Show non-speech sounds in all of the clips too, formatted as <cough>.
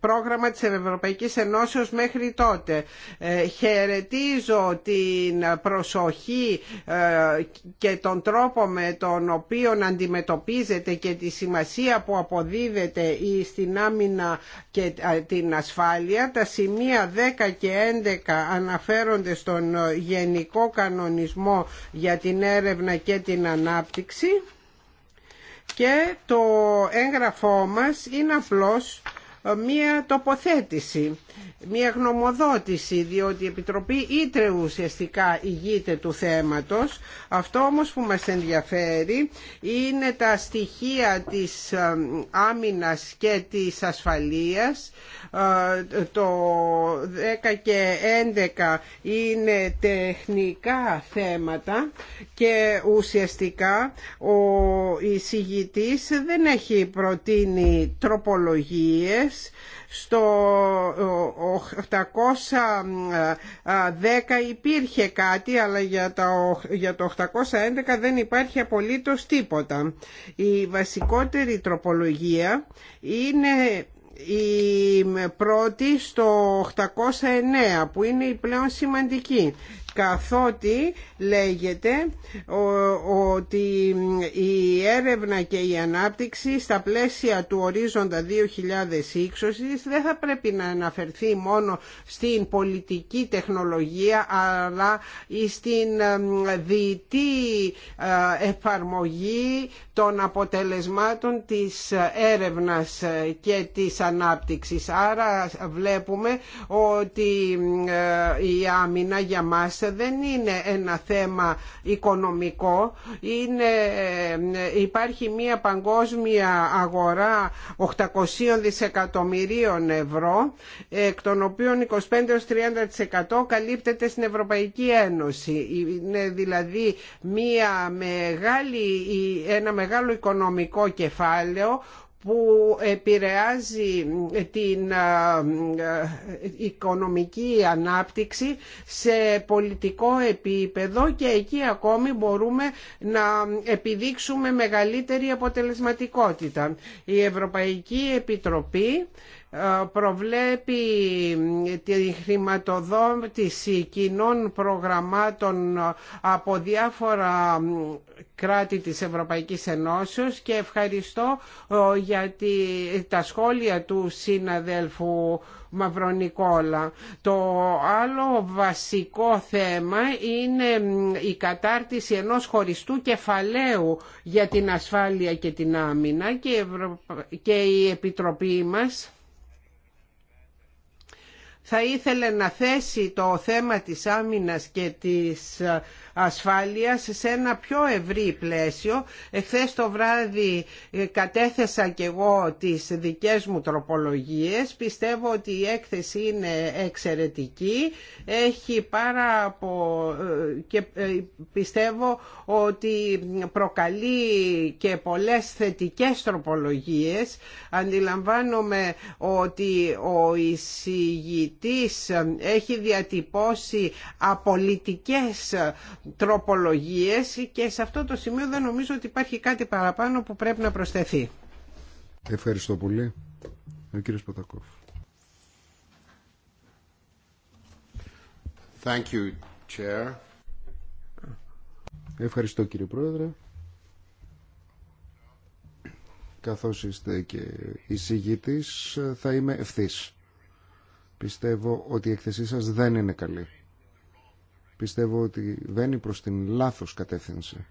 πρόγραμμα της Ευρωπαϊκής Ενώσεως μέχρι τότε. Ε, χαιρετίζω την προσοχή ε, και τον τρόπο με τον οποίο αντιμετωπίζεται και τη σημασία που αποδίδεται στην άμυνα και ε, την ασφάλεια. Τα σημεία 10 και 11 αναφέρονται στον Γενικό Κανονισμό για την έρευνα και την ανάπτυξη και το έγγραφό μας είναι απλώς μία τοποθέτηση, μία γνωμοδότηση, διότι η Επιτροπή Ήτρε ουσιαστικά ηγείται του θέματος. Αυτό όμως που μας ενδιαφέρει είναι τα στοιχεία της ε, άμυνας και της ασφαλείας. Ε, το 10 και 11 είναι τεχνικά θέματα και ουσιαστικά ο εισηγητής δεν έχει προτείνει τροπολογίες στο 810 υπήρχε κάτι αλλά για το 811 δεν υπάρχει απολύτως τίποτα. Η βασικότερη τροπολογία είναι η πρώτη στο 809 που είναι η πλέον σημαντική καθότι λέγεται ότι η έρευνα και η ανάπτυξη στα πλαίσια του ορίζοντα 2020 δεν θα πρέπει να αναφερθεί μόνο στην πολιτική τεχνολογία αλλά στην διητή ε, εφαρμογή των αποτελεσμάτων της έρευνας και της ανάπτυξης. Άρα βλέπουμε ότι ε, η άμυνα για μας δεν είναι ένα θέμα οικονομικό. Είναι, ε, υπάρχει μια παγκόσμια αγορά 800 δισεκατομμυρίων ευρώ, εκ των οποίων 25-30% καλύπτεται στην Ευρωπαϊκή Ένωση. Είναι δηλαδή μια μεγάλη, ένα μεγάλο οικονομικό κεφάλαιο που επηρεάζει την ε, ε, οικονομική ανάπτυξη σε πολιτικό επίπεδο και εκεί ακόμη μπορούμε να επιδείξουμε μεγαλύτερη αποτελεσματικότητα. Η Ευρωπαϊκή Επιτροπή ε, προβλέπει τη χρηματοδότηση κοινών προγραμμάτων ε, από διάφορα κράτη της Ευρωπαϊκής Ενώσεως και ευχαριστώ ε, για τα σχόλια του συναδέλφου Μαυρονικόλα. Το άλλο βασικό θέμα είναι η κατάρτιση ενός χωριστού κεφαλαίου για την ασφάλεια και την άμυνα και η Επιτροπή μας θα ήθελε να θέσει το θέμα της άμυνας και της ασφάλειας σε ένα πιο ευρύ πλαίσιο. Εχθές το βράδυ ε, κατέθεσα και εγώ τις δικές μου τροπολογίες. Πιστεύω ότι η έκθεση είναι εξαιρετική. Έχει πάρα από... Ε, και ε, πιστεύω ότι προκαλεί και πολλές θετικές τροπολογίες. Αντιλαμβάνομαι ότι ο εισηγητής ε, έχει διατυπώσει απολυτικές ε, τροπολογίες και σε αυτό το σημείο δεν νομίζω ότι υπάρχει κάτι παραπάνω που πρέπει να προσθεθεί. Ευχαριστώ πολύ. Ο κύριος Thank you, Chair. Ευχαριστώ κύριε Πρόεδρε. Καθώς είστε και εισηγητής θα είμαι ευθύς. Πιστεύω ότι η έκθεσή σας δεν είναι καλή. Πιστεύω ότι βαίνει προς την λάθος κατεύθυνση.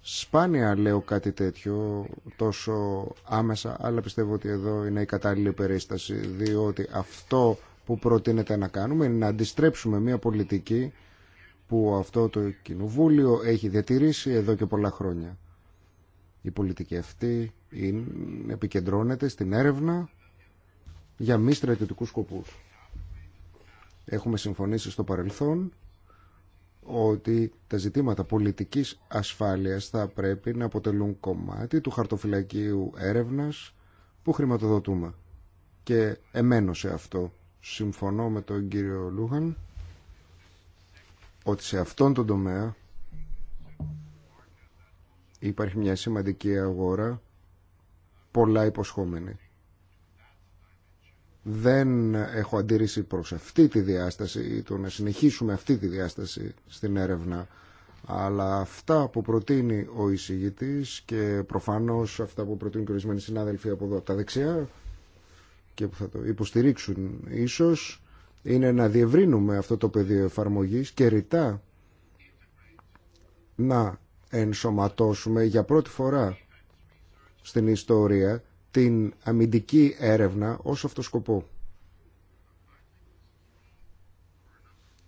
Σπάνια λέω κάτι τέτοιο τόσο άμεσα, αλλά πιστεύω ότι εδώ είναι η κατάλληλη περίσταση, διότι αυτό που προτείνεται να κάνουμε είναι να αντιστρέψουμε μια πολιτική που αυτό το κοινοβούλιο έχει διατηρήσει εδώ και πολλά χρόνια. Η πολιτική αυτή επικεντρώνεται στην έρευνα για μη στρατιωτικούς σκοπούς. Έχουμε συμφωνήσει στο παρελθόν ότι τα ζητήματα πολιτικής ασφάλειας θα πρέπει να αποτελούν κομμάτι του χαρτοφυλακίου έρευνας που χρηματοδοτούμε. Και εμένω σε αυτό. Συμφωνώ με τον κύριο Λούχαν ότι σε αυτόν τον τομέα υπάρχει μια σημαντική αγορά πολλά υποσχόμενη. Δεν έχω αντίρρηση προς αυτή τη διάσταση, ή το να συνεχίσουμε αυτή τη διάσταση στην έρευνα. Αλλά αυτά που προτείνει ο εισηγητής και προφανώς αυτά που προτείνουν και ορισμένοι συνάδελφοι από εδώ τα δεξιά και που θα το υποστηρίξουν ίσως είναι να διευρύνουμε αυτό το πεδίο εφαρμογής και ρητά να ενσωματώσουμε για πρώτη φορά στην ιστορία την αμυντική έρευνα ως αυτό σκοπό.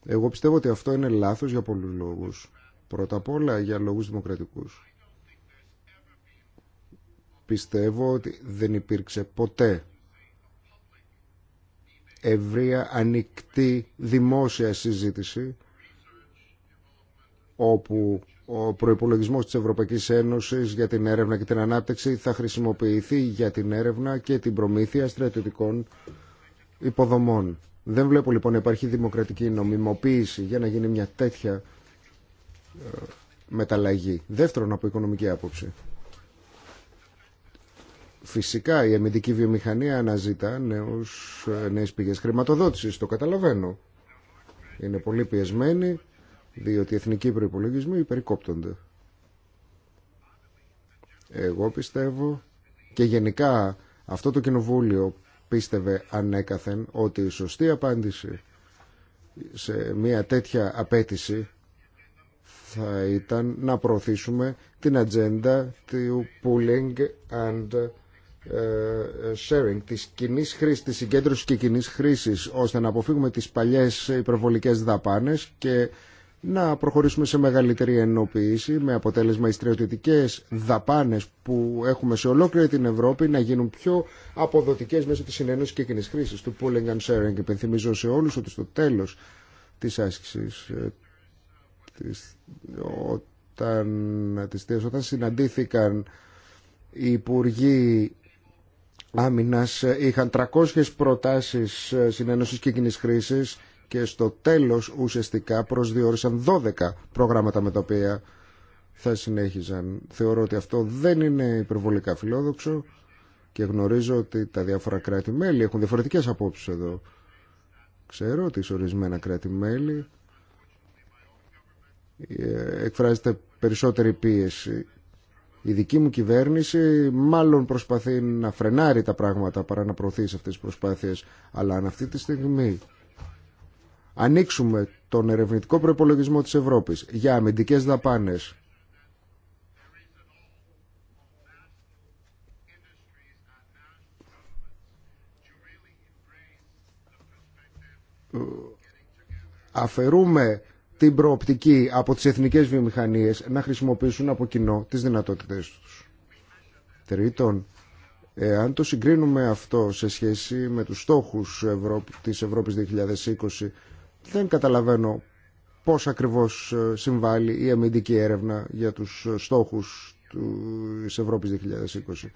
Εγώ πιστεύω ότι αυτό είναι λάθος για πολλούς λόγους. Πρώτα απ' όλα για λόγους δημοκρατικούς. Πιστεύω ότι δεν υπήρξε ποτέ ευρεία ανοιχτή δημόσια συζήτηση όπου ο προϋπολογισμός της Ευρωπαϊκής Ένωσης για την έρευνα και την ανάπτυξη θα χρησιμοποιηθεί για την έρευνα και την προμήθεια στρατιωτικών υποδομών. Δεν βλέπω λοιπόν να υπάρχει δημοκρατική νομιμοποίηση για να γίνει μια τέτοια ε, μεταλλαγή. Δεύτερον από οικονομική άποψη. Φυσικά η αμυντική βιομηχανία αναζητά νέους, ε, νέες πηγές χρηματοδότησης, το καταλαβαίνω. Είναι πολύ πιεσμένη διότι οι εθνικοί προϋπολογισμοί υπερικόπτονται. Εγώ πιστεύω και γενικά αυτό το κοινοβούλιο πίστευε ανέκαθεν ότι η σωστή απάντηση σε μια τέτοια απέτηση θα ήταν να προωθήσουμε την ατζέντα του pooling and ε, sharing, της κοινή χρήσης, της συγκέντρωσης και κοινή χρήσης, ώστε να αποφύγουμε τις παλιές υπερβολικές δαπάνες και να προχωρήσουμε σε μεγαλύτερη ενοποίηση με αποτέλεσμα οι στρατιωτικές δαπάνες που έχουμε σε ολόκληρη την Ευρώπη να γίνουν πιο αποδοτικές μέσω της συνένωσης και κοινής χρήσης του pooling and sharing. Υπενθυμίζω σε όλους ότι στο τέλος της άσκησης ε, όταν, όταν συναντήθηκαν οι υπουργοί Άμυνας ε, είχαν 300 προτάσεις ε, συνένωσης και κοινής χρήσης και στο τέλος ουσιαστικά προσδιορίσαν 12 προγράμματα με τα οποία θα συνέχιζαν. Θεωρώ ότι αυτό δεν είναι υπερβολικά φιλόδοξο και γνωρίζω ότι τα διάφορα κράτη-μέλη έχουν διαφορετικές απόψεις εδώ. Ξέρω ότι σε ορισμένα κράτη-μέλη ε, εκφράζεται περισσότερη πίεση. Η δική μου κυβέρνηση μάλλον προσπαθεί να φρενάρει τα πράγματα παρά να σε αυτές τις προσπάθειες. Αλλά αν αυτή τη στιγμή ανοίξουμε τον ερευνητικό προπολογισμό της Ευρώπης για αμυντικές δαπάνες αφαιρούμε την προοπτική από τις εθνικές βιομηχανίες να χρησιμοποιήσουν από κοινό τις δυνατότητες τους. Τρίτον, αν το συγκρίνουμε αυτό σε σχέση με τους στόχους της Ευρώπης 2020 δεν καταλαβαίνω πώς ακριβώς ε, συμβάλλει η αμυντική έρευνα για τους ε, στόχους της Ευρώπης 2020.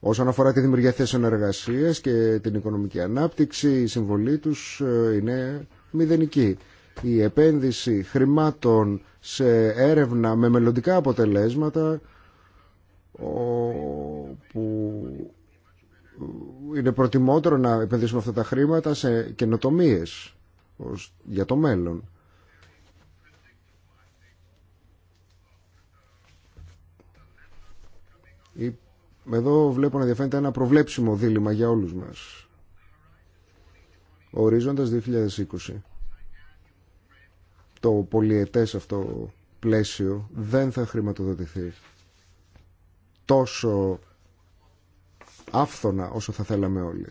Όσον αφορά τη δημιουργία θέσεων εργασία και την οικονομική ανάπτυξη, η συμβολή τους ε, είναι μηδενική. Η επένδυση χρημάτων σε έρευνα με μελλοντικά αποτελέσματα που είναι προτιμότερο να επενδύσουμε αυτά τα χρήματα σε καινοτομίε για το μέλλον. Εδώ βλέπω να διαφαίνεται ένα προβλέψιμο δίλημα για όλους μας. Ορίζοντας 2020. Το πολυετές αυτό πλαίσιο δεν θα χρηματοδοτηθεί τόσο άφθονα όσο θα θέλαμε όλοι.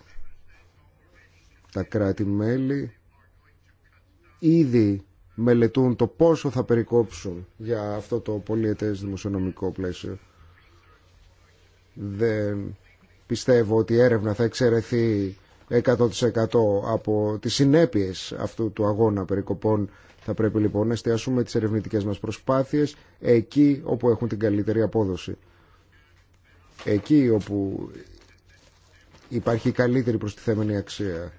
Τα κράτη-μέλη ήδη μελετούν το πόσο θα περικόψουν για αυτό το πολυετές δημοσιονομικό πλαίσιο. Δεν πιστεύω ότι η έρευνα θα εξαιρεθεί 100% από τις συνέπειες αυτού του αγώνα περικοπών. Θα πρέπει λοιπόν να εστιάσουμε τις ερευνητικές μας προσπάθειες εκεί όπου έχουν την καλύτερη απόδοση. Εκεί όπου υπάρχει καλύτερη προστιθέμενη αξία.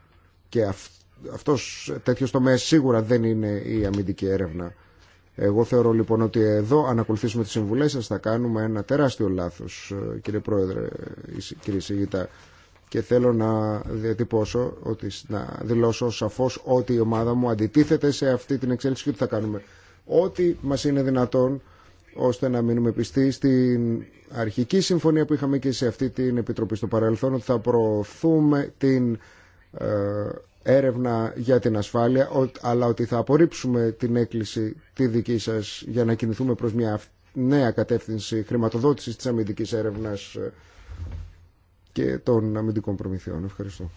Και αυ, αυτός τέτοιος τομέας σίγουρα δεν είναι η αμυντική έρευνα. Εγώ θεωρώ λοιπόν ότι εδώ αν ακολουθήσουμε τις συμβουλές σας θα κάνουμε ένα τεράστιο λάθος ε, κύριε Πρόεδρε, κύριε Σιγητά και θέλω να διατυπώσω, ότι, να δηλώσω σαφώς ότι η ομάδα μου αντιτίθεται σε αυτή την εξέλιξη και ότι θα κάνουμε ό,τι μας είναι δυνατόν ώστε να μείνουμε πιστοί στην αρχική συμφωνία που είχαμε και σε αυτή την Επιτροπή στο παρελθόν ότι θα προωθούμε την ε, έρευνα για την ασφάλεια αλλά ότι θα απορρίψουμε την έκκληση τη δική σας για να κινηθούμε προς μια νέα κατεύθυνση χρηματοδότησης της αμυντικής έρευνας ε, και των αμυντικών προμηθειών. Ευχαριστώ.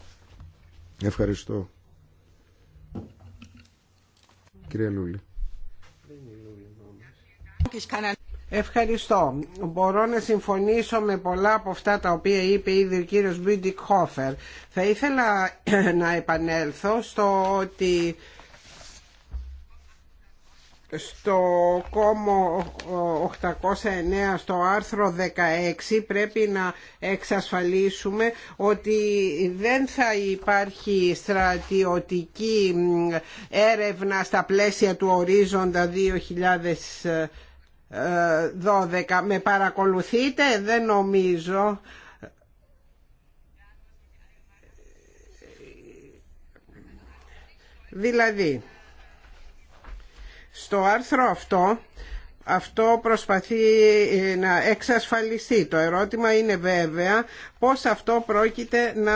Ευχαριστώ. Κυρία Λούλη. Ευχαριστώ. Μπορώ να συμφωνήσω με πολλά από αυτά τα οποία είπε ήδη ο κύριος Μπίντικ Χόφερ. Θα ήθελα <clears throat> να επανέλθω στο ότι στο κόμμο 809 στο άρθρο 16 πρέπει να εξασφαλίσουμε ότι δεν θα υπάρχει στρατιωτική έρευνα στα πλαίσια του ορίζοντα 2020 12. Με παρακολουθείτε, δεν νομίζω. Δηλαδή, στο άρθρο αυτό, αυτό προσπαθεί να εξασφαλιστεί. Το ερώτημα είναι βέβαια πώς αυτό πρόκειται να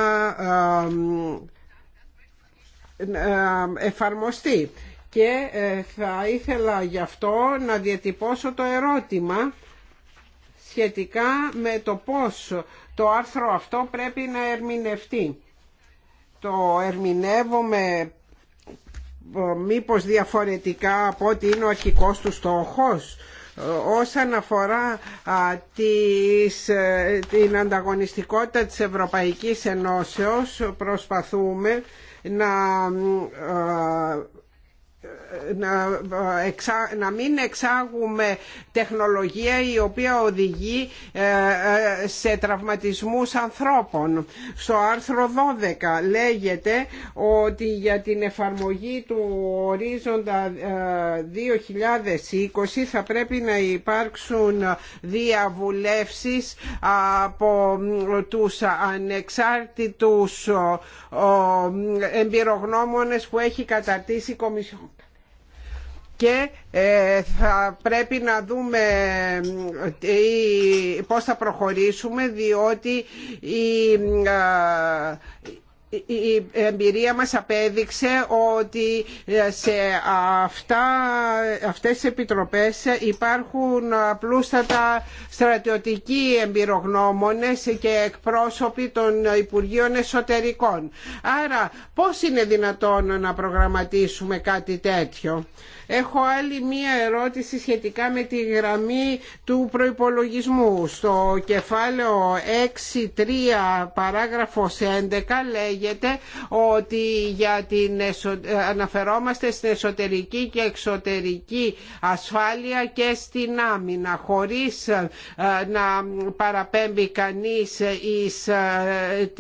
ε, ε, εφαρμοστεί και ε, θα ήθελα γι' αυτό να διατυπώσω το ερώτημα σχετικά με το πώς το άρθρο αυτό πρέπει να ερμηνευτεί. Το ερμηνεύουμε μήπως διαφορετικά από ότι είναι ο αρχικός του στόχος ε, όσον αφορά ε, την ανταγωνιστικότητα της Ευρωπαϊκής Ενώσεως προσπαθούμε να να μην εξάγουμε τεχνολογία η οποία οδηγεί ε, ε, σε τραυματισμούς ανθρώπων. Στο άρθρο 12 λέγεται ότι για την εφαρμογή του ορίζοντα 2020 ε, θα πρέπει να υπάρξουν διαβουλεύσεις από τους ανεξάρτητους εμπειρογνώμονες που έχει καταρτήσει η Κομισιόν και ε, θα πρέπει να δούμε ε, πώς θα προχωρήσουμε διότι η ε, εμπειρία μας απέδειξε ότι σε αυτά, αυτές τις επιτροπές υπάρχουν απλούστατα στρατιωτικοί εμπειρογνώμονες και εκπρόσωποι των Υπουργείων Εσωτερικών. Άρα πώς είναι δυνατόν να προγραμματίσουμε κάτι τέτοιο. Έχω άλλη μία ερώτηση σχετικά με τη γραμμή του προϋπολογισμού. Στο κεφάλαιο 6.3 παράγραφος 11 λέγεται ότι για την αναφερόμαστε στην εσωτερική και εξωτερική ασφάλεια και στην άμυνα χωρίς ε, να παραπέμπει κανείς εις ε,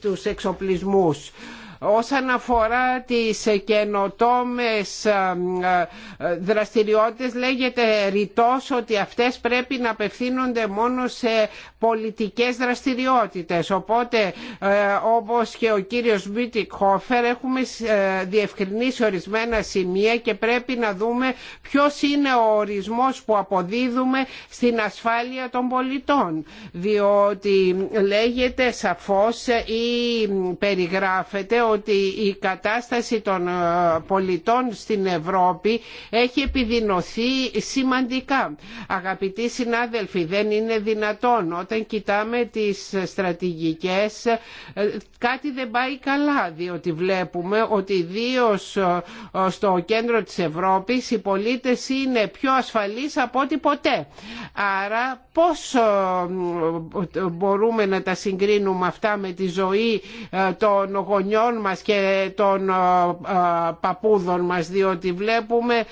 τους εξοπλισμούς. Όσον αφορά τις καινοτόμες ε, ε, δραστηριότητες λέγεται ρητός ότι αυτές πρέπει να απευθύνονται μόνο σε πολιτικές δραστηριότητες. Οπότε ε, όπως και ο κύριος Μπίτικ Χόφερ έχουμε διευκρινίσει ορισμένα σημεία και πρέπει να δούμε ποιος είναι ο ορισμός που αποδίδουμε στην ασφάλεια των πολιτών. Διότι λέγεται σαφώς ή περιγράφεται ότι η κατάσταση των ε, πολιτών στην Ευρώπη έχει επιδεινωθεί σημαντικά. Αγαπητοί συνάδελφοι, δεν είναι δυνατόν όταν κοιτάμε τις στρατηγικές ε, κάτι δεν πάει καλά διότι βλέπουμε ότι ιδίω ε, στο κέντρο της Ευρώπης οι πολίτες είναι πιο ασφαλείς από ό,τι ποτέ. Άρα πώς μπορούμε να τα συγκρίνουμε αυτά με τη ζωή των γονιών και των ε, ε, παππούδων μας διότι βλέπουμε ε,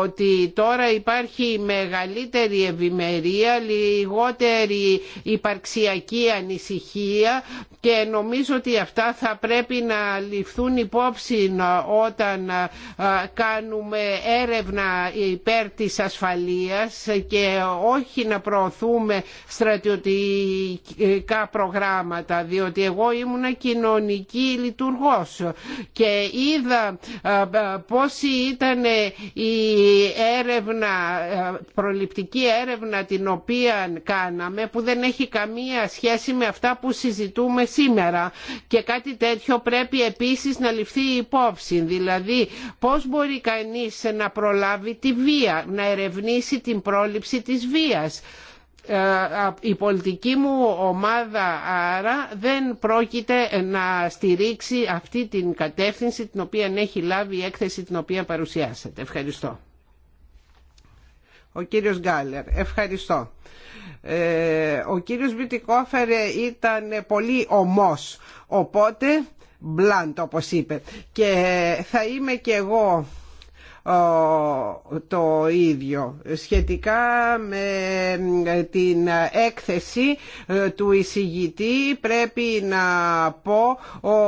ότι τώρα υπάρχει μεγαλύτερη ευημερία, λιγότερη υπαρξιακή ανησυχία και νομίζω ότι αυτά θα πρέπει να ληφθούν υπόψη όταν κάνουμε έρευνα υπέρ της ασφαλείας και όχι να προωθούμε στρατιωτικά προγράμματα διότι εγώ ήμουνα κοινωνική λειτουργός και είδα ε, ε, πώς ήταν η έρευνα, ε, προληπτική έρευνα την οποία κάναμε που δεν έχει καμία σχέση με αυτά που συζητούμε σήμερα και κάτι τέτοιο πρέπει επίσης να ληφθεί υπόψη δηλαδή πώς μπορεί κανείς να προλάβει τη βία να ερευνήσει την πρόληψη της βίας ε, η πολιτική μου ομάδα άρα δεν πρόκειται να στηρίξει αυτή την κατεύθυνση την οποία έχει λάβει η έκθεση την οποία παρουσιάσατε. Ευχαριστώ. Ο κύριος Γκάλερ. Ευχαριστώ. Ε, ο κύριος Μπιτικόφερ ήταν πολύ ομός, οπότε μπλάντ όπως είπε. Και θα είμαι και εγώ το ίδιο. Σχετικά με ε, την έκθεση ε, του εισηγητή πρέπει να πω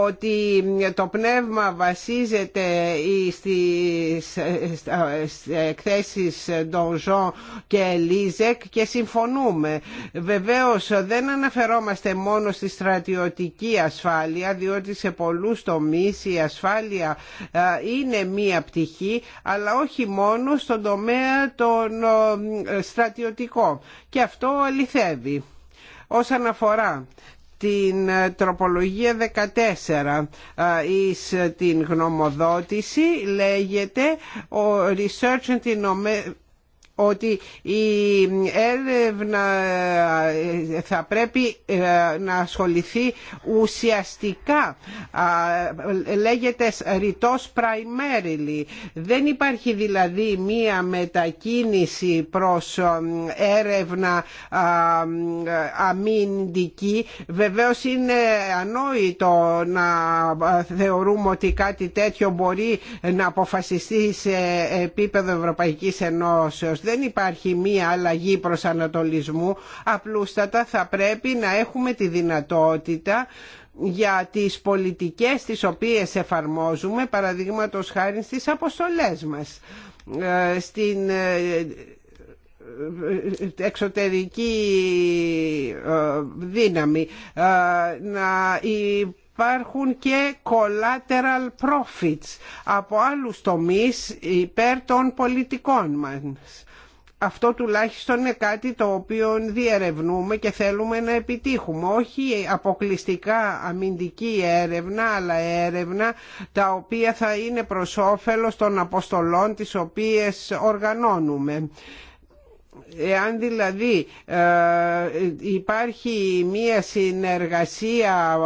ότι ε, το πνεύμα βασίζεται στις εκθέσεις Ντονζόν και Λίζεκ και συμφωνούμε. Βεβαίως δεν αναφερόμαστε μόνο στη στρατιωτική ασφάλεια διότι σε πολλούς τομείς η ασφάλεια είναι μία πτυχή αλλά όχι μόνο στον τομέα των ε, στρατιωτικό. Και αυτό αληθεύει. Όσον αφορά την ε, τροπολογία 14 ε, εις την γνωμοδότηση λέγεται ο Research and ότι η έρευνα ε, θα πρέπει ε, να ασχοληθεί ουσιαστικά λέγεται ρητός primarily δεν υπάρχει δηλαδή μία μετακίνηση προς ε, έρευνα αμυντική βεβαίως είναι ανόητο να θεωρούμε ότι κάτι τέτοιο μπορεί να αποφασιστεί σε επίπεδο Ευρωπαϊκής Ενώσεως δεν υπάρχει μία αλλαγή προσανατολισμού. Απλούστατα θα πρέπει να έχουμε τη δυνατότητα για τις πολιτικές τις οποίες εφαρμόζουμε, παραδείγματος χάρη στις αποστολές μας. Ε, στην ε, ε, εξωτερική δύναμη να υπάρχουν και collateral profits από άλλους τομείς υπέρ των πολιτικών μας αυτό τουλάχιστον είναι κάτι το οποίο διερευνούμε και θέλουμε να επιτύχουμε. Όχι αποκλειστικά αμυντική έρευνα, αλλά έρευνα τα οποία θα είναι προς όφελος των αποστολών τις οποίες οργανώνουμε. Εάν δηλαδή ε, υπάρχει μία συνεργασία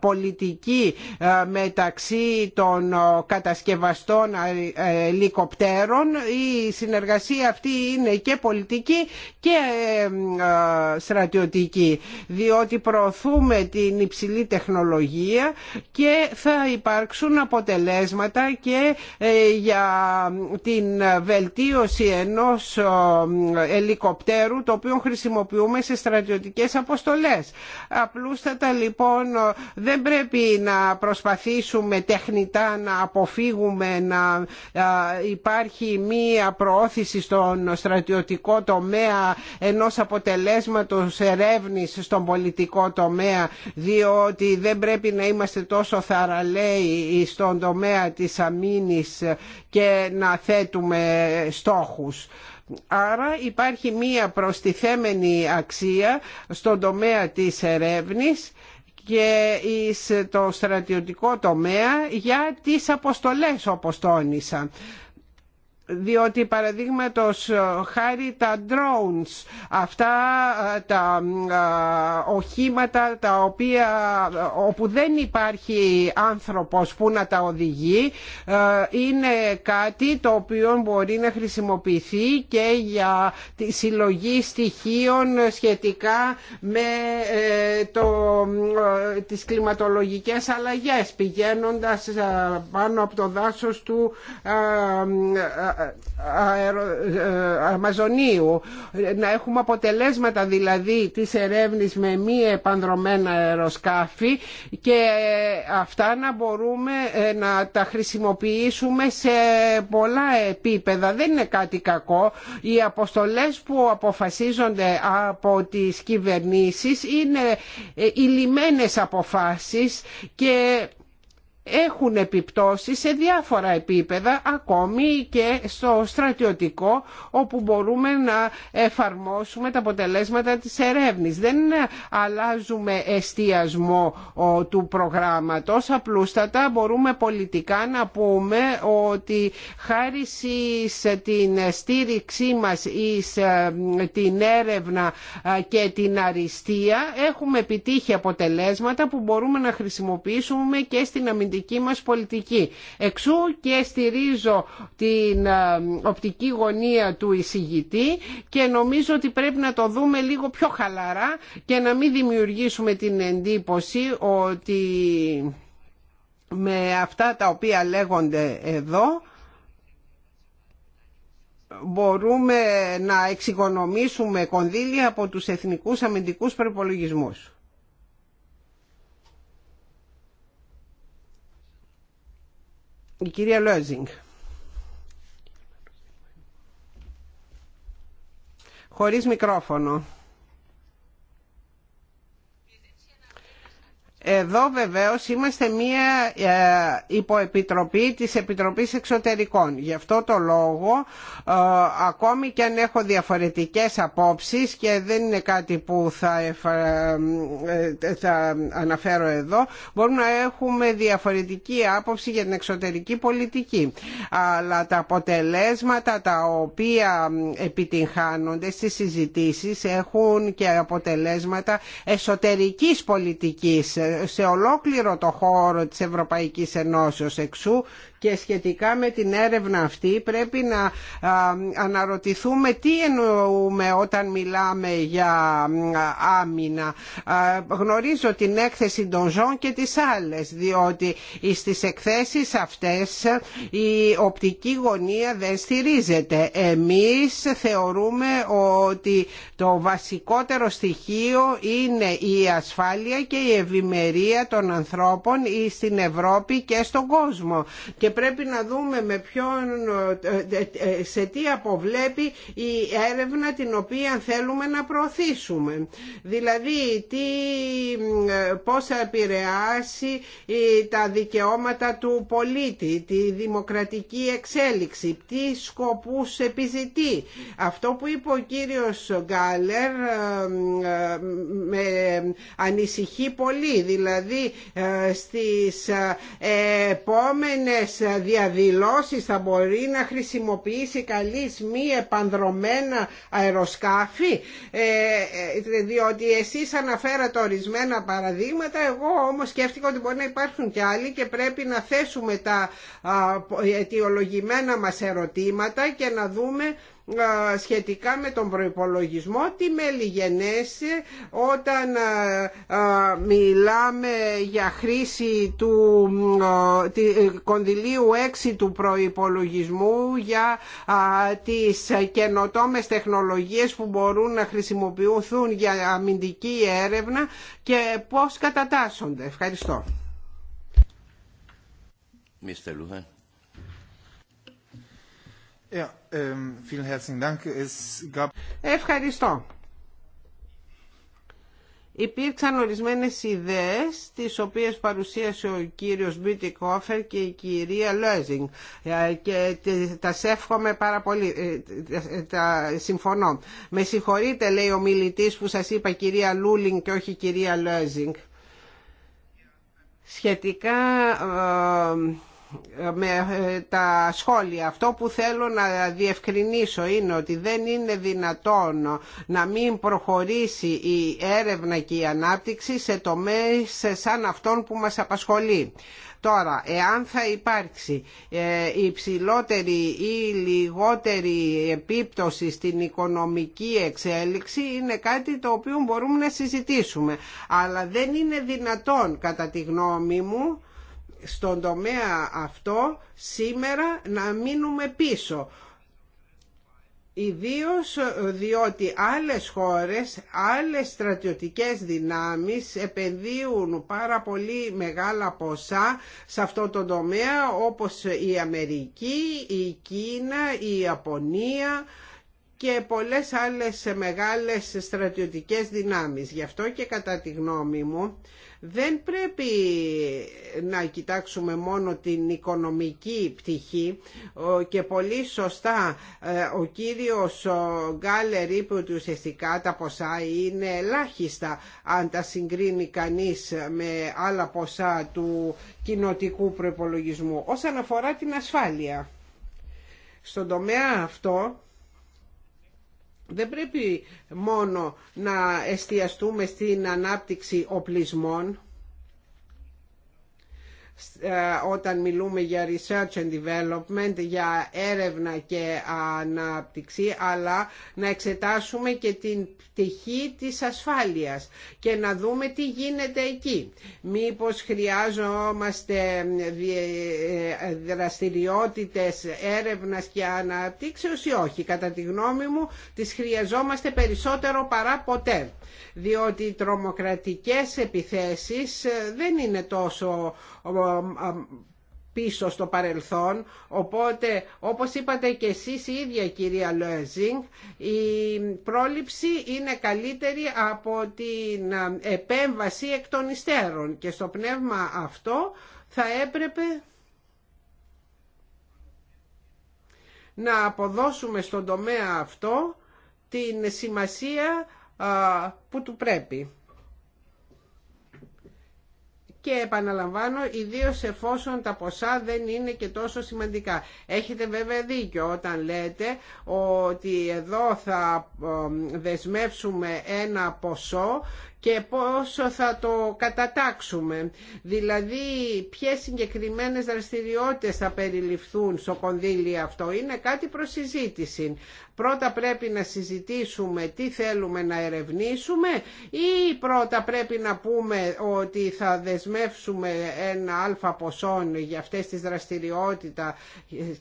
πολιτική ε, μεταξύ των ε, κατασκευαστών ελικοπτέρων η συνεργασία αυτή είναι και πολιτική και στρατιωτική διότι προωθούμε την υψηλή τεχνολογία και θα υπάρξουν αποτελέσματα και για την βελτίωση ενός ελικοπτέρου το οποίο χρησιμοποιούμε σε στρατιωτικές αποστολές. Απλούστατα λοιπόν δεν πρέπει να προσπαθήσουμε τεχνητά να αποφύγουμε να υπάρχει μία προώθηση στον στρατιωτικό τομέα ενός αποτελέσματος ερεύνης στον πολιτικό τομέα διότι δεν πρέπει να είμαστε τόσο θαραλέοι στον τομέα της αμήνης και να θέτουμε στόχους. Άρα υπάρχει μία προστιθέμενη αξία στον τομέα της ερεύνης και στο στρατιωτικό τομέα για τις αποστολές όπως τόνισα διότι παραδείγματος ε, χάρη τα drones, αυτά ε, τα ε, οχήματα τα οποία όπου δεν υπάρχει άνθρωπος που να τα οδηγεί είναι κάτι το οποίο μπορεί να χρησιμοποιηθεί και για τη συλλογή στοιχείων σχετικά με το, τις κλιματολογικές αλλαγές πηγαίνοντας πάνω από το δάσος του ε, Αμαζονίου να έχουμε αποτελέσματα δηλαδή της ερεύνης με μη επανδρομένα αεροσκάφη και ε, αυτά να μπορούμε ε, να τα χρησιμοποιήσουμε σε πολλά επίπεδα δεν είναι κάτι κακό οι αποστολές που αποφασίζονται από τις κυβερνήσεις είναι ηλιμένες αποφάσεις και έχουν επιπτώσει σε διάφορα επίπεδα ακόμη και στο στρατιωτικό όπου μπορούμε να εφαρμόσουμε τα αποτελέσματα της ερεύνης. Δεν αλλάζουμε εστιασμό του προγράμματος, απλούστατα μπορούμε πολιτικά να πούμε ότι χάρη σε την στήριξή μας ή ε, την έρευνα ε, και την αριστεία έχουμε επιτύχει αποτελέσματα που μπορούμε να χρησιμοποιήσουμε και στην αμυντική μας πολιτική. Εξού και στηρίζω την ε, οπτική γωνία του εισηγητή και νομίζω ότι πρέπει να το δούμε λίγο πιο χαλαρά και να μην δημιουργήσουμε την εντύπωση ότι με αυτά τα οποία λέγονται εδώ μπορούμε να εξοικονομήσουμε κονδύλια από τους εθνικούς αμυντικούς προπολογισμούς. Η κυρία Λόζινγκ. Χωρίς μικρόφωνο. Εδώ βεβαίως είμαστε μία ε, υποεπιτροπή της Επιτροπής Εξωτερικών. Γι' αυτό το λόγο ε, ακόμη και αν έχω διαφορετικές απόψεις και δεν είναι κάτι που θα, ε, θα αναφέρω εδώ, μπορούμε να έχουμε διαφορετική άποψη για την εξωτερική πολιτική. Αλλά τα αποτελέσματα τα οποία επιτυγχάνονται στις συζητήσεις έχουν και αποτελέσματα εσωτερικής πολιτικής σε ολόκληρο το χώρο της Ευρωπαϊκής Ενώσεως εξού και σχετικά με την έρευνα αυτή πρέπει να αναρωτηθούμε τι εννοούμε όταν μιλάμε για άμυνα. Γνωρίζω την έκθεση των Ζων και τις άλλες διότι στις εκθέσεις αυτές η οπτική γωνία δεν στηρίζεται. Εμείς θεωρούμε ότι το βασικότερο στοιχείο είναι η ασφάλεια και η ευημερία των ανθρώπων στην Ευρώπη και στον κόσμο πρέπει να δούμε με ποιον, ε, ε, ε, σε τι αποβλέπει η έρευνα την οποία θέλουμε να προωθήσουμε. Δηλαδή τι, πώς θα επηρεάσει τα δικαιώματα του πολίτη, τη δημοκρατική εξέλιξη, τι σκοπούς επιζητεί. Αυτό που είπε ο κύριος Γκάλερ με ανησυχεί πολύ, δηλαδή στις επόμενες διαδηλώσεις θα μπορεί να χρησιμοποιήσει καλής μη επανδρομένα αεροσκάφη ε, ε, διότι εσείς αναφέρατε ορισμένα παραδείγματα εγώ όμως σκέφτηκα ότι μπορεί να υπάρχουν και άλλοι και πρέπει να θέσουμε τα αιτιολογημένα μας ερωτήματα και να δούμε σχετικά με τον προϋπολογισμό τι μέλη όταν μιλάμε για χρήση του κονδυλίου 6 του προϋπολογισμού για τις καινοτόμες τεχνολογίες που μπορούν να χρησιμοποιηθούν για αμυντική έρευνα και πώς κατατάσσονται. Ευχαριστώ. Mr. Luhan. Yeah. Ähm, Ευχαριστώ. Υπήρξαν ορισμένες ιδέες τις οποίες παρουσίασε ο κύριος Μπίτι Κόφερ και η κυρία Λέζινγκ ε, και τα σεύχομαι πάρα πολύ, ε, τα συμφωνώ. Με συγχωρείτε λέει ο μιλητής που σας είπα κυρία Λούλινγκ και όχι κυρία Λέζινγκ. Σχετικά ε, με ε, τα σχόλια. Αυτό που θέλω να διευκρινίσω είναι ότι δεν είναι δυνατόν να μην προχωρήσει η έρευνα και η ανάπτυξη σε τομείς σαν αυτόν που μας απασχολεί. Τώρα, εάν θα υπάρξει ε, υψηλότερη ή λιγότερη επίπτωση στην οικονομική εξέλιξη είναι κάτι το οποίο μπορούμε να συζητήσουμε. Αλλά δεν είναι δυνατόν, κατά τη γνώμη μου, στον τομέα αυτό σήμερα να μείνουμε πίσω. Ιδίως διότι άλλες χώρες, άλλες στρατιωτικές δυνάμεις επενδύουν πάρα πολύ μεγάλα ποσά σε αυτό τον τομέα όπως η Αμερική, η Κίνα, η Ιαπωνία και πολλές άλλες μεγάλες στρατιωτικές δυνάμεις. Γι' αυτό και κατά τη γνώμη μου δεν πρέπει να κοιτάξουμε μόνο την οικονομική πτυχή και πολύ σωστά ε, ο κύριος Γκάλερ είπε ότι ουσιαστικά τα ποσά είναι ελάχιστα αν τα συγκρίνει κανείς με άλλα ποσά του κοινοτικού προπολογισμού όσον αφορά την ασφάλεια. Στον τομέα αυτό δεν πρέπει μόνο να εστιαστούμε στην ανάπτυξη οπλισμών ε, όταν μιλούμε για research and development, για έρευνα και αναπτυξή, αλλά να εξετάσουμε και την πτυχή της ασφάλειας και να δούμε τι γίνεται εκεί. Μήπως χρειάζομαστε ε, δραστηριότητες έρευνας και αναπτύξεως ή όχι. Κατά τη γνώμη μου τις χρειαζόμαστε περισσότερο παρά ποτέ, διότι οι τρομοκρατικές επιθέσεις ε, δεν είναι τόσο πίσω στο παρελθόν οπότε όπως είπατε και εσείς η ίδια κυρία Λέζινγκ η πρόληψη είναι καλύτερη από την ε, επέμβαση εκ των υστέρων και στο πνεύμα αυτό θα έπρεπε να αποδώσουμε στον τομέα αυτό την σημασία που του πρέπει και επαναλαμβάνω ιδίω εφόσον τα ποσά δεν είναι και τόσο σημαντικά. Έχετε βέβαια δίκιο όταν λέτε ότι εδώ θα ε, δεσμεύσουμε ένα ποσό και πόσο θα το κατατάξουμε. Δηλαδή ποιες συγκεκριμένες δραστηριότητες θα περιληφθούν στο κονδύλι αυτό. Είναι κάτι προς συζήτηση. Πρώτα πρέπει να συζητήσουμε τι θέλουμε να ερευνήσουμε ή πρώτα πρέπει να πούμε ότι θα δεσμεύσουμε ένα αλφα ποσόν για αυτές τις δραστηριότητα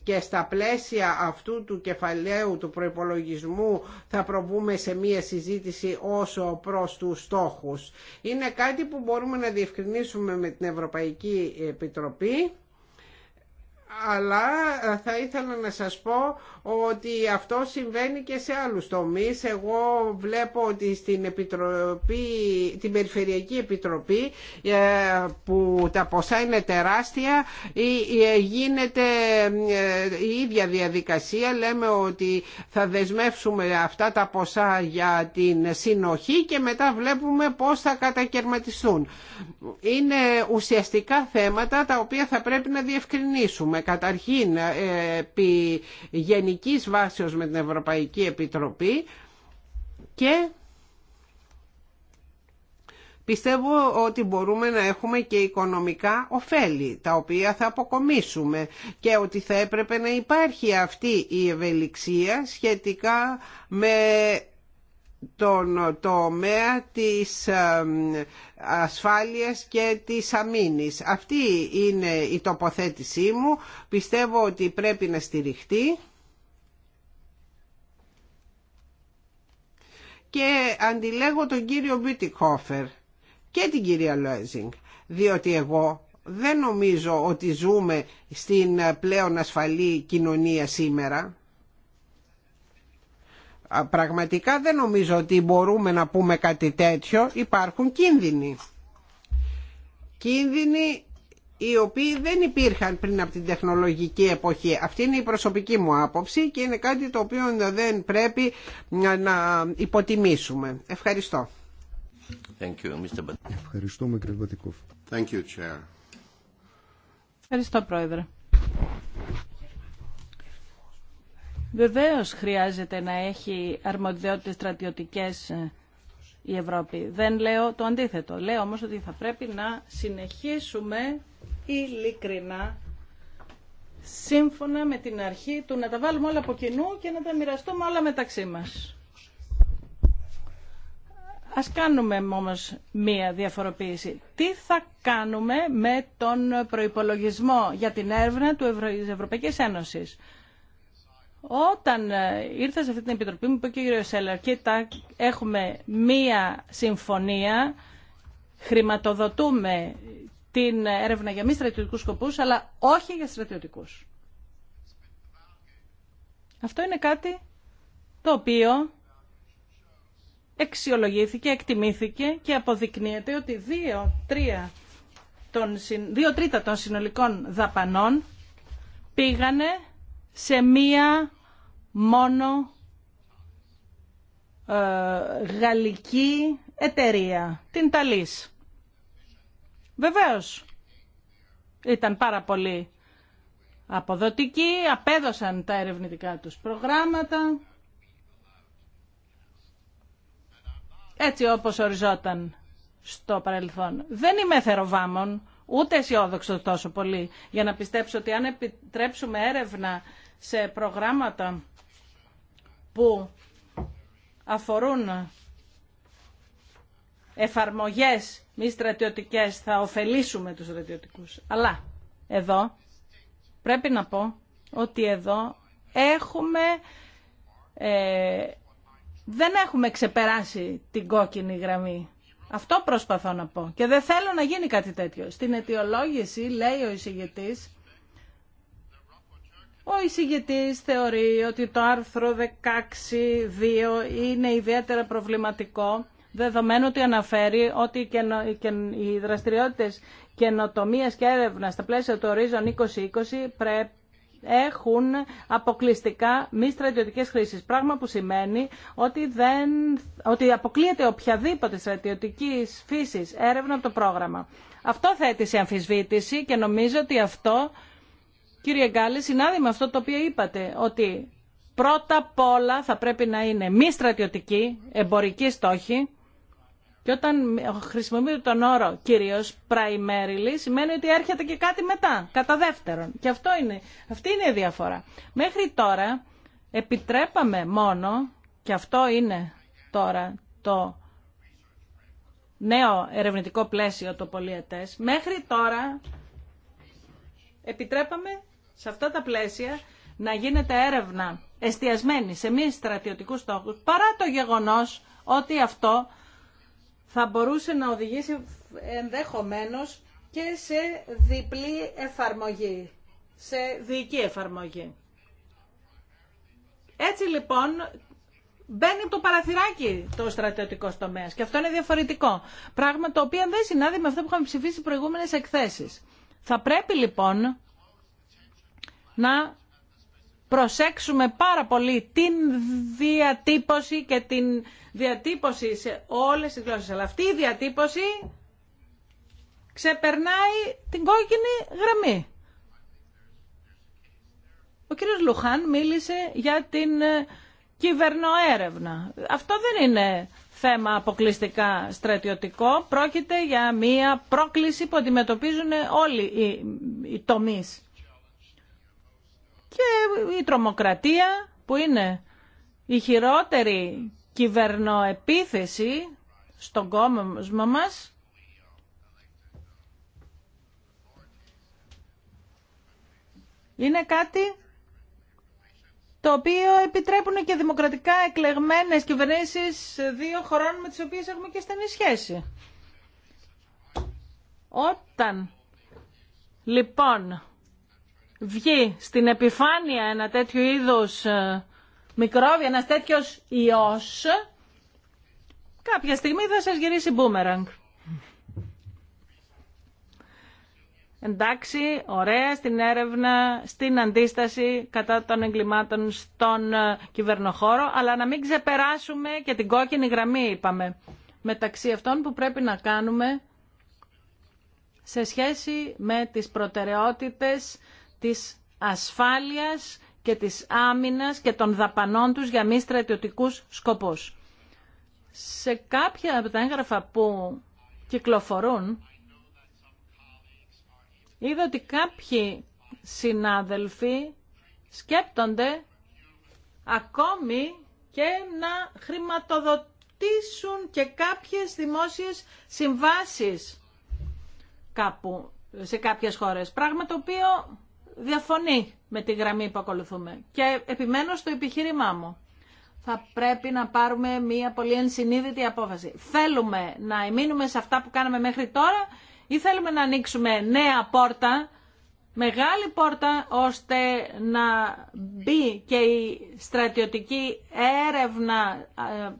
και στα πλαίσια αυτού του κεφαλαίου του προϋπολογισμού θα προβούμε σε μία συζήτηση όσο προς τους στόχους. Είναι κάτι που μπορούμε να διευκρινίσουμε με την Ευρωπαϊκή Επιτροπή αλλά ε, θα ήθελα να σας πω ότι αυτό συμβαίνει και σε άλλους τομείς. Εγώ βλέπω ότι στην Επιτροπή, την Περιφερειακή Επιτροπή ε, που τα ποσά είναι τεράστια ε, γίνεται η ίδια διαδικασία. Λέμε ότι θα δεσμεύσουμε αυτά τα ποσά για την συνοχή και μετά βλέπουμε πώς θα κατακαιρματιστούν. Είναι ουσιαστικά θέματα τα οποία θα πρέπει να διευκρινίσουμε καταρχήν επί γενικής βάσεως με την Ευρωπαϊκή Επιτροπή και Πιστεύω ότι μπορούμε να έχουμε και οικονομικά ωφέλη, τα οποία θα αποκομίσουμε και ότι θα έπρεπε να υπάρχει αυτή η ευελιξία σχετικά με τον τομέα της ασφάλειας και της αμήνης. Αυτή είναι η τοποθέτησή μου. Πιστεύω ότι πρέπει να στηριχτεί. Και αντιλέγω τον κύριο Μπίτικόφερ και την κυρία Λόιζινγκ, διότι εγώ δεν νομίζω ότι ζούμε στην πλέον ασφαλή κοινωνία σήμερα. Πραγματικά δεν νομίζω ότι μπορούμε να πούμε κάτι τέτοιο. Υπάρχουν κίνδυνοι. Κίνδυνοι οι οποίοι δεν υπήρχαν πριν από την τεχνολογική εποχή. Αυτή είναι η προσωπική μου άποψη και είναι κάτι το οποίο δεν πρέπει να υποτιμήσουμε. Ευχαριστώ. Thank you, Mr. Ευχαριστώ Πρόεδρε. Βεβαίως χρειάζεται να έχει αρμοδιότητες στρατιωτικές ε, η Ευρώπη. Δεν λέω το αντίθετο. Λέω όμως ότι θα πρέπει να συνεχίσουμε ειλικρινά σύμφωνα με την αρχή του να τα βάλουμε όλα από κοινού και να τα μοιραστούμε όλα μεταξύ μας. Ας κάνουμε όμως μία διαφοροποίηση. Τι θα κάνουμε με τον προϋπολογισμό για την έρευνα του Ευρωπαϊκής Ένωσης. Όταν ε, ήρθα σε αυτή την επιτροπή μου είπε και ο κύριο έχουμε μία συμφωνία, χρηματοδοτούμε την έρευνα για μη στρατιωτικού σκοπούς, αλλά όχι για στρατιωτικούς. Αυτό είναι κάτι το οποίο εξιολογήθηκε, εκτιμήθηκε και αποδεικνύεται ότι δύο, τρία, των, δύο τρίτα των συνολικών δαπανών πήγανε σε μία μόνο ε, γαλλική εταιρεία, την Ταλής. Βεβαίως, ήταν πάρα πολύ αποδοτική. απέδωσαν τα ερευνητικά τους προγράμματα, έτσι όπως οριζόταν στο παρελθόν. Δεν είμαι θεροβάμων, ούτε αισιόδοξο τόσο πολύ, για να πιστέψω ότι αν επιτρέψουμε έρευνα σε προγράμματα που αφορούν εφαρμογές μη στρατιωτικές θα ωφελήσουμε τους στρατιωτικούς. Αλλά εδώ πρέπει να πω ότι εδώ έχουμε, ε, δεν έχουμε ξεπεράσει την κόκκινη γραμμή. Αυτό προσπαθώ να πω και δεν θέλω να γίνει κάτι τέτοιο. Στην αιτιολόγηση λέει ο εισηγητής ο εισηγητής θεωρεί ότι το άρθρο 16.2 είναι ιδιαίτερα προβληματικό, δεδομένου ότι αναφέρει ότι οι δραστηριότητες καινοτομία και έρευνα στα πλαίσια του Horizon 2020 πρέπει έχουν αποκλειστικά μη στρατιωτικές χρήσεις, πράγμα που σημαίνει ότι, δεν, ότι αποκλείεται οποιαδήποτε στρατιωτική φύση έρευνα από το πρόγραμμα. Αυτό θέτει σε αμφισβήτηση και νομίζω ότι αυτό κύριε Γκάλη, συνάδει με αυτό το οποίο είπατε, ότι πρώτα απ' όλα θα πρέπει να είναι μη στρατιωτική, εμπορική στόχη, και όταν χρησιμοποιείτε τον όρο κυρίω primarily, σημαίνει ότι έρχεται και κάτι μετά, κατά δεύτερον. Και αυτό είναι, αυτή είναι η διαφορά. Μέχρι τώρα επιτρέπαμε μόνο, και αυτό είναι τώρα το νέο ερευνητικό πλαίσιο το πολιετές, μέχρι τώρα επιτρέπαμε σε αυτά τα πλαίσια να γίνεται έρευνα εστιασμένη σε μη στρατιωτικού στόχου παρά το γεγονός ότι αυτό θα μπορούσε να οδηγήσει ενδεχομένως και σε διπλή εφαρμογή, σε διοική εφαρμογή. Έτσι λοιπόν μπαίνει το παραθυράκι το στρατιωτικό τομέα και αυτό είναι διαφορετικό. Πράγμα το οποίο δεν συνάδει με αυτό που είχαμε ψηφίσει προηγούμενε εκθέσει. Θα πρέπει λοιπόν να προσέξουμε πάρα πολύ την διατύπωση και την διατύπωση σε όλες τις γλώσσες. Αλλά αυτή η διατύπωση ξεπερνάει την κόκκινη γραμμή. Ο κύριος Λουχάν μίλησε για την ε, κυβερνοέρευνα. Αυτό δεν είναι θέμα αποκλειστικά στρατιωτικό. Πρόκειται για μία πρόκληση που αντιμετωπίζουν όλοι οι, οι τομείς και η τρομοκρατία που είναι η χειρότερη κυβερνοεπίθεση στον κόμμα μας είναι κάτι το οποίο επιτρέπουν και δημοκρατικά εκλεγμένες κυβερνήσεις δύο χωρών με τις οποίες έχουμε και στενή σχέση. Όταν λοιπόν βγει στην επιφάνεια ένα τέτοιο είδος ε, μικρόβιο, ενα τέτοιος ιός, κάποια στιγμή θα σας γυρίσει μπούμεραγκ. Εντάξει, ωραία στην έρευνα, στην αντίσταση κατά των εγκλημάτων στον ε, κυβερνοχώρο, αλλά να μην ξεπεράσουμε και την κόκκινη γραμμή, είπαμε, μεταξύ αυτών που πρέπει να κάνουμε σε σχέση με τις προτεραιότητες της ασφάλειας και της άμυνας και των δαπανών τους για μη στρατιωτικούς σκοπούς. Σε κάποια από τα έγγραφα που κυκλοφορούν, είδα ότι κάποιοι συνάδελφοι σκέπτονται ακόμη και να χρηματοδοτήσουν και κάποιες δημόσιες συμβάσεις κάπου σε κάποιες χώρες. Πράγμα το οποίο διαφωνεί με τη γραμμή που ακολουθούμε. Και επιμένω στο επιχείρημά μου. Θα πρέπει να πάρουμε μια πολύ ενσυνείδητη απόφαση. Θέλουμε να εμείνουμε σε αυτά που κάναμε μέχρι τώρα ή θέλουμε να ανοίξουμε νέα πόρτα, μεγάλη πόρτα, ώστε να μπει και η στρατιωτική έρευνα ε,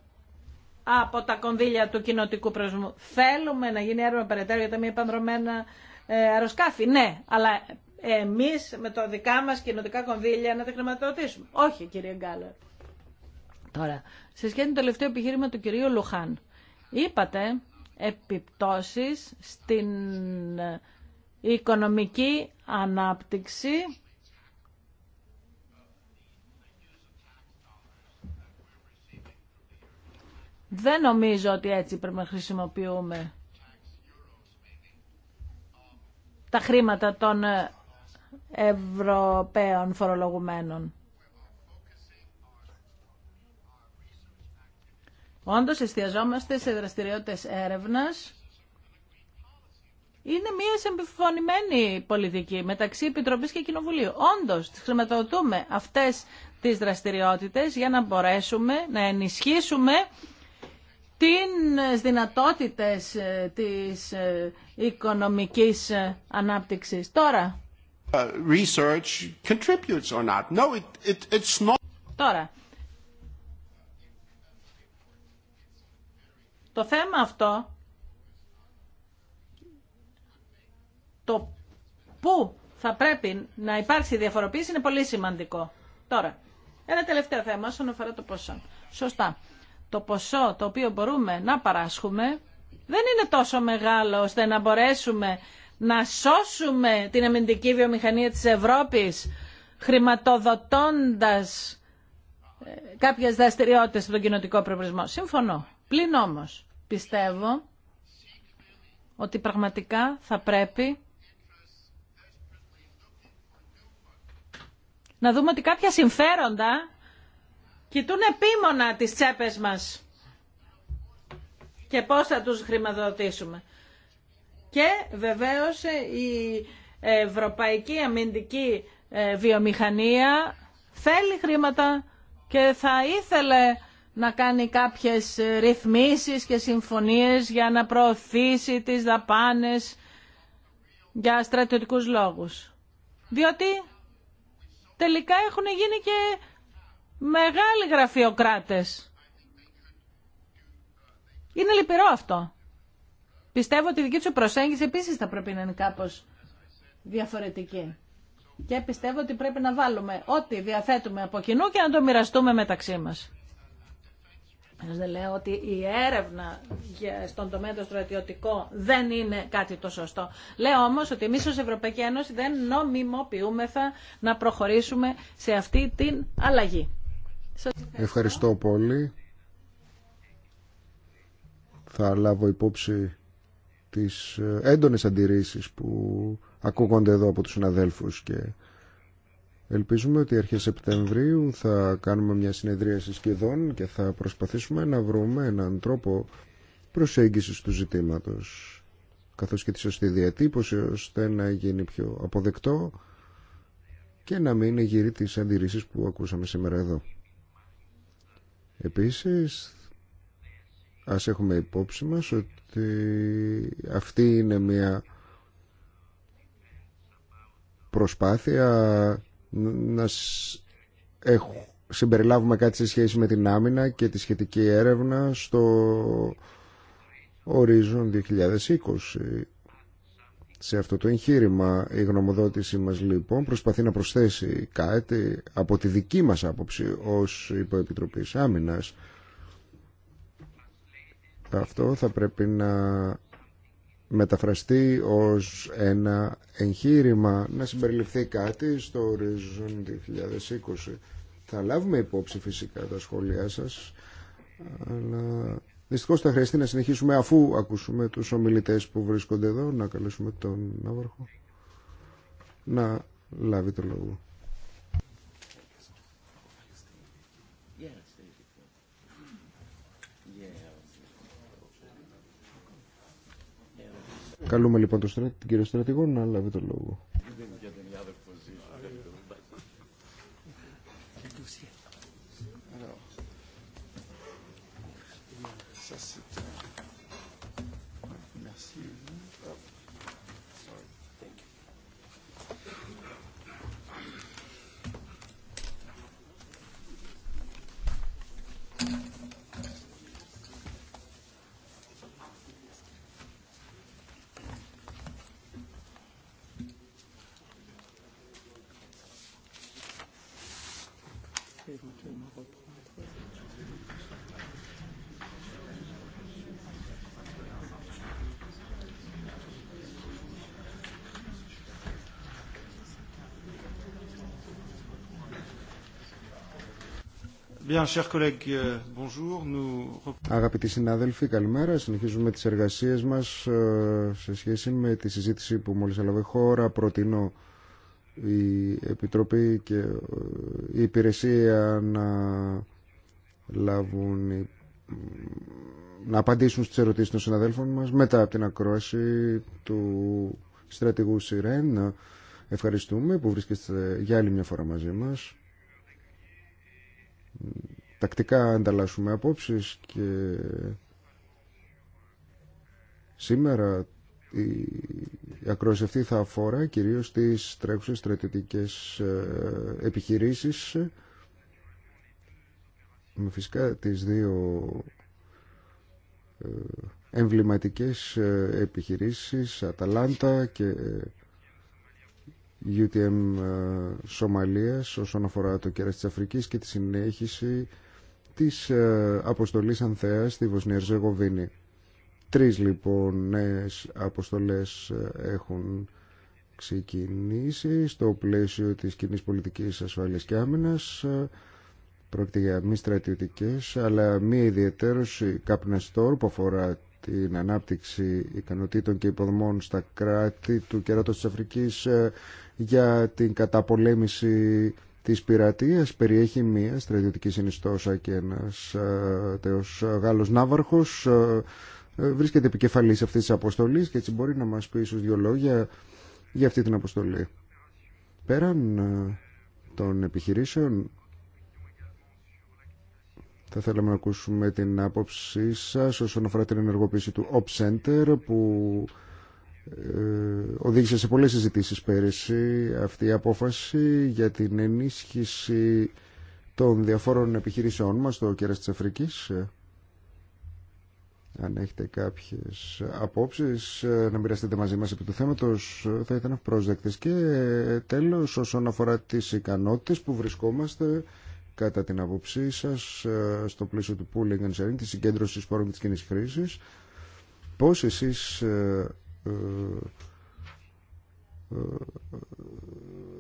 από τα κονδύλια του κοινοτικού προσμού. Θέλουμε να γίνει έρευνα περαιτέρω για τα μη επανδρομένα ε, αεροσκάφη. Ναι, αλλά Εμεί με τα δικά μας κοινωτικά κονδύλια να τα χρηματοδοτήσουμε. Όχι κύριε Γκάλερ. Τώρα, σε σχέση με το τελευταίο επιχείρημα του κυρίου Λουχάν, είπατε επιπτώσεις στην ε, οικονομική ανάπτυξη Δεν νομίζω ότι έτσι πρέπει να χρησιμοποιούμε τα χρήματα των ε, Ευρωπαίων φορολογουμένων. Όντως εστιαζόμαστε σε δραστηριότητες έρευνας. Είναι μια συμφωνημένη πολιτική μεταξύ Επιτροπής και Κοινοβουλίου. Όντως, χρηματοδοτούμε αυτές τις δραστηριότητες για να μπορέσουμε να ενισχύσουμε τις δυνατότητες ε, της ε, οικονομικής ε, ανάπτυξης. Τώρα, Uh, research contributes or not. No, it, it's not. Τώρα, το θέμα αυτό, το πού θα πρέπει να υπάρξει διαφοροποίηση είναι πολύ σημαντικό. Τώρα, ένα τελευταίο θέμα όσον αφορά το ποσό. Σωστά. Το ποσό το οποίο μπορούμε να παράσχουμε δεν είναι τόσο μεγάλο ώστε να μπορέσουμε να σώσουμε την αμυντική βιομηχανία της Ευρώπης χρηματοδοτώντας ε, κάποιες δραστηριότητες στον κοινωτικό προβλησμό. Συμφωνώ. Πλην όμως πιστεύω ότι πραγματικά θα πρέπει να δούμε ότι κάποια συμφέροντα κοιτούν επίμονα τις τσέπες μας και πώς θα τους χρηματοδοτήσουμε και βεβαίως η ευρωπαϊκή αμυντική ε, βιομηχανία θέλει χρήματα και θα ήθελε να κάνει κάποιες ρυθμίσεις και συμφωνίες για να προωθήσει τις δαπάνες για στρατιωτικούς λόγους. Διότι τελικά έχουν γίνει και μεγάλοι γραφειοκράτες. Είναι λυπηρό αυτό. Πιστεύω ότι η δική του προσέγγιση επίσης θα πρέπει να είναι κάπως διαφορετική. Και πιστεύω ότι πρέπει να βάλουμε ό,τι διαθέτουμε από κοινού και να το μοιραστούμε μεταξύ μας. Δεν λέω ότι η έρευνα στον τομέα το στρατιωτικό δεν είναι κάτι το σωστό. Λέω όμως ότι εμείς ως Ευρωπαϊκή Ένωση δεν νομιμοποιούμεθα να προχωρήσουμε σε αυτή την αλλαγή. Ευχαριστώ πολύ. Θα λάβω υπόψη τις ε, έντονες αντιρρήσεις που ακούγονται εδώ από τους συναδέλφους και ελπίζουμε ότι αρχές Σεπτεμβρίου θα κάνουμε μια συνεδρία σχεδόν και θα προσπαθήσουμε να βρούμε έναν τρόπο προσέγγισης του ζητήματος καθώς και τη σωστή διατύπωση ώστε να γίνει πιο αποδεκτό και να μην γύρει τις αντιρρήσεις που ακούσαμε σήμερα εδώ. Επίσης Ας έχουμε υπόψη μας ότι αυτή είναι μια προσπάθεια να συμπεριλάβουμε κάτι σε σχέση με την άμυνα και τη σχετική έρευνα στο ορίζον 2020. Σε αυτό το εγχείρημα η γνωμοδότηση μας λοιπόν προσπαθεί να προσθέσει κάτι από τη δική μας άποψη ως Υποεπιτροπής Άμυνας αυτό θα πρέπει να μεταφραστεί ως ένα εγχείρημα να συμπεριληφθεί κάτι στο Horizon 2020. Θα λάβουμε υπόψη φυσικά τα σχόλιά σας, αλλά δυστυχώς θα χρειαστεί να συνεχίσουμε αφού ακούσουμε τους ομιλητές που βρίσκονται εδώ, να καλέσουμε τον Ναύαρχο να λάβει το λόγο. Καλούμε λοιπόν τον κύριο στρατηγό να λάβει το λόγο. Euh, Αγαπητοί συνάδελφοι, καλημέρα. Συνεχίζουμε τις εργασίες μας ε, σε σχέση με τη συζήτηση που μόλις έλαβε χώρα. Προτείνω η Επιτροπή και ε, η Υπηρεσία να λάβουν να απαντήσουν στις ερωτήσεις των συναδέλφων μας μετά από την ακρόαση του στρατηγού Σιρέν. Ευχαριστούμε που βρίσκεστε για άλλη μια φορά μαζί μας τακτικά ανταλλάσσουμε απόψεις και σήμερα η ακρόαση αυτή θα αφορά κυρίως τις τρέχουσες στρατιωτικές ε, επιχειρήσεις με φυσικά τις δύο ε, εμβληματικές ε, επιχειρήσεις Αταλάντα και UTM ε, Σομαλίας όσον αφορά το κέρας της Αφρικής και τη συνέχιση της ε, αποστολής Ανθέας στη Βοσνία Ζεγοβίνη. Τρεις λοιπόν νέες αποστολές ε, έχουν ξεκινήσει στο πλαίσιο της κοινή πολιτικής ασφάλειας και άμυνας. Πρόκειται για μη στρατιωτικέ, αλλά μία ιδιαίτερωση καπνεστόρ που αφορά την ανάπτυξη ικανοτήτων και υποδομών στα κράτη του κεράτος της Αφρικής για την καταπολέμηση της πειρατείας περιέχει μία στρατιωτική συνιστόσα και ένας ε, τέος ε, Γάλλος Ναύαρχος ε, βρίσκεται επικεφαλής αυτής της αποστολής και έτσι μπορεί να μας πει ίσως δύο λόγια για αυτή την αποστολή. Πέραν των επιχειρήσεων θα θέλαμε να ακούσουμε την άποψή σας όσον αφορά την ενεργοποίηση του Op Center που ε, οδήγησε σε πολλές συζητήσει πέρυσι αυτή η απόφαση για την ενίσχυση των διαφόρων επιχειρήσεών μας στο κέρας της Αφρικής. Ε, αν έχετε κάποιες απόψεις ε, να μοιραστείτε μαζί μας επί του θέματος θα ήταν πρόσδεκτες. Και τέλος όσον αφορά τις ικανότητες που βρισκόμαστε κατά την άποψή σας στο πλαίσιο του pooling and sharing, της συγκέντρωσης πόρων και της κοινής χρήσης, πώς εσείς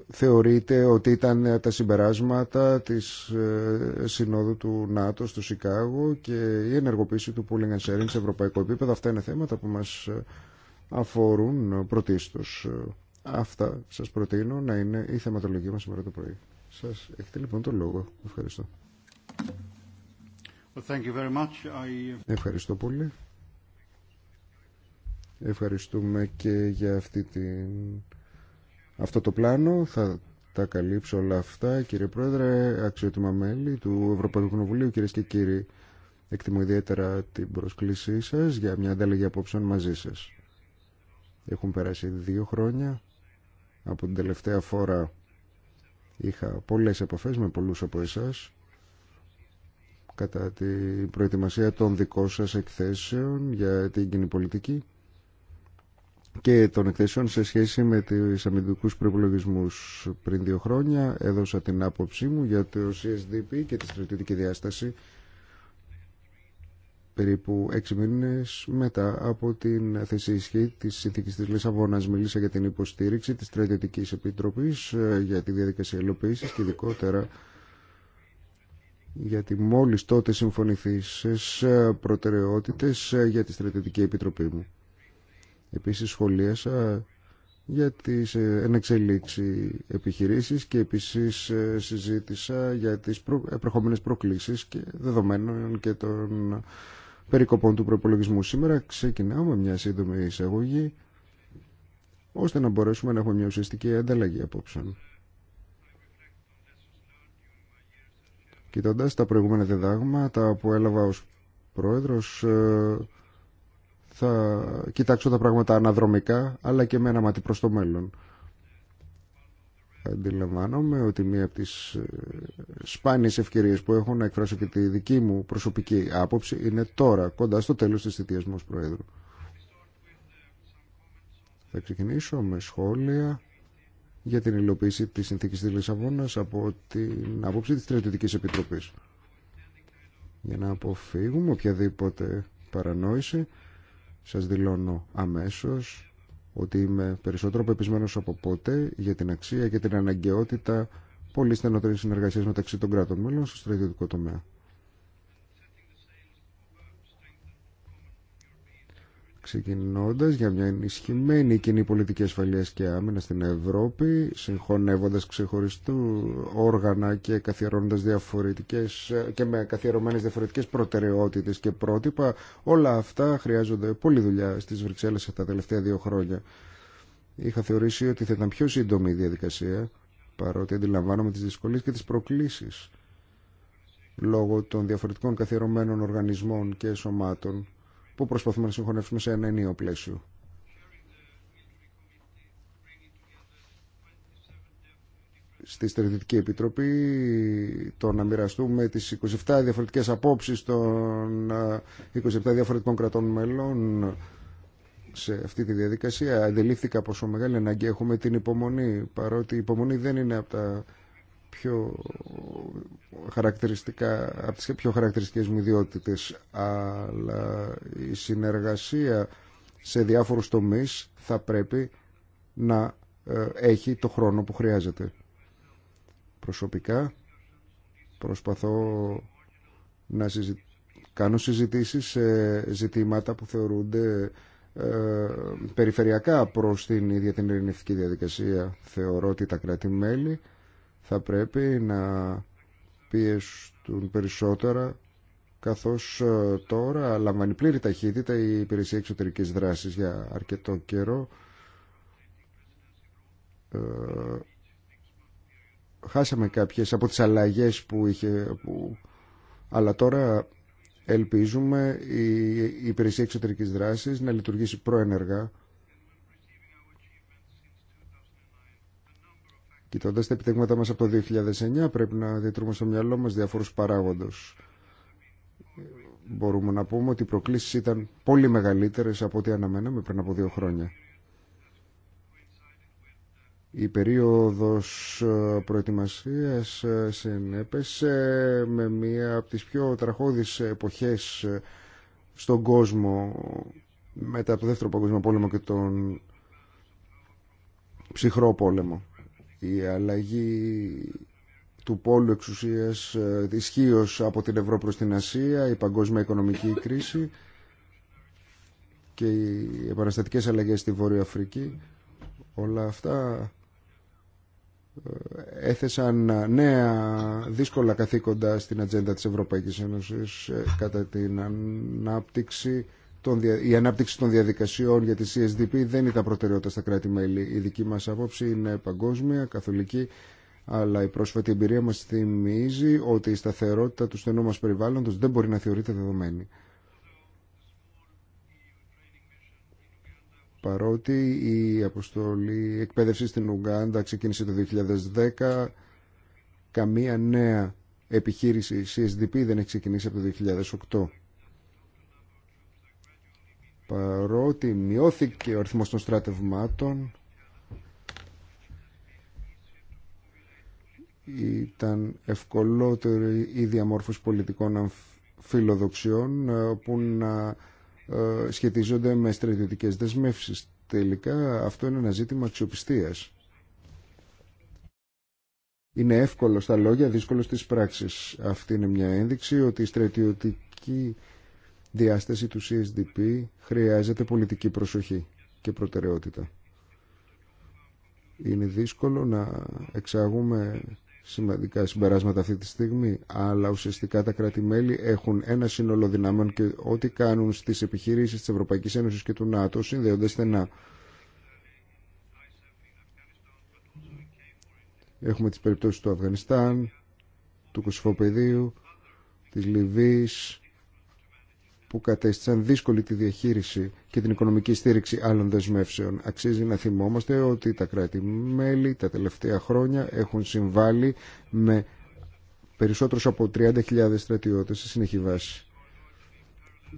θεωρείται ότι ήταν τα συμπεράσματα της ε, Συνόδου του ΝΑΤΟ στο Σικάγο και η ενεργοποίηση του pooling and sharing σε ευρωπαϊκό επίπεδο. Αυτά είναι θέματα που μας ε, αφορούν πρωτίστως. Ε, αυτά σας προτείνω να είναι η θεματολογία μας σήμερα το πρωί. Σας έχετε λοιπόν το λόγο. Ευχαριστώ. thank you very much. Ευχαριστώ πολύ. Ευχαριστούμε και για αυτή την... αυτό το πλάνο. Θα τα καλύψω όλα αυτά. Κύριε Πρόεδρε, αξιότιμα μέλη του Ευρωπαϊκού Κοινοβουλίου, κυρίε και κύριοι, εκτιμώ ιδιαίτερα την προσκλήσή σα για μια ανταλλαγή απόψεων μαζί σα. Έχουν περάσει δύο χρόνια από την τελευταία φορά είχα πολλές επαφές με πολλούς από εσάς κατά την προετοιμασία των δικών σας εκθέσεων για την κοινή πολιτική και των εκθέσεων σε σχέση με τις αμυντικούς προπολογισμού πριν δύο χρόνια έδωσα την άποψή μου για το CSDP και τη στρατιωτική διάσταση περίπου έξι μήνες μετά από την θέση ισχύ της συνθήκης της Λισαβόνας μίλησα για την υποστήριξη της στρατιωτικής επιτροπής ε, για τη διαδικασία υλοποίηση και ειδικότερα για τη μόλις τότε συμφωνηθήσεις προτεραιότητες ε, για τη στρατιωτική επιτροπή μου. Επίσης σχολίασα για τις ε, ενεξελίξει επιχειρήσεις και επίσης ε, συζήτησα για τις προ... Ε, προχωμένες προκλήσεις και δεδομένων και των περικοπών του προπολογισμού. Σήμερα ξεκινάω με μια σύντομη εισαγωγή ώστε να μπορέσουμε να έχουμε μια ουσιαστική ανταλλαγή απόψεων. Κοιτώντας τα προηγούμενα διδάγματα που έλαβα ως πρόεδρος, θα κοιτάξω τα πράγματα αναδρομικά αλλά και με ένα μάτι προς το μέλλον. Αντιλαμβάνομαι ότι μία από τις ε, σπάνιες ευκαιρίες που έχω να εκφράσω και τη δική μου προσωπική άποψη είναι τώρα, κοντά στο τέλος της θητείας μου ως Θα ξεκινήσω με σχόλια για την υλοποίηση της συνθήκης της Λισαβόνας από την άποψη της Στρατιωτικής Επιτροπής. Για να αποφύγουμε οποιαδήποτε παρανόηση, σας δηλώνω αμέσως ότι είμαι περισσότερο πεπισμένος από ποτέ για την αξία και την αναγκαιότητα πολύ στενότερη συνεργασία μεταξύ των κράτων μέλων στο στρατιωτικό τομέα. ξεκινώντα για μια ενισχυμένη κοινή πολιτική ασφαλεία και άμυνα στην Ευρώπη, συγχωνεύοντα ξεχωριστού όργανα και καθιερώνοντας διαφορετικές και με καθιερωμένε διαφορετικέ προτεραιότητε και πρότυπα, όλα αυτά χρειάζονται πολλή δουλειά στις Βρυξέλλες τα τελευταία δύο χρόνια. Είχα θεωρήσει ότι θα ήταν πιο σύντομη η διαδικασία, παρότι αντιλαμβάνομαι τι δυσκολίε και τι προκλήσει λόγω των διαφορετικών καθιερωμένων οργανισμών και σωμάτων που προσπαθούμε να συγχωνεύσουμε σε ένα ενίο πλαίσιο. στη Στρατιωτική Επιτροπή το να μοιραστούμε τις 27 διαφορετικές απόψεις των 27 ε, διαφορετικών κρατών μελών σε αυτή τη διαδικασία αντιλήφθηκα πόσο μεγάλη ανάγκη έχουμε την υπομονή παρότι η υπομονή δεν είναι από τα πιο χαρακτηριστικά, από τις πιο χαρακτηριστικές μου ιδιότητες, αλλά η συνεργασία σε διάφορους τομείς θα πρέπει να ε, έχει το χρόνο που χρειάζεται. Προσωπικά προσπαθώ να κάνω συζητήσεις σε ζητήματα που θεωρούνται ε, περιφερειακά προς την ίδια την ειρηνευτική διαδικασία. Θεωρώ ότι τα κράτη-μέλη θα πρέπει να πιεστούν περισσότερα καθώς ε, τώρα λαμβάνει πλήρη ταχύτητα η υπηρεσία εξωτερικής δράσης για αρκετό καιρό ε, χάσαμε κάποιες από τις αλλαγές που είχε που... αλλά τώρα ελπίζουμε η υπηρεσία εξωτερικής δράσης να λειτουργήσει προενεργά Κοιτώντας τα επιτεύγματα μας από το 2009 πρέπει να διατρούμε στο μυαλό μα διαφορου παράγοντε. Μπορούμε να πούμε ότι οι προκλήσει ήταν πολύ μεγαλύτερε από ό,τι αναμέναμε πριν από δύο χρόνια. Η περίοδος ε, προετοιμασίας ε, συνέπεσε με μία από τις πιο τραχώδεις εποχές ε, στον κόσμο μετά από το Δεύτερο Παγκόσμιο Πόλεμο και τον ψυχρό πόλεμο. Η αλλαγή του πόλου εξουσίας ε, ισχύω από την Ευρώπη προς την Ασία, η παγκόσμια οικονομική κρίση και οι επαναστατικές αλλαγές στη Βόρεια Αφρική, όλα αυτά ε, έθεσαν νέα δύσκολα καθήκοντα στην ατζέντα της Ευρωπαϊκής Ένωσης ε, κατά την ανάπτυξη η ανάπτυξη των διαδικασιών για τη CSDP δεν ήταν προτεραιότητα στα κράτη-μέλη. Η δική μας άποψη είναι παγκόσμια, καθολική, αλλά η πρόσφατη εμπειρία μας θυμίζει ότι η σταθερότητα του στενού μας περιβάλλοντος δεν μπορεί να θεωρείται δεδομένη. Παρότι η αποστολή εκπαίδευση στην Ουγγάντα ξεκίνησε το 2010, καμία νέα επιχείρηση CSDP δεν έχει ξεκινήσει από το 2008. Παρότι μειώθηκε ο αριθμός των στρατευμάτων, ήταν ευκολότερη η διαμόρφωση πολιτικών φιλοδοξιών ε, που να ε, σχετίζονται με στρατιωτικές δεσμεύσεις. Τελικά αυτό είναι ένα ζήτημα αξιοπιστίας. Είναι εύκολο στα λόγια, δύσκολο στις πράξεις. Αυτή είναι μια ένδειξη ότι η στρατιωτική διάσταση του CSDP χρειάζεται πολιτική προσοχή και προτεραιότητα. Είναι δύσκολο να εξάγουμε σημαντικά συμπεράσματα αυτή τη στιγμή, αλλά ουσιαστικά τα κράτη-μέλη έχουν ένα σύνολο δυνάμων και ό,τι κάνουν στις επιχειρήσεις της Ευρωπαϊκής Ένωσης και του ΝΑΤΟ συνδέονται στενά. Έχουμε τις περιπτώσεις του Αφγανιστάν, του Κωσυφοπεδίου, της Λιβύης, που κατέστησαν δύσκολη τη διαχείριση και την οικονομική στήριξη άλλων δεσμεύσεων. Αξίζει να θυμόμαστε ότι τα κράτη-μέλη τα τελευταία χρόνια έχουν συμβάλει με περισσότερους από 30.000 στρατιώτες σε συνεχή βάση.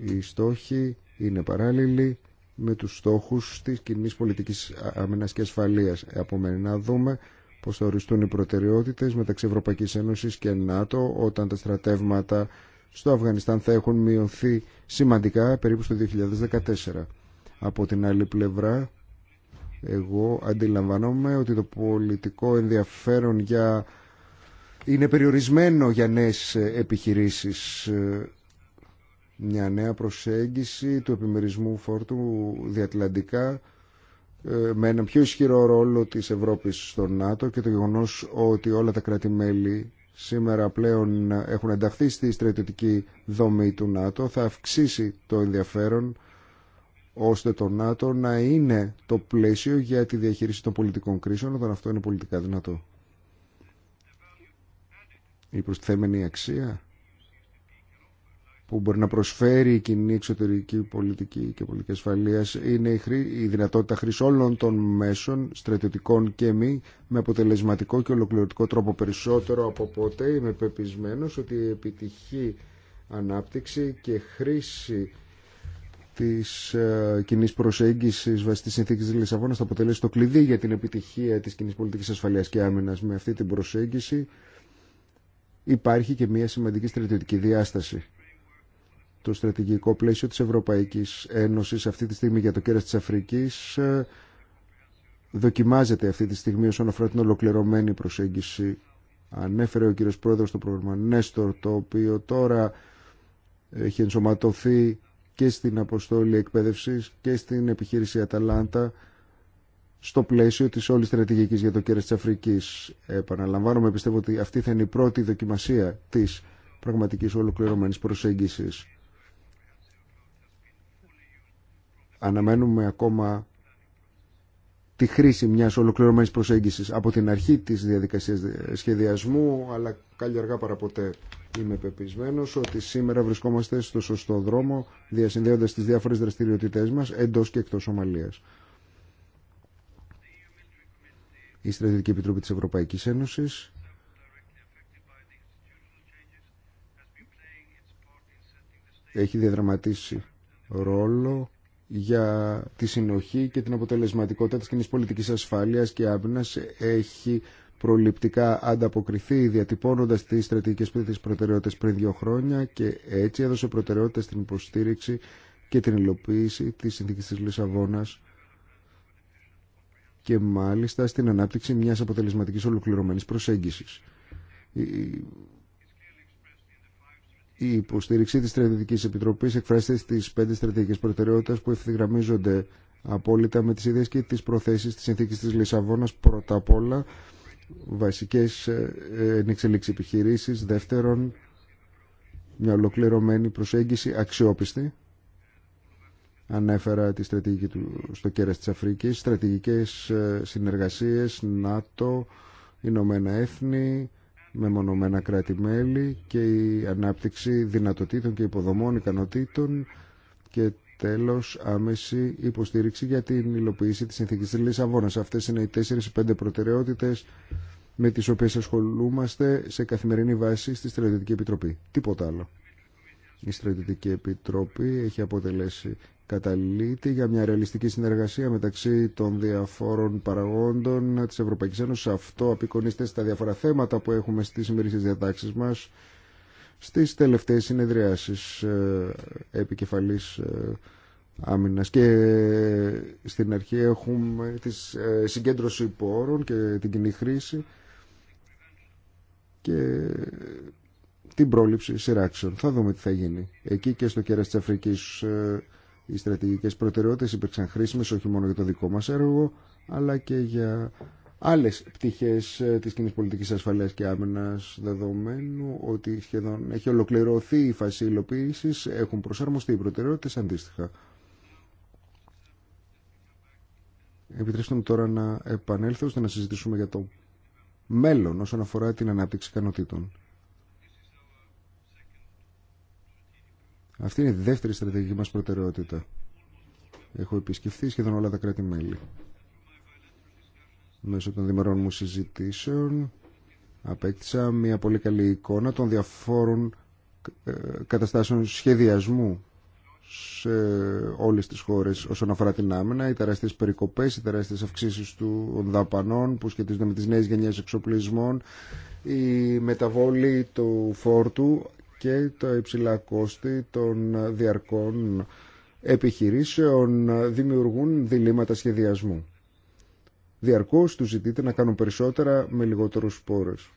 Οι στόχοι είναι παράλληλοι με τους στόχους της κοινή πολιτικής άμυνας και ασφαλείας. Απομένει να δούμε πώς θα οριστούν οι προτεραιότητες μεταξύ Ευρωπαϊκής Ένωσης και ΝΑΤΟ όταν τα στρατεύματα στο Αφγανιστάν θα έχουν μειωθεί σημαντικά περίπου στο 2014. Από την άλλη πλευρά, εγώ αντιλαμβανόμαι ότι το πολιτικό ενδιαφέρον για... είναι περιορισμένο για νέες επιχειρήσεις. Μια νέα προσέγγιση του επιμερισμού φόρτου διατλαντικά ε, με έναν πιο ισχυρό ρόλο της Ευρώπης στο ΝΑΤΟ και το γεγονός ότι όλα τα κράτη-μέλη σήμερα πλέον έχουν ενταχθεί στη στρατιωτική δομή του ΝΑΤΟ θα αυξήσει το ενδιαφέρον ώστε το ΝΑΤΟ να είναι το πλαίσιο για τη διαχείριση των πολιτικών κρίσεων όταν αυτό είναι πολιτικά δυνατό. Η προστιθέμενη αξία που μπορεί να προσφέρει η κοινή εξωτερική πολιτική και πολιτική ασφαλείας είναι η, δυνατότητα χρήση όλων των μέσων, στρατιωτικών και μη, με αποτελεσματικό και ολοκληρωτικό τρόπο περισσότερο από ποτέ. Είμαι πεπισμένο ότι η επιτυχή ανάπτυξη και χρήση τη ε, κοινή προσέγγιση βασίστη συνθήκη τη της θα αποτελέσει το κλειδί για την επιτυχία τη κοινή πολιτική ασφαλείας και άμυνα Με αυτή την προσέγγιση υπάρχει και μια σημαντική στρατιωτική διάσταση το στρατηγικό πλαίσιο της Ευρωπαϊκής Ένωσης αυτή τη στιγμή για το κέρας της Αφρικής ε, δοκιμάζεται αυτή τη στιγμή όσον αφορά την ολοκληρωμένη προσέγγιση. Ανέφερε ο κύριος Πρόεδρος το πρόγραμμα Νέστορ, το οποίο τώρα έχει ενσωματωθεί και στην αποστόλη εκπαίδευση και στην επιχείρηση Αταλάντα στο πλαίσιο της όλης στρατηγικής για το κέρας της Αφρικής. Επαναλαμβάνομαι, πιστεύω ότι αυτή θα είναι η πρώτη δοκιμασία της πραγματικής ολοκληρωμένης προσέγγισης. Αναμένουμε ακόμα τη χρήση μιας ολοκληρωμένης προσέγγισης από την αρχή της διαδικασίας σχεδιασμού, αλλά καλή αργά παραποτέ είμαι πεπισμένος ότι σήμερα βρισκόμαστε στο σωστό δρόμο, διασυνδέοντας τις διάφορες δραστηριότητές μας εντός και εκτός Ομαλίας. Η Στρατιωτική Επιτροπή της Ευρωπαϊκής Ένωσης έχει διαδραματίσει ρόλο για τη συνοχή και την αποτελεσματικότητα της κοινή πολιτικής ασφάλειας και άμυνας έχει προληπτικά ανταποκριθεί διατυπώνοντας τις στρατηγικές της προτεραιότητες πριν δύο χρόνια και έτσι έδωσε προτεραιότητα στην υποστήριξη και την υλοποίηση της συνθήκης της Λισαβόνας και μάλιστα στην ανάπτυξη μιας αποτελεσματικής ολοκληρωμένης προσέγγισης. Η υποστήριξή της Στρατιωτικής Επιτροπής εκφράστηκε στις πέντε στρατηγικές προτεραιότητε που ευθυγραμμίζονται απόλυτα με τις ιδέες και τις προθέσεις της συνθήκη της Λισαβόνας πρώτα απ' όλα βασικές ε, ενεξελίξει επιχειρήσει, δεύτερον μια ολοκληρωμένη προσέγγιση αξιόπιστη ανέφερα τη στρατηγική του στο κέρας της Αφρικής, στρατηγικές ε, συνεργασίες, ΝΑΤΟ, Ηνωμένα Έθνη, μεμονωμένα κράτη-μέλη και η ανάπτυξη δυνατοτήτων και υποδομών ικανοτήτων και τέλος άμεση υποστήριξη για την υλοποίηση της συνθήκης της Λισαβόνας. Αυτές είναι οι 4-5 προτεραιότητες με τις οποίες ασχολούμαστε σε καθημερινή βάση στη Στρατιωτική Επιτροπή. Τίποτα άλλο. Η Στρατιωτική Επιτροπή έχει αποτελέσει καταλήτη για μια ρεαλιστική συνεργασία μεταξύ των διαφόρων παραγόντων της Ευρωπαϊκής Ένωσης. Αυτό απεικονίστε στα διάφορα θέματα που έχουμε στις σημερινές διατάξεις μας στις τελευταίες συνεδριάσεις ε, επικεφαλής ε, άμυνας και ε, στην αρχή έχουμε τη συγκέντρωση πόρων και την κοινή χρήση και την πρόληψη σειράξεων. Θα δούμε τι θα γίνει εκεί και στο κέρας της Αφρικής οι στρατηγικέ προτεραιότητε υπήρξαν χρήσιμε όχι μόνο για το δικό μας έργο, αλλά και για άλλες πτυχές ε, της κοινή πολιτική ασφαλείας και άμυνας δεδομένου ότι σχεδόν έχει ολοκληρωθεί η φάση υλοποίηση. έχουν προσαρμοστεί οι προτεραιότητε αντίστοιχα. Επιτρέψτε μου τώρα να επανέλθω ώστε να συζητήσουμε για το μέλλον όσον αφορά την ανάπτυξη ικανοτήτων. Αυτή είναι η δεύτερη στρατηγική μας προτεραιότητα. Έχω επισκεφθεί σχεδόν όλα τα κράτη-μέλη. Μέσω των διμερών μου συζητήσεων απέκτησα μια πολύ καλή εικόνα των διαφόρων ε, καταστάσεων σχεδιασμού σε όλες τις χώρες όσον αφορά την άμυνα, οι τεράστιες περικοπές, οι τεράστιες αυξήσεις των δαπανών που σχετίζονται με τις νέες γενιές εξοπλισμών, η μεταβόλη του φόρτου και τα υψηλά κόστη των διαρκών επιχειρήσεων δημιουργούν διλήμματα σχεδιασμού. Διαρκώς τους ζητείτε να κάνουν περισσότερα με λιγότερους σπόρες.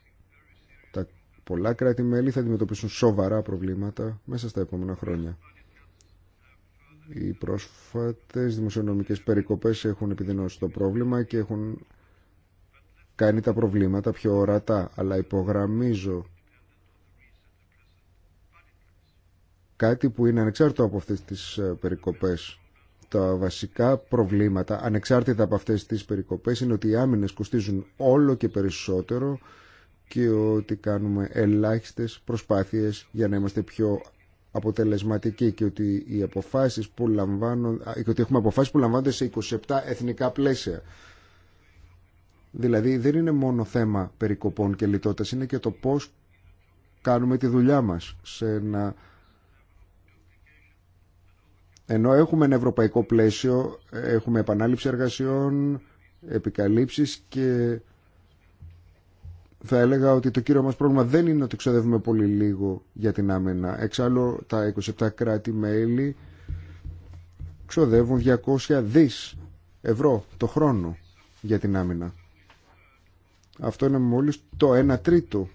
Τα πολλά κράτη-μέλη θα αντιμετωπίσουν σοβαρά προβλήματα μέσα στα επόμενα χρόνια. Οι πρόσφατες δημοσιονομικές περικοπές έχουν επιδεινώσει το πρόβλημα και έχουν κάνει τα προβλήματα πιο ορατά. Αλλά υπογραμμίζω κάτι που είναι ανεξάρτητο από αυτές τις ε, περικοπές. Τα βασικά προβλήματα, ανεξάρτητα από αυτές τις περικοπές, είναι ότι οι άμυνες κοστίζουν όλο και περισσότερο και ότι κάνουμε ελάχιστες προσπάθειες για να είμαστε πιο αποτελεσματικοί και ότι, οι αποφάσεις που λαμβάνουν, και ότι έχουμε αποφάσεις που λαμβάνονται σε 27 εθνικά πλαίσια. Δηλαδή δεν είναι μόνο θέμα περικοπών και λιτότητας, είναι και το πώς κάνουμε τη δουλειά μας σε ένα ενώ έχουμε ένα ευρωπαϊκό πλαίσιο, έχουμε επανάληψη εργασιών, επικαλύψεις και θα έλεγα ότι το κύριο μας πρόβλημα δεν είναι ότι ξοδεύουμε πολύ λίγο για την άμενα. Εξάλλου τα 27 κράτη-μέλη ξοδεύουν 200 δις ευρώ το χρόνο για την άμυνα. Αυτό είναι μόλις το 1 τρίτο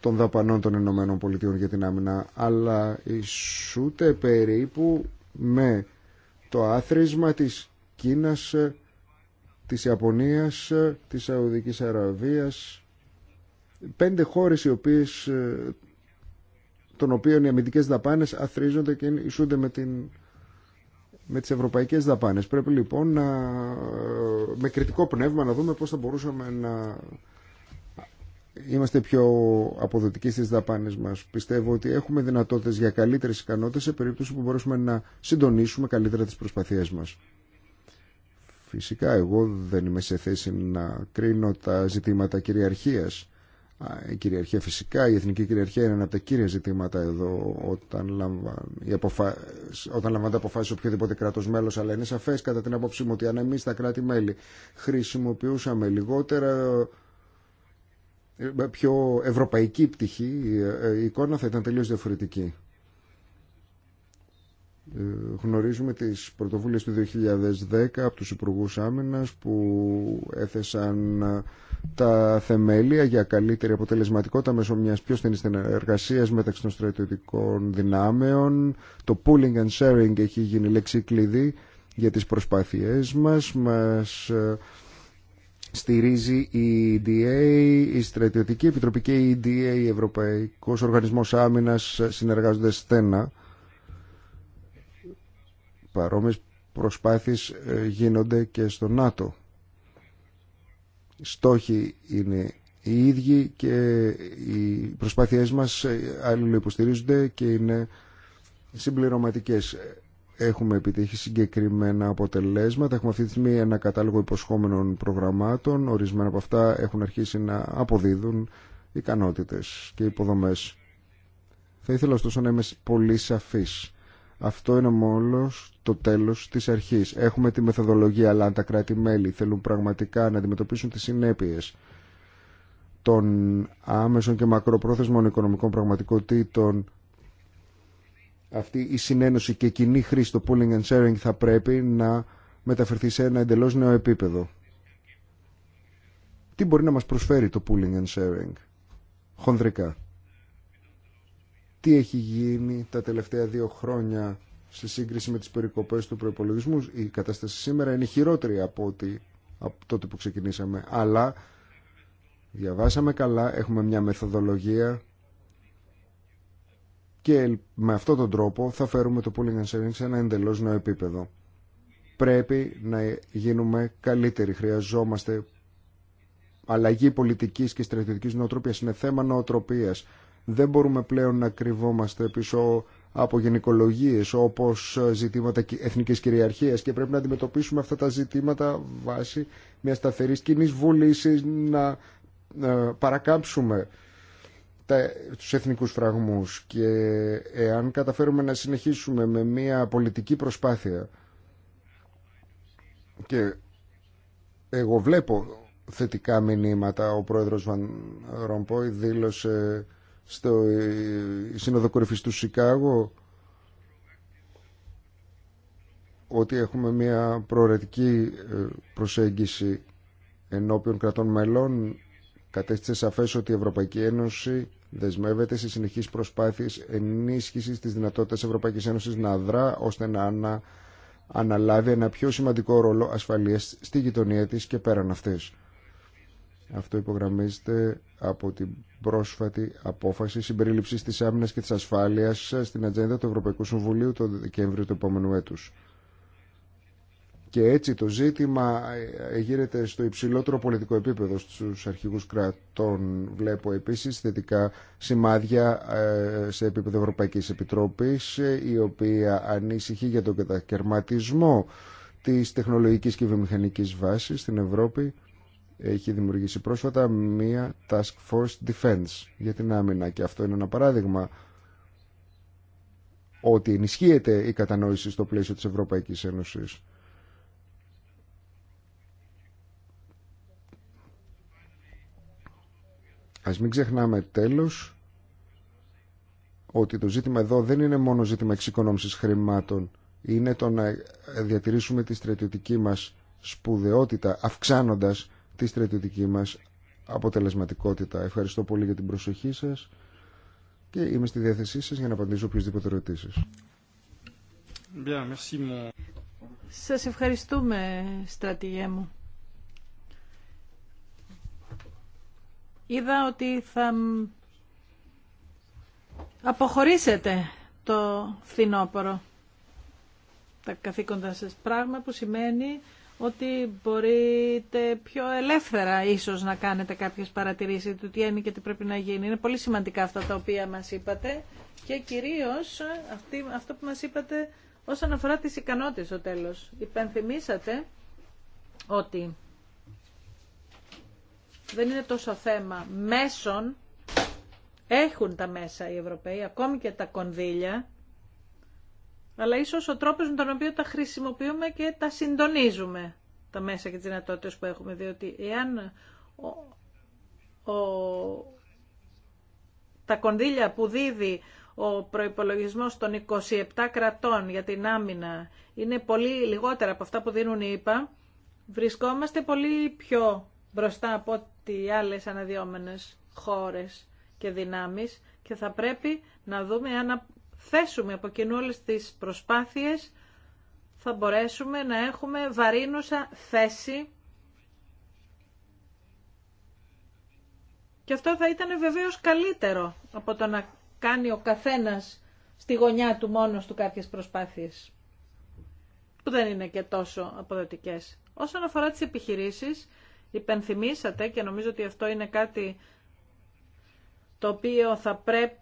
των δαπανών των Ηνωμένων Πολιτειών για την άμυνα, αλλά ισούται περίπου με το άθροισμα της Κίνας, της Ιαπωνίας, της Σαουδικής Αραβίας, πέντε χώρες οι οποίες, των οποίων οι αμυντικές δαπάνες αθροίζονται και ισούνται με την με τις ευρωπαϊκές δαπάνες. Πρέπει λοιπόν να, με κριτικό πνεύμα να δούμε πώς θα μπορούσαμε να είμαστε πιο αποδοτικοί στις δαπάνες μας. Πιστεύω ότι έχουμε δυνατότητες για καλύτερες ικανότητες σε περίπτωση που μπορέσουμε να συντονίσουμε καλύτερα τις προσπαθίες μας. Φυσικά εγώ δεν είμαι σε θέση να κρίνω τα ζητήματα κυριαρχίας. Η κυριαρχία φυσικά, η εθνική κυριαρχία είναι ένα από τα κύρια ζητήματα εδώ όταν λαμβάνει αποφα... όταν λαμβάνεται αποφάσεις οποιοδήποτε κράτος μέλος αλλά είναι σαφές κατά την απόψη μου ότι αν εμείς τα κράτη-μέλη χρησιμοποιούσαμε λιγότερα πιο ευρωπαϊκή πτυχή, ε, ε, η εικόνα θα ήταν τελείως διαφορετική. Ε, γνωρίζουμε τις πρωτοβούλες του 2010 από τους Υπουργούς Άμυνα που έθεσαν τα θεμέλια για καλύτερη αποτελεσματικότητα μέσω μιας πιο στενής εργασίας μεταξύ των στρατιωτικών δυνάμεων. Το pooling and sharing έχει γίνει λέξη κλειδί για τις προσπάθειές μας. Μας στηρίζει η EDA, η Στρατιωτική Επιτροπή και η EDA, η Ευρωπαϊκός Οργανισμός Άμυνας, συνεργάζονται στένα. Παρόμοιες προσπάθειες ε, γίνονται και στο ΝΑΤΟ. Στόχοι είναι οι ίδιοι και οι προσπάθειές μας άλλοι ε, υποστηρίζονται και είναι συμπληρωματικές. Έχουμε επιτύχει συγκεκριμένα αποτελέσματα. Έχουμε αυτή τη στιγμή ένα κατάλογο υποσχόμενων προγραμμάτων. Ορισμένα από αυτά έχουν αρχίσει να αποδίδουν ικανότητες και υποδομές. Θα ήθελα ωστόσο να είμαι πολύ σαφής. Αυτό είναι μόνο το τέλο τη αρχή. Έχουμε τη μεθοδολογία, αλλά αν τα κράτη-μέλη θέλουν πραγματικά να αντιμετωπίσουν τι συνέπειε των άμεσων και μακροπρόθεσμων οικονομικών πραγματικότητων αυτή η συνένωση και κοινή χρήση το pooling and sharing θα πρέπει να μεταφερθεί σε ένα εντελώς νέο επίπεδο. Τι μπορεί να μας προσφέρει το pooling and sharing χονδρικά. Τι έχει γίνει τα τελευταία δύο χρόνια σε σύγκριση με τις περικοπές του προϋπολογισμού. Η κατάσταση σήμερα είναι χειρότερη από, ότι, από τότε που ξεκινήσαμε. Αλλά διαβάσαμε καλά, έχουμε μια μεθοδολογία και με αυτόν τον τρόπο θα φέρουμε το pooling and sharing σε ένα εντελώς νέο επίπεδο. Πρέπει να γίνουμε καλύτεροι. Χρειαζόμαστε αλλαγή πολιτικής και στρατιωτικής νοοτροπίας. Είναι θέμα νοοτροπίας. Δεν μπορούμε πλέον να κρυβόμαστε πίσω από γενικολογίε όπως ζητήματα εθνικής κυριαρχίας και πρέπει να αντιμετωπίσουμε αυτά τα ζητήματα βάσει μια σταθερής κοινή βούλησης να ε, παρακάμψουμε τα, τους εθνικούς φραγμούς και εάν καταφέρουμε να συνεχίσουμε με μια πολιτική προσπάθεια και εγώ βλέπω θετικά μηνύματα ο πρόεδρος Βαν Ρομπόι δήλωσε στο Σύνοδο Κορυφής του Σικάγο ότι έχουμε μια προορετική ε, προσέγγιση ενώπιον κρατών μελών κατέστησε σαφές ότι η Ευρωπαϊκή Ένωση δεσμεύεται σε συνεχείς προσπάθειες ενίσχυσης της δυνατότητας Ευρωπαϊκής Ένωσης να δρά ώστε να, αναλάβει ένα πιο σημαντικό ρόλο ασφαλείας στη γειτονία της και πέραν αυτής. Αυτό υπογραμμίζεται από την πρόσφατη απόφαση συμπερίληψης της άμυνας και της ασφάλειας στην ατζέντα του Ευρωπαϊκού Συμβουλίου το Δεκέμβριο του επόμενου έτους. Και έτσι το ζήτημα ε, ε, γίνεται στο υψηλότερο πολιτικό επίπεδο στους αρχηγούς κρατών. Βλέπω επίσης θετικά σημάδια ε, σε επίπεδο Ευρωπαϊκής Επιτροπής, η οποία ανήσυχεί για τον κατακαιρματισμό της τεχνολογικής και βιομηχανικής βάσης στην Ευρώπη. Έχει δημιουργήσει πρόσφατα μία Task Force Defense για την άμυνα και αυτό είναι ένα παράδειγμα ότι ενισχύεται η κατανόηση στο πλαίσιο της Ευρωπαϊκής Ένωσης Ας μην ξεχνάμε τέλος ότι το ζήτημα εδώ δεν είναι μόνο ζήτημα εξοικονόμησης χρημάτων, είναι το να διατηρήσουμε τη στρατιωτική μας σπουδαιότητα, αυξάνοντας τη στρατιωτική μας αποτελεσματικότητα. Ευχαριστώ πολύ για την προσοχή σας και είμαι στη διάθεσή σας για να απαντήσω οποιασδήποτε ερωτήσεις. Σας ευχαριστούμε, στρατηγέ μου. είδα ότι θα αποχωρήσετε το φθινόπωρο τα καθήκοντα σας πράγμα που σημαίνει ότι μπορείτε πιο ελεύθερα ίσως να κάνετε κάποιες παρατηρήσεις του τι είναι και τι πρέπει να γίνει. Είναι πολύ σημαντικά αυτά τα οποία μας είπατε και κυρίως αυτή, αυτό που μας είπατε όσον αφορά τις ικανότητες στο τέλος. Υπενθυμίσατε ότι δεν είναι τόσο θέμα μέσων, έχουν τα μέσα οι Ευρωπαίοι, ακόμη και τα κονδύλια, αλλά ίσως ο τρόπος με τον οποίο τα χρησιμοποιούμε και τα συντονίζουμε τα μέσα και τις δυνατότητες που έχουμε, διότι εάν ο, τα κονδύλια που δίδει ο προϋπολογισμός των 27 κρατών για την άμυνα είναι πολύ λιγότερα από αυτά που δίνουν οι ΙΠΑ, βρισκόμαστε πολύ πιο μπροστά από ό,τι άλλες αναδυόμενες χώρες και δυνάμεις και θα πρέπει να δούμε αν θέσουμε από κοινού όλες τις προσπάθειες θα μπορέσουμε να έχουμε βαρύνουσα θέση και αυτό θα ήταν βεβαίως καλύτερο από το να κάνει ο καθένας στη γωνιά του μόνος του κάποιες προσπάθειες που δεν είναι και τόσο αποδοτικές. Όσον αφορά τις επιχειρήσεις, υπενθυμίσατε και νομίζω ότι αυτό είναι κάτι το οποίο θα πρέπει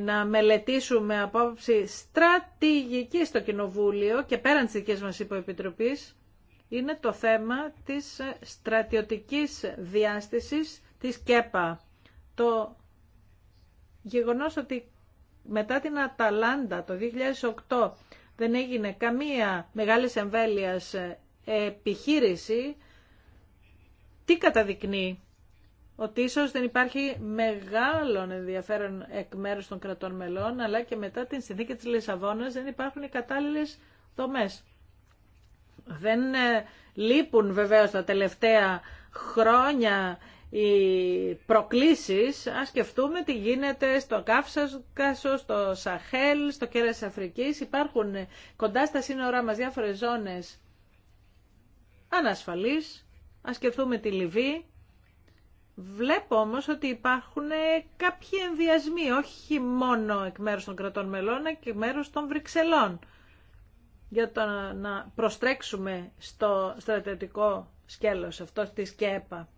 να μελετήσουμε από άποψη στρατηγική στο Κοινοβούλιο και πέραν της δικής μας υποεπιτροπής είναι το θέμα της στρατιωτικής διάστησης της ΚΕΠΑ. Το γεγονός ότι μετά την Αταλάντα το 2008 δεν έγινε καμία μεγάλη εμβέλειας επιχείρηση τι καταδεικνύει ότι ίσως δεν υπάρχει μεγάλων ενδιαφέρον εκ μέρους των κρατών μελών, αλλά και μετά την συνθήκη της Λισαβόνας δεν υπάρχουν οι κατάλληλες δομές. Δεν ε, λείπουν βεβαίως τα τελευταία χρόνια οι προκλήσεις, ας σκεφτούμε τι γίνεται στο Κάφσασο, στο Σαχέλ, στο κέρας τη Αφρικής. Υπάρχουν κοντά στα σύνορά μας διάφορες ζώνες ανασφαλής ας σκεφτούμε τη Λιβύη. Βλέπω όμως ότι υπάρχουν κάποιοι ενδιασμοί, όχι μόνο εκ μέρους των κρατών μελών, αλλά και εκ μέρους των Βρυξελών, για το να προστρέξουμε στο στρατιωτικό σκέλος αυτό της ΚΕΠΑ.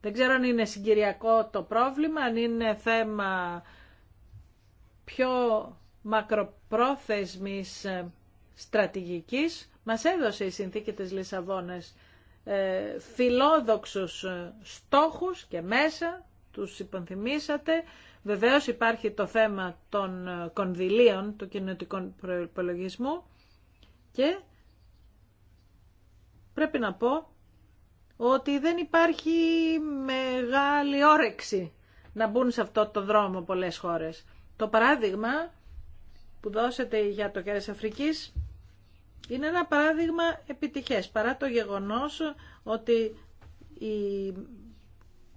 Δεν ξέρω αν είναι συγκυριακό το πρόβλημα, αν είναι θέμα πιο μακροπρόθεσμης ε, στρατηγικής. Μας έδωσε η συνθήκη της Λισαβόνας ε, φιλόδοξους ε, στόχους και μέσα, τους υπενθυμίσατε. Βεβαίως υπάρχει το θέμα των ε, κονδυλίων του κοινωτικού προϋπολογισμού και πρέπει να πω ότι δεν υπάρχει μεγάλη όρεξη να μπουν σε αυτό το δρόμο πολλές χώρες. Το παράδειγμα που δώσετε για το τη Αφρικής είναι ένα παράδειγμα επιτυχές, παρά το γεγονός ότι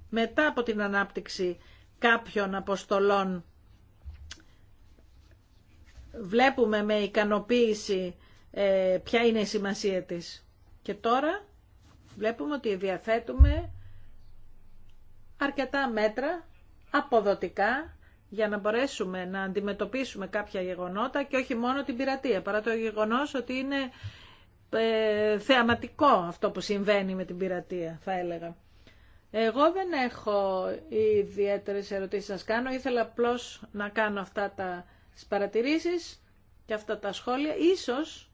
μετά από την ανάπτυξη κάποιων αποστολών βλέπουμε με ικανοποίηση ε, ποια είναι η σημασία της. Και τώρα βλέπουμε ότι διαθέτουμε αρκετά μέτρα αποδοτικά για να μπορέσουμε να αντιμετωπίσουμε κάποια γεγονότα και όχι μόνο την πειρατεία, παρά το γεγονός ότι είναι ε, θεαματικό αυτό που συμβαίνει με την πειρατεία, θα έλεγα. Εγώ δεν έχω ιδιαίτερε ερωτήσεις να κάνω. Ήθελα απλώ να κάνω αυτά τα παρατηρήσεις και αυτά τα σχόλια. Ίσως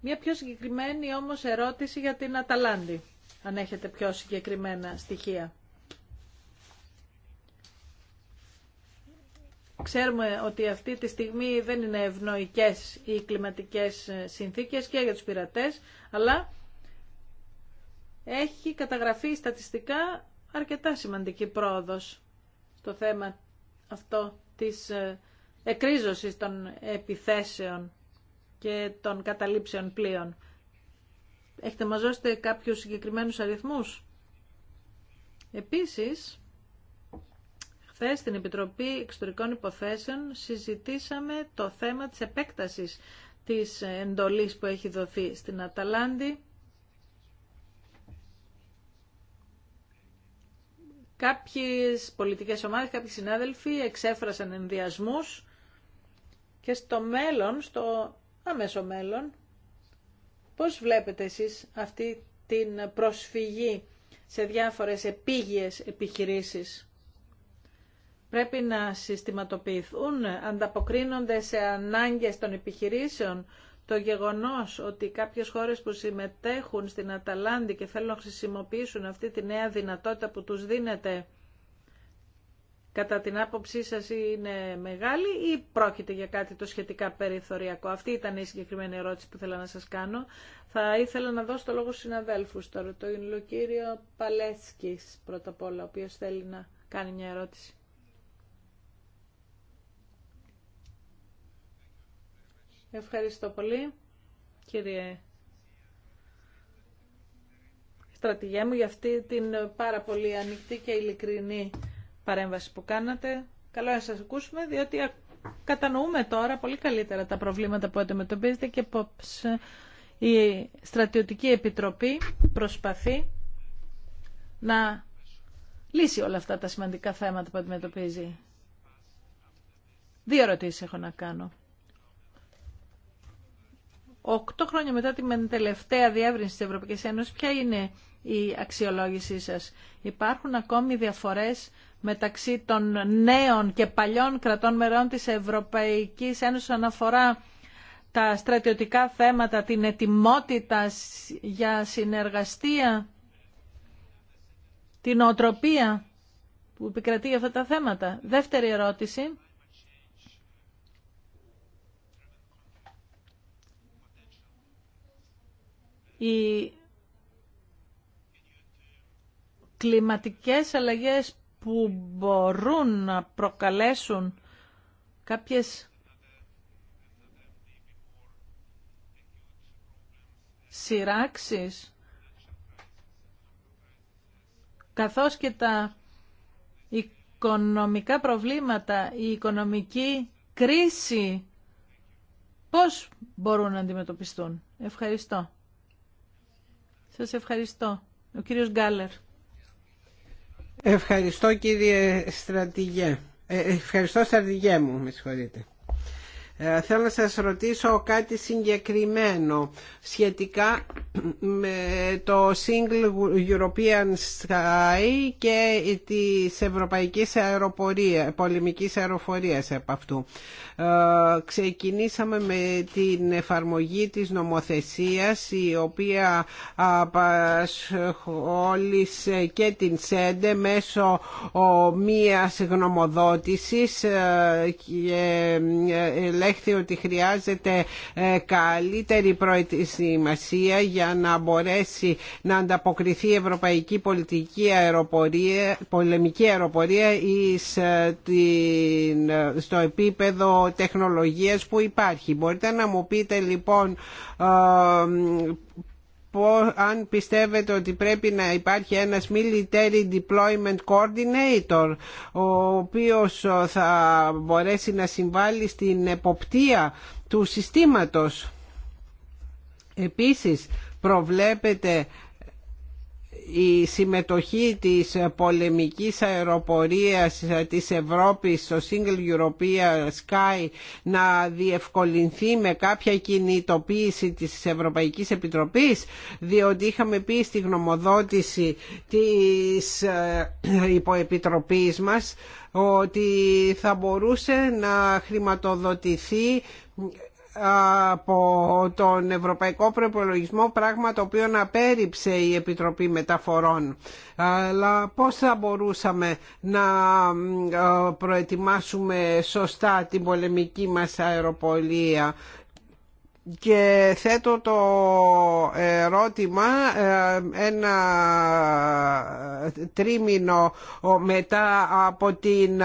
μια πιο συγκεκριμένη όμως ερώτηση για την Αταλάντη, αν έχετε πιο συγκεκριμένα στοιχεία. Ξέρουμε ότι αυτή τη στιγμή δεν είναι ευνοϊκές οι κλιματικές ε, συνθήκες και για τους πειρατές, αλλά έχει καταγραφεί στατιστικά αρκετά σημαντική πρόοδος στο θέμα αυτό της ε, εκρίζωσης των επιθέσεων και των καταλήψεων πλοίων. Έχετε μας κάποιους συγκεκριμένους αριθμούς. Επίσης, Χθε στην Επιτροπή Εξωτερικών Υποθέσεων συζητήσαμε το θέμα της επέκτασης της εντολής που έχει δοθεί στην Αταλάντη. Κάποιες πολιτικές ομάδες, κάποιοι συνάδελφοι εξέφρασαν ενδιασμούς και στο μέλλον, στο αμέσο μέλλον, πώς βλέπετε εσείς αυτή την προσφυγή σε διάφορες επίγειες επιχειρήσεις πρέπει να συστηματοποιηθούν, ανταποκρίνονται σε ανάγκες των επιχειρήσεων. Το γεγονός ότι κάποιες χώρες που συμμετέχουν στην Αταλάντη και θέλουν να χρησιμοποιήσουν αυτή τη νέα δυνατότητα που τους δίνεται, κατά την άποψή σας είναι μεγάλη ή πρόκειται για κάτι το σχετικά περιθωριακό. Αυτή ήταν η συγκεκριμένη ερώτηση που ήθελα να σας κάνω. Θα ήθελα να δώσω το λόγο στους συναδέλφους τώρα. Το κύριο Παλέσκης πρώτα απ' όλα, ο οποίος θέλει να κάνει μια ερώτηση. Ευχαριστώ πολύ, κύριε στρατηγέ μου, για αυτή την πάρα πολύ ανοιχτή και ειλικρινή παρέμβαση που κάνατε. Καλό να σας ακούσουμε, διότι κατανοούμε τώρα πολύ καλύτερα τα προβλήματα που αντιμετωπίζετε και πώς η Στρατιωτική Επιτροπή προσπαθεί να λύσει όλα αυτά τα σημαντικά θέματα που αντιμετωπίζει. Δύο ερωτήσεις έχω να κάνω. Οκτώ χρόνια μετά την τελευταία διεύρυνση της Ευρωπαϊκής Ένωσης, ποια είναι η αξιολόγησή σας. Υπάρχουν ακόμη διαφορές μεταξύ των νέων και παλιών κρατών μερών της Ευρωπαϊκής Ένωσης αναφορά τα στρατιωτικά θέματα, την ετοιμότητα για συνεργαστία, την οτροπία που επικρατεί αυτά τα θέματα. Δεύτερη ερώτηση. Οι κλιματικές αλλαγές που μπορούν να προκαλέσουν κάποιες σειράξεις καθώς και τα οικονομικά προβλήματα, η οικονομική κρίση, πώς μπορούν να αντιμετωπιστούν. Ευχαριστώ. Σας ευχαριστώ. Ο κύριος Γκάλερ. Ευχαριστώ κύριε στρατηγέ. Ε, ευχαριστώ στρατηγέ μου, με συγχωρείτε. Ε, θέλω να σας ρωτήσω κάτι συγκεκριμένο σχετικά με το Single European Sky και της Ευρωπαϊκής αεροπορία, Πολεμικής Αεροφορίας από αυτού. Ε, ξεκινήσαμε με την εφαρμογή της νομοθεσίας η οποία απασχόλησε και την ΣΕΝΤΕ μέσω μίας γνωμοδότησης ε, ελέγχθη ότι χρειάζεται ε, καλύτερη προετοιμασία για να μπορέσει να ανταποκριθεί η ευρωπαϊκή πολιτική αεροπορία, πολεμική αεροπορία εις, ε, την, ε, στο επίπεδο τεχνολογίας που υπάρχει. Μπορείτε να μου πείτε λοιπόν αν πιστεύετε ότι πρέπει να υπάρχει ένας military deployment coordinator ο οποίος ε, θα μπορέσει να συμβάλλει στην εποπτεία του συστήματος. Επίσης προβλέπεται η συμμετοχή της πολεμικής αεροπορίας της Ευρώπης στο Single European Sky να διευκολυνθεί με κάποια κινητοποίηση της Ευρωπαϊκής Επιτροπής διότι είχαμε πει στη γνωμοδότηση της ε, υποεπιτροπής μας ότι θα μπορούσε να χρηματοδοτηθεί από τον Ευρωπαϊκό Προπολογισμό πράγμα το οποίο απέρριψε η Επιτροπή Μεταφορών. Αλλά πώς θα μπορούσαμε να ε, προετοιμάσουμε σωστά την πολεμική μας αεροπολία και θέτω το ερώτημα ε, ένα τρίμηνο μετά από την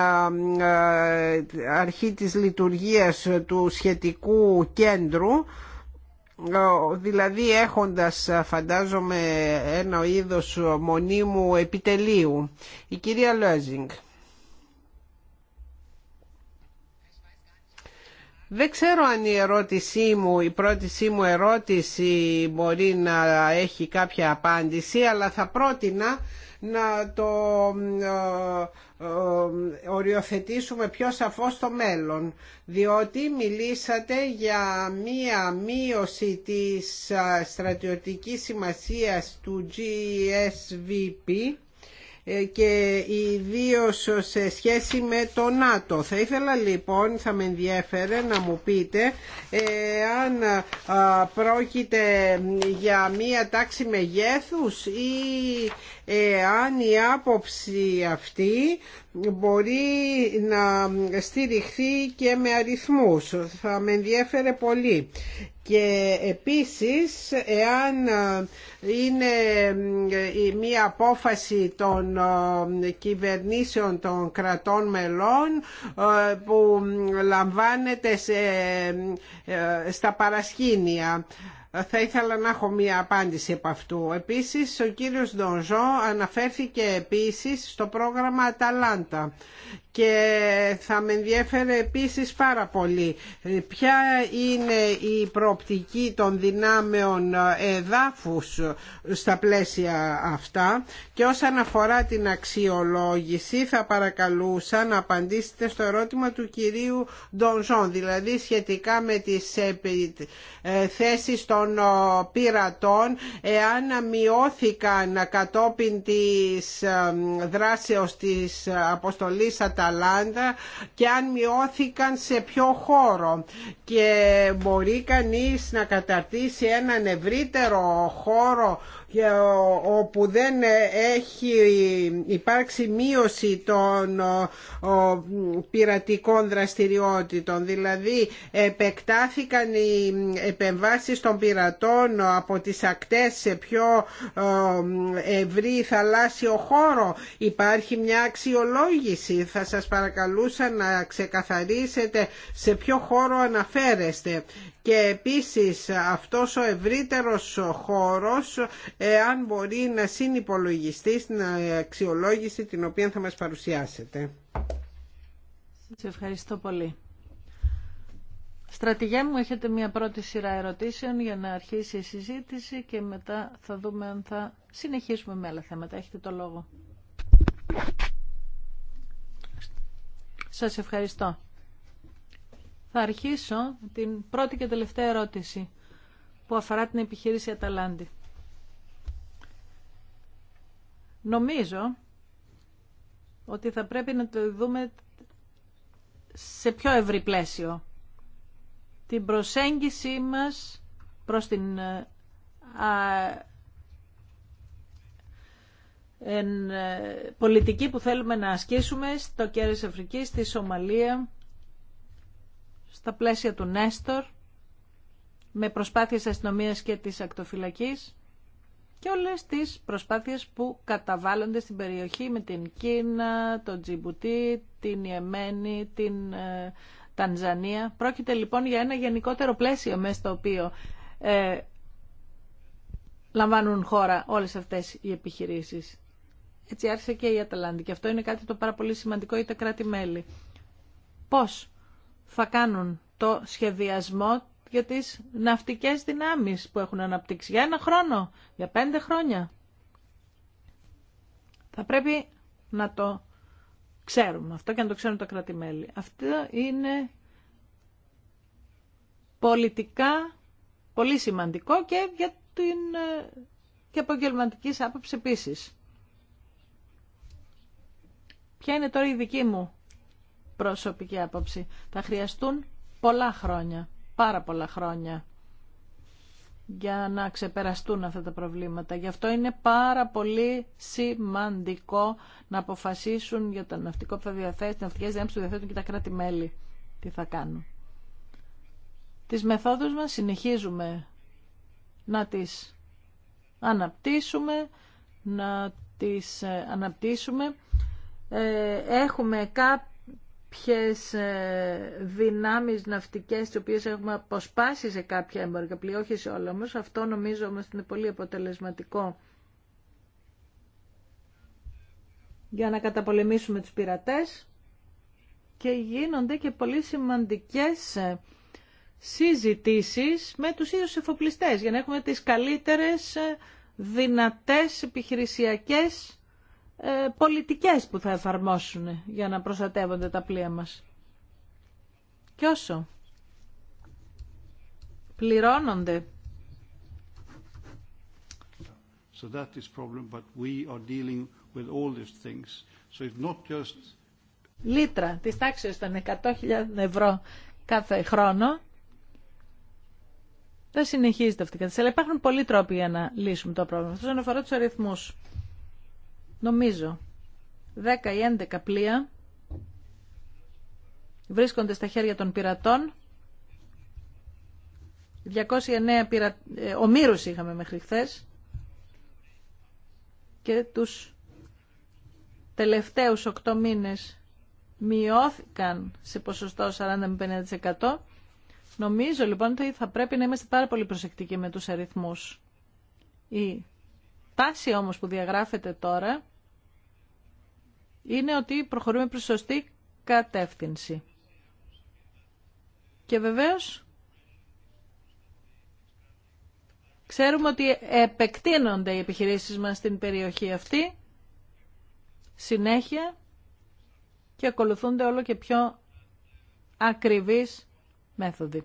ε, αρχή της λειτουργίας του σχετικού κέντρου ε, δηλαδή έχοντας φαντάζομαι ένα είδος μονίμου επιτελείου η κυρία Λέζινγκ Δεν ξέρω αν η ερώτησή μου, η πρώτη μου ερώτηση μπορεί να έχει κάποια απάντηση, αλλά θα πρότεινα να το ε, ε, οριοθετήσουμε πιο σαφώς στο μέλλον διότι μιλήσατε για μία μείωση της ε, στρατιωτικής σημασίας του GSVP ε, και ιδίω σε σχέση με το ΝΑΤΟ. Θα ήθελα λοιπόν, θα με ενδιέφερε να μου πείτε ε, αν πρόκειται για μία τάξη μεγέθους ή εάν η άποψη αυτή μπορεί να στηριχθεί και με αριθμούς. Θα με ενδιέφερε πολύ. Και επίσης, εάν είναι μία απόφαση των κυβερνήσεων των κρατών μελών που λαμβάνεται σε, ε, στα παρασκήνια. Θα ήθελα να έχω μία απάντηση από αυτού. Επίσης, ο κύριος Ντονζό αναφέρθηκε επίσης στο πρόγραμμα Αταλάντα και θα με ενδιέφερε επίσης πάρα πολύ ε, ποια είναι η προοπτική των δυνάμεων ε, εδάφους ε, στα πλαίσια αυτά και όσον αφορά την αξιολόγηση θα παρακαλούσα να απαντήσετε στο ερώτημα του κυρίου Ντονζόν δηλαδή σχετικά με τις θέσεις των πειρατών εάν μειώθηκαν κατόπιν της δράσεως της αποστολής Αταλάντα και αν μειώθηκαν σε ποιο χώρο και μπορεί κανείς να καταρτήσει έναν ευρύτερο χώρο όπου δεν έχει υπάρξει μείωση των πειρατικών δραστηριότητων. Δηλαδή επεκτάθηκαν οι επεμβάσεις των πειρατών από τις ακτές σε πιο ευρύ θαλάσσιο χώρο. Υπάρχει μια αξιολόγηση. Θα σας παρακαλούσα να ξεκαθαρίσετε σε ποιο χώρο αναφέρεστε και επίσης αυτός ο ευρύτερος χώρος εάν μπορεί να συνυπολογιστεί στην αξιολόγηση την οποία θα μας παρουσιάσετε. Σας ευχαριστώ πολύ. Στρατηγέ μου, έχετε μια πρώτη σειρά ερωτήσεων για να αρχίσει η συζήτηση και μετά θα δούμε αν θα συνεχίσουμε με άλλα θέματα. Έχετε το λόγο. Σας ευχαριστώ. Θα αρχίσω την πρώτη και τελευταία ερώτηση που αφορά την επιχείρηση Αταλάντη. Νομίζω ότι θα πρέπει να το δούμε σε πιο ευρύ πλαίσιο. Την προσέγγιση μας προς την ε, ε, πολιτική που θέλουμε να ασκήσουμε στο κέρδος Αφρικής, στη Σομαλία στα πλαίσια του Νέστορ με προσπάθειες αστυνομίας και της ακτοφυλακής και όλες τις προσπάθειες που καταβάλλονται στην περιοχή με την Κίνα, τον Τζιμπουτί, την Ιεμένη, την ε, Τανζανία. Πρόκειται λοιπόν για ένα γενικότερο πλαίσιο μέσα στο οποίο ε, λαμβάνουν χώρα όλες αυτές οι επιχειρήσεις. Έτσι άρχισε και η Αταλάντη και αυτό είναι κάτι το πάρα πολύ σημαντικό για τα κράτη-μέλη. Πώς θα κάνουν το σχεδιασμό για τις ναυτικές δυνάμεις που έχουν αναπτύξει. Για ένα χρόνο, για πέντε χρόνια. Θα πρέπει να το ξέρουμε αυτό και να το ξέρουν τα κρατη Αυτό είναι πολιτικά πολύ σημαντικό και για την ε, και επαγγελματική άποψη επίσης. Ποια είναι τώρα η δική μου προσωπική άποψη. Θα χρειαστούν πολλά χρόνια, πάρα πολλά χρόνια για να ξεπεραστούν αυτά τα προβλήματα. Γι' αυτό είναι πάρα πολύ σημαντικό να αποφασίσουν για το ναυτικό που θα διαθέσει, τις ναυτικές δυνάμεις που διαθέτουν και τα κράτη-μέλη τι θα κάνουν. Τις μεθόδους μας συνεχίζουμε να τις αναπτύσσουμε, να τις ε, αναπτύσσουμε. Ε, έχουμε κάποιες ποιες ε, δυνάμεις ναυτικές τις οποίες έχουμε αποσπάσει σε κάποια εμπορικά πλοία, όχι σε όλα όμως. Αυτό νομίζω όμως είναι πολύ αποτελεσματικό για να καταπολεμήσουμε τους πειρατές και γίνονται και πολύ σημαντικές ε, συζητήσεις με τους ίδιους εφοπλιστές για να έχουμε τις καλύτερες ε, δυνατές επιχειρησιακές ε, πολιτικές που θα εφαρμόσουν για να προστατεύονται τα πλοία μας. Και όσο πληρώνονται So that is problem, but we are dealing with all these things. So it's not just... Λίτρα της τάξης των 100.000 ευρώ κάθε χρόνο δεν συνεχίζεται αυτή η κατάσταση. Αλλά υπάρχουν πολλοί τρόποι για να λύσουμε το πρόβλημα. Αυτό αφορά του αριθμού νομίζω 10 ή 11 πλοία βρίσκονται στα χέρια των πειρατών 209 πειρα... Ε, ομήρους είχαμε μέχρι χθε και τους τελευταίους 8 μήνες μειώθηκαν σε ποσοστό 40-50%. Νομίζω λοιπόν ότι θα πρέπει να είμαστε πάρα πολύ προσεκτικοί με τους αριθμούς. Η τάση όμως που διαγράφεται τώρα είναι ότι προχωρούμε προς σωστή κατεύθυνση. Και βεβαίως ξέρουμε ότι επεκτείνονται οι επιχειρήσεις μας στην περιοχή αυτή συνέχεια και ακολουθούνται όλο και πιο ακριβείς μέθοδοι.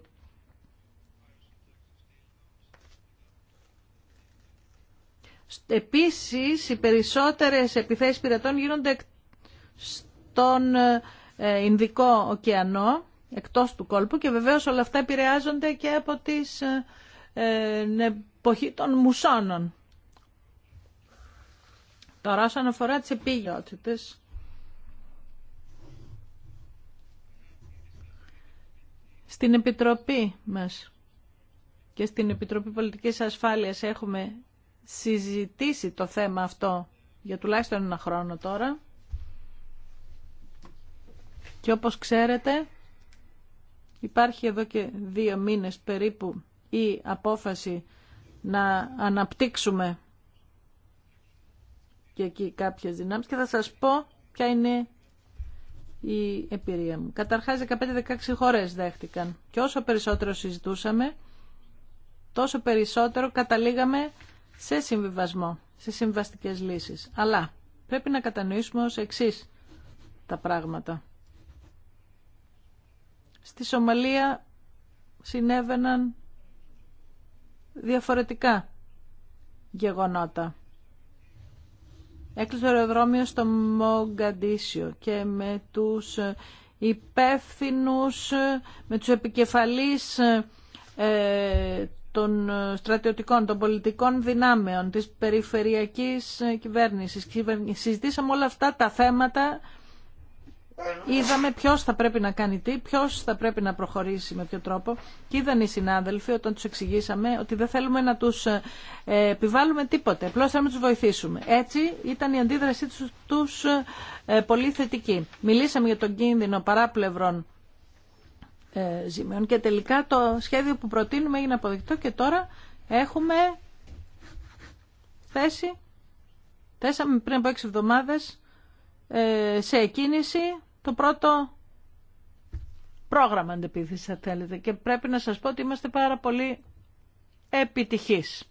Επίσης, οι περισσότερες επιθέσεις πειρατών γίνονται στον ε, ε, Ινδικό ωκεανό, εκτός του κόλπου και βεβαίως όλα αυτά επηρεάζονται και από τις ε, εποχή των μουσώνων. Τώρα όσον αφορά τις επίγειότητες, στην Επιτροπή μας και στην Επιτροπή Πολιτικής Ασφάλειας έχουμε συζητήσει το θέμα αυτό για τουλάχιστον ένα χρόνο τώρα. Και όπως ξέρετε υπάρχει εδώ και δύο μήνες περίπου η απόφαση να αναπτύξουμε και εκεί κάποιες δυνάμεις και θα σας πω ποια είναι η εμπειρία μου. Καταρχάς 15-16 χώρες δέχτηκαν και όσο περισσότερο συζητούσαμε τόσο περισσότερο καταλήγαμε σε συμβιβασμό, σε συμβαστικές λύσεις. Αλλά πρέπει να κατανοήσουμε ως εξής τα πράγματα. Στη Σομαλία συνέβαιναν διαφορετικά γεγονότα. Έκλεισε το αεροδρόμιο στο Μογκαντήσιο και με τους υπεύθυνου, με τους επικεφαλείς ε, των στρατιωτικών, των πολιτικών δυνάμεων, της περιφερειακής κυβέρνησης. Συζητήσαμε όλα αυτά τα θέματα είδαμε ποιο θα πρέπει να κάνει τι, ποιο θα πρέπει να προχωρήσει με ποιο τρόπο και είδαν οι συνάδελφοι όταν τους εξηγήσαμε ότι δεν θέλουμε να τους ε, επιβάλλουμε τίποτε, Απλώ θέλουμε να τους βοηθήσουμε. Έτσι ήταν η αντίδρασή τους, τους ε, πολύ θετική. Μιλήσαμε για τον κίνδυνο παράπλευρων ε, ζημιών και τελικά το σχέδιο που προτείνουμε έγινε αποδεκτό και τώρα έχουμε θέση, θέσαμε πριν από έξι εβδομάδες ε, σε εκκίνηση το πρώτο πρόγραμμα αντεπίθεση θα θέλετε και πρέπει να σας πω ότι είμαστε πάρα πολύ επιτυχείς.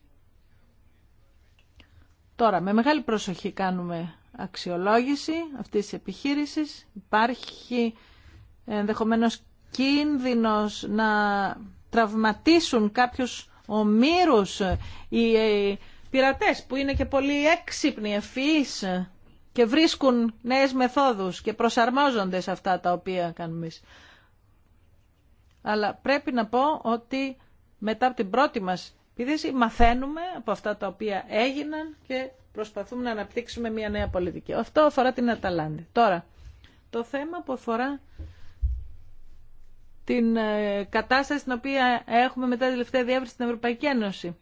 Τώρα, με μεγάλη προσοχή κάνουμε αξιολόγηση αυτής της επιχείρησης. Υπάρχει ενδεχομένως κίνδυνος να τραυματίσουν κάποιους ομήρους οι ε, πειρατές που είναι και πολύ έξυπνοι, ευφυείς και βρίσκουν νέες μεθόδους και προσαρμόζονται σε αυτά τα οποία κάνουμε εμείς. Αλλά πρέπει να πω ότι μετά από την πρώτη μας πηδήση μαθαίνουμε από αυτά τα οποία έγιναν και προσπαθούμε να αναπτύξουμε μια νέα πολιτική. Αυτό αφορά την Αταλάντη. Τώρα, το θέμα που αφορά την ε, κατάσταση την οποία έχουμε μετά τη τελευταία διεύρυνση στην Ευρωπαϊκή Ένωση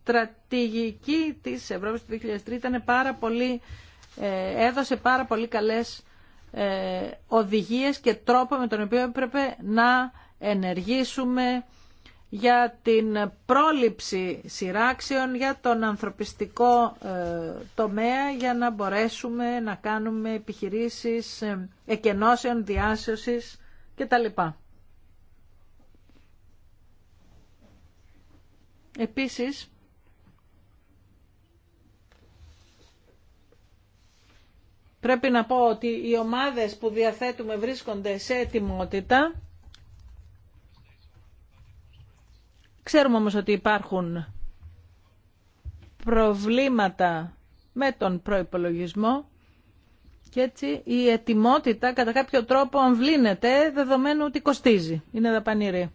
στρατηγική της Ευρώπης του 2003 ήταν πάρα πολύ, ε, έδωσε πάρα πολύ καλές ε, οδηγίες και τρόπο με τον οποίο έπρεπε να ενεργήσουμε για την πρόληψη σειράξεων, για τον ανθρωπιστικό ε, τομέα, για να μπορέσουμε να κάνουμε επιχειρήσεις εκενώσεων, διάσωσης κτλ. Επίσης, Πρέπει να πω ότι οι ομάδες που διαθέτουμε βρίσκονται σε ετοιμότητα. Ξέρουμε όμως ότι υπάρχουν προβλήματα με τον προϋπολογισμό και έτσι η ετοιμότητα κατά κάποιο τρόπο αμβλύνεται δεδομένου ότι κοστίζει. Είναι δαπανηρή.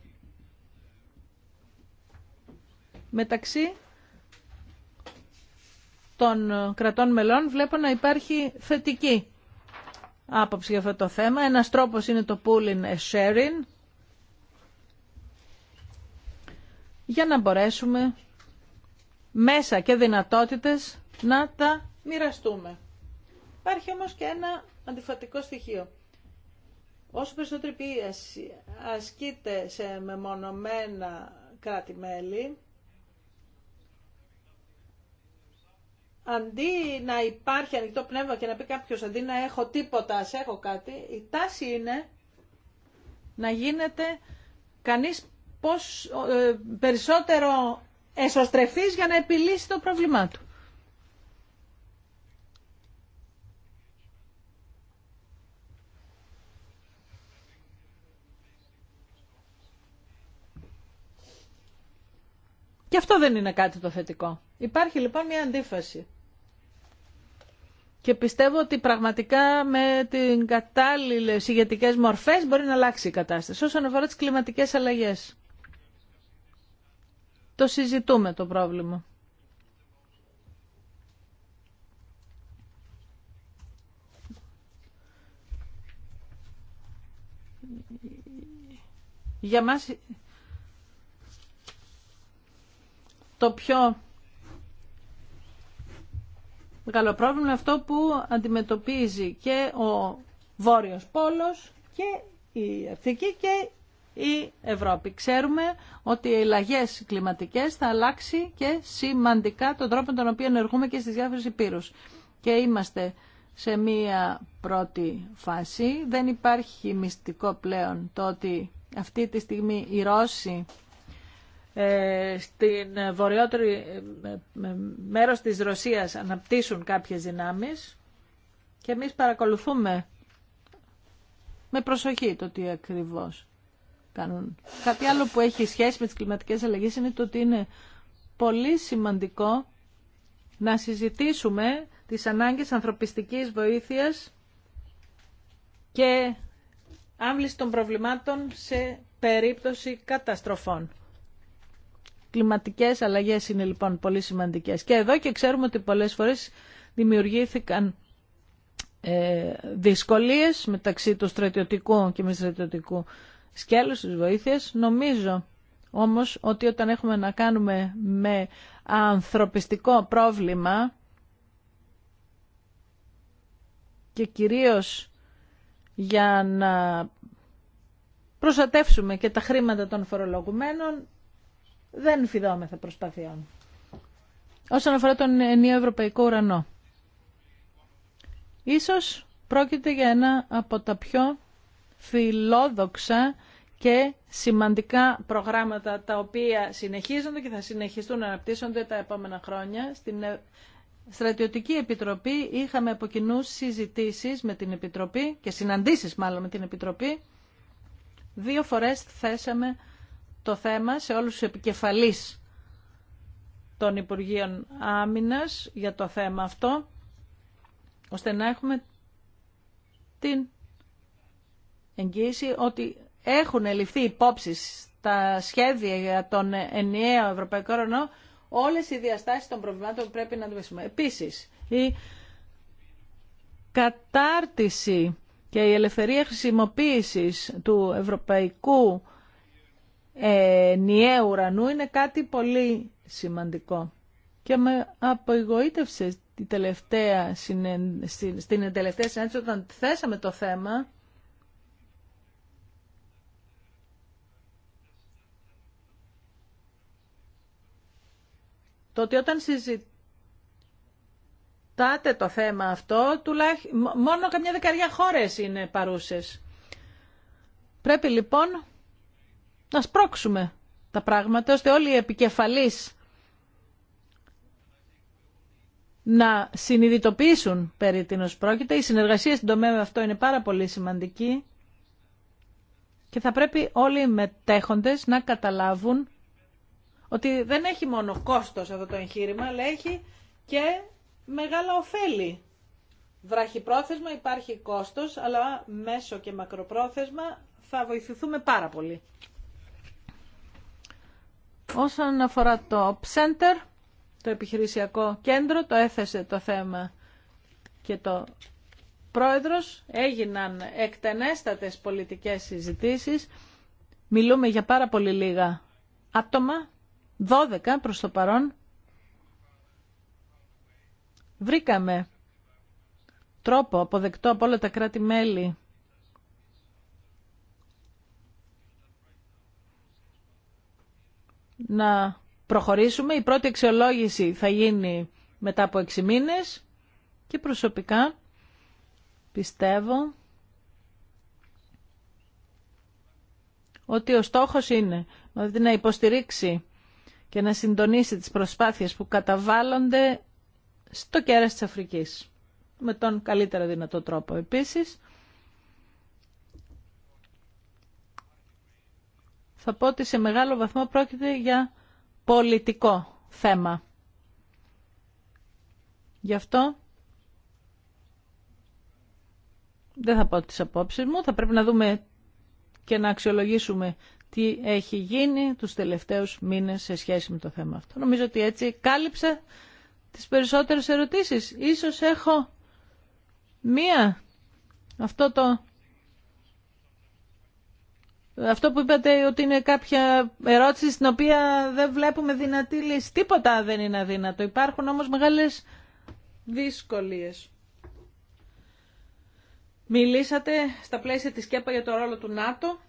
Μεταξύ των κρατών μελών βλέπω να υπάρχει θετική άποψη για αυτό το θέμα. Ένας τρόπος είναι το pooling and sharing για να μπορέσουμε μέσα και δυνατότητες να τα μοιραστούμε. Υπάρχει όμως και ένα αντιφατικό στοιχείο. Όσο περισσότερη πίεση ασκείται σε μεμονωμένα κράτη-μέλη, αντί να υπάρχει ανοιχτό πνεύμα και να πει κάποιος αντί να έχω τίποτα, ας έχω κάτι, η τάση είναι να γίνεται κανείς πώς, ε, περισσότερο εσωστρεφής για να επιλύσει το πρόβλημά του. Και αυτό δεν είναι κάτι το θετικό. Υπάρχει λοιπόν μια αντίφαση. Και πιστεύω ότι πραγματικά με την κατάλληλε ηγετικέ μορφέ μπορεί να αλλάξει η κατάσταση. Όσον αφορά τι κλιματικέ αλλαγέ, το συζητούμε το πρόβλημα. Για μας το πιο μεγάλο πρόβλημα αυτό που αντιμετωπίζει και ο Βόρειος Πόλος και η Αρκτική και η Ευρώπη. Ξέρουμε ότι οι λαγέ κλιματικές θα αλλάξει και σημαντικά τον τρόπο τον οποίο ενεργούμε και στις διάφορες υπήρους. Και είμαστε σε μία πρώτη φάση. Δεν υπάρχει μυστικό πλέον το ότι αυτή τη στιγμή οι Ρώσοι ε, στην βορειότερη ε, ε, μέρος της Ρωσίας αναπτύσσουν κάποιες δυνάμεις και εμείς παρακολουθούμε με προσοχή το τι ακριβώς κάνουν. Κάτι άλλο που έχει σχέση με τις κλιματικές αλλαγές είναι το ότι είναι πολύ σημαντικό να συζητήσουμε τις ανάγκες ανθρωπιστικής βοήθειας και άμβληση των προβλημάτων σε περίπτωση καταστροφών κλιματικές αλλαγές είναι λοιπόν πολύ σημαντικές. Και εδώ και ξέρουμε ότι πολλές φορές δημιουργήθηκαν ε, δυσκολίες μεταξύ του στρατιωτικού και μη στρατιωτικού σκέλους της βοήθειας. Νομίζω όμως ότι όταν έχουμε να κάνουμε με ανθρωπιστικό πρόβλημα και κυρίως για να προστατεύσουμε και τα χρήματα των φορολογουμένων δεν φιδόμεθα προσπαθειών. Όσον αφορά τον ενίο ευρωπαϊκό ουρανό. Ίσως πρόκειται για ένα από τα πιο φιλόδοξα και σημαντικά προγράμματα τα οποία συνεχίζονται και θα συνεχιστούν να αναπτύσσονται τα επόμενα χρόνια. Στην ε, Στρατιωτική Επιτροπή είχαμε από κοινού συζητήσεις με την Επιτροπή και συναντήσεις μάλλον με την Επιτροπή. Δύο φορές θέσαμε το θέμα σε όλους τους επικεφαλείς των Υπουργείων Άμυνας για το θέμα αυτό, ώστε να έχουμε την εγγύηση ότι έχουν ληφθεί υπόψη τα σχέδια για τον ενιαίο ευρωπαϊκό Κορονό όλες οι διαστάσεις των προβλημάτων που πρέπει να αντιμετωπίσουμε. Επίσης, η κατάρτιση και η ελευθερία χρησιμοποίησης του ευρωπαϊκού νιέ ουρανού είναι κάτι πολύ σημαντικό. Και με απογοήτευσε την τελευταία στην τελευταία συνέντευξη όταν θέσαμε το θέμα το ότι όταν συζητάτε το θέμα αυτό, τουλάχιστον μόνο καμιά δεκαετία χώρες είναι παρούσες. Πρέπει λοιπόν να σπρώξουμε τα πράγματα ώστε όλοι οι επικεφαλείς να συνειδητοποιήσουν περί ως πρόκειται. Η συνεργασία στην τομέα αυτό είναι πάρα πολύ σημαντική και θα πρέπει όλοι οι μετέχοντες να καταλάβουν ότι δεν έχει μόνο κόστος αυτό το εγχείρημα, αλλά έχει και μεγάλα ωφέλη. Βραχυπρόθεσμα υπάρχει κόστος, αλλά μέσο και μακροπρόθεσμα θα βοηθηθούμε πάρα πολύ. Όσον αφορά το Center, το επιχειρησιακό κέντρο, το έθεσε το θέμα και το πρόεδρος. Έγιναν εκτενέστατες πολιτικές συζητήσεις. Μιλούμε για πάρα πολύ λίγα άτομα, 12 προς το παρόν. Βρήκαμε τρόπο αποδεκτό από όλα τα κράτη-μέλη να προχωρήσουμε. Η πρώτη αξιολόγηση θα γίνει μετά από έξι μήνες και προσωπικά πιστεύω ότι ο στόχος είναι δηλαδή να υποστηρίξει και να συντονίσει τις προσπάθειες που καταβάλλονται στο κέρας της Αφρικής με τον καλύτερο δυνατό τρόπο. Επίσης, θα πω ότι σε μεγάλο βαθμό πρόκειται για πολιτικό θέμα. Γι' αυτό δεν θα πω τις απόψεις μου, θα πρέπει να δούμε και να αξιολογήσουμε τι έχει γίνει τους τελευταίους μήνες σε σχέση με το θέμα αυτό. Νομίζω ότι έτσι κάλυψε τις περισσότερες ερωτήσεις. Ίσως έχω μία αυτό το αυτό που είπατε ότι είναι κάποια ερώτηση στην οποία δεν βλέπουμε δυνατή λύση. Τίποτα δεν είναι αδύνατο. Υπάρχουν όμως μεγάλες δυσκολίες. Μιλήσατε στα πλαίσια της ΚΕΠΑ για το ρόλο του ΝΑΤΟ.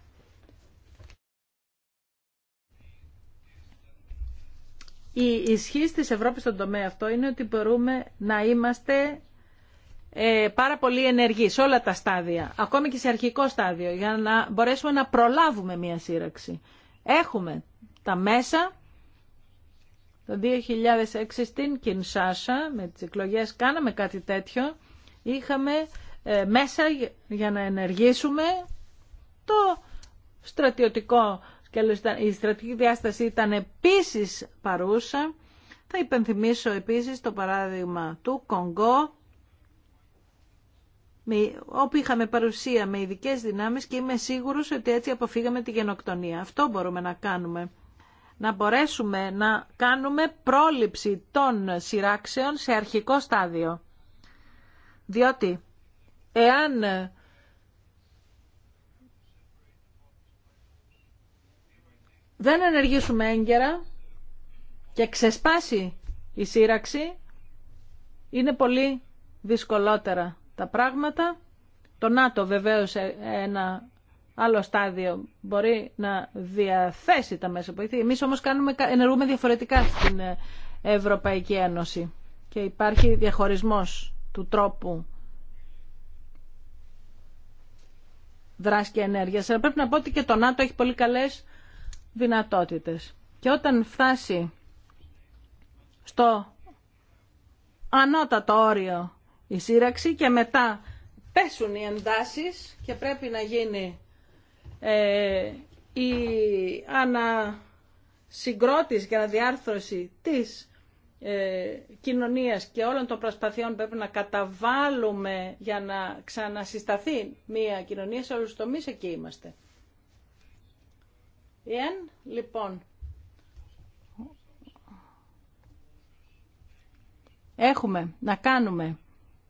Η ισχύ της Ευρώπης στον τομέα αυτό είναι ότι μπορούμε να είμαστε ε, πάρα πολύ ενεργοί σε όλα τα στάδια, ακόμη και σε αρχικό στάδιο, για να μπορέσουμε να προλάβουμε μία σύραξη. Έχουμε τα μέσα. Το 2006 στην Κινσάσα, με τις εκλογές κάναμε κάτι τέτοιο, είχαμε ε, μέσα για να ενεργήσουμε το στρατιωτικό η στρατηγική διάσταση ήταν επίσης παρούσα. Θα υπενθυμίσω επίσης το παράδειγμα του Κονγκό όπου είχαμε παρουσία με ειδικέ δυνάμεις και είμαι σίγουρος ότι έτσι αποφύγαμε τη γενοκτονία. Αυτό μπορούμε να κάνουμε. Να μπορέσουμε να κάνουμε πρόληψη των σειράξεων σε αρχικό στάδιο. Διότι εάν δεν ενεργήσουμε έγκαιρα και ξεσπάσει η σύραξη, είναι πολύ δυσκολότερα τα πράγματα. Το ΝΑΤΟ βεβαίως ένα άλλο στάδιο μπορεί να διαθέσει τα μέσα που. Εμείς όμως κάνουμε, ενεργούμε διαφορετικά στην Ευρωπαϊκή Ένωση και υπάρχει διαχωρισμός του τρόπου δράση και ενέργειας. Αλλά πρέπει να πω ότι και το ΝΑΤΟ έχει πολύ καλές δυνατότητες. Και όταν φτάσει στο ανώτατο όριο η σύραξη και μετά πέσουν οι εντάσεις και πρέπει να γίνει ε, η ανασυγκρότηση και αναδιάρθρωση της ε, κοινωνίας και όλων των προσπαθειών που πρέπει να καταβάλουμε για να ξανασυσταθεί μια κοινωνία σε όλους τους τομείς, εκεί είμαστε. λοιπόν, έχουμε να κάνουμε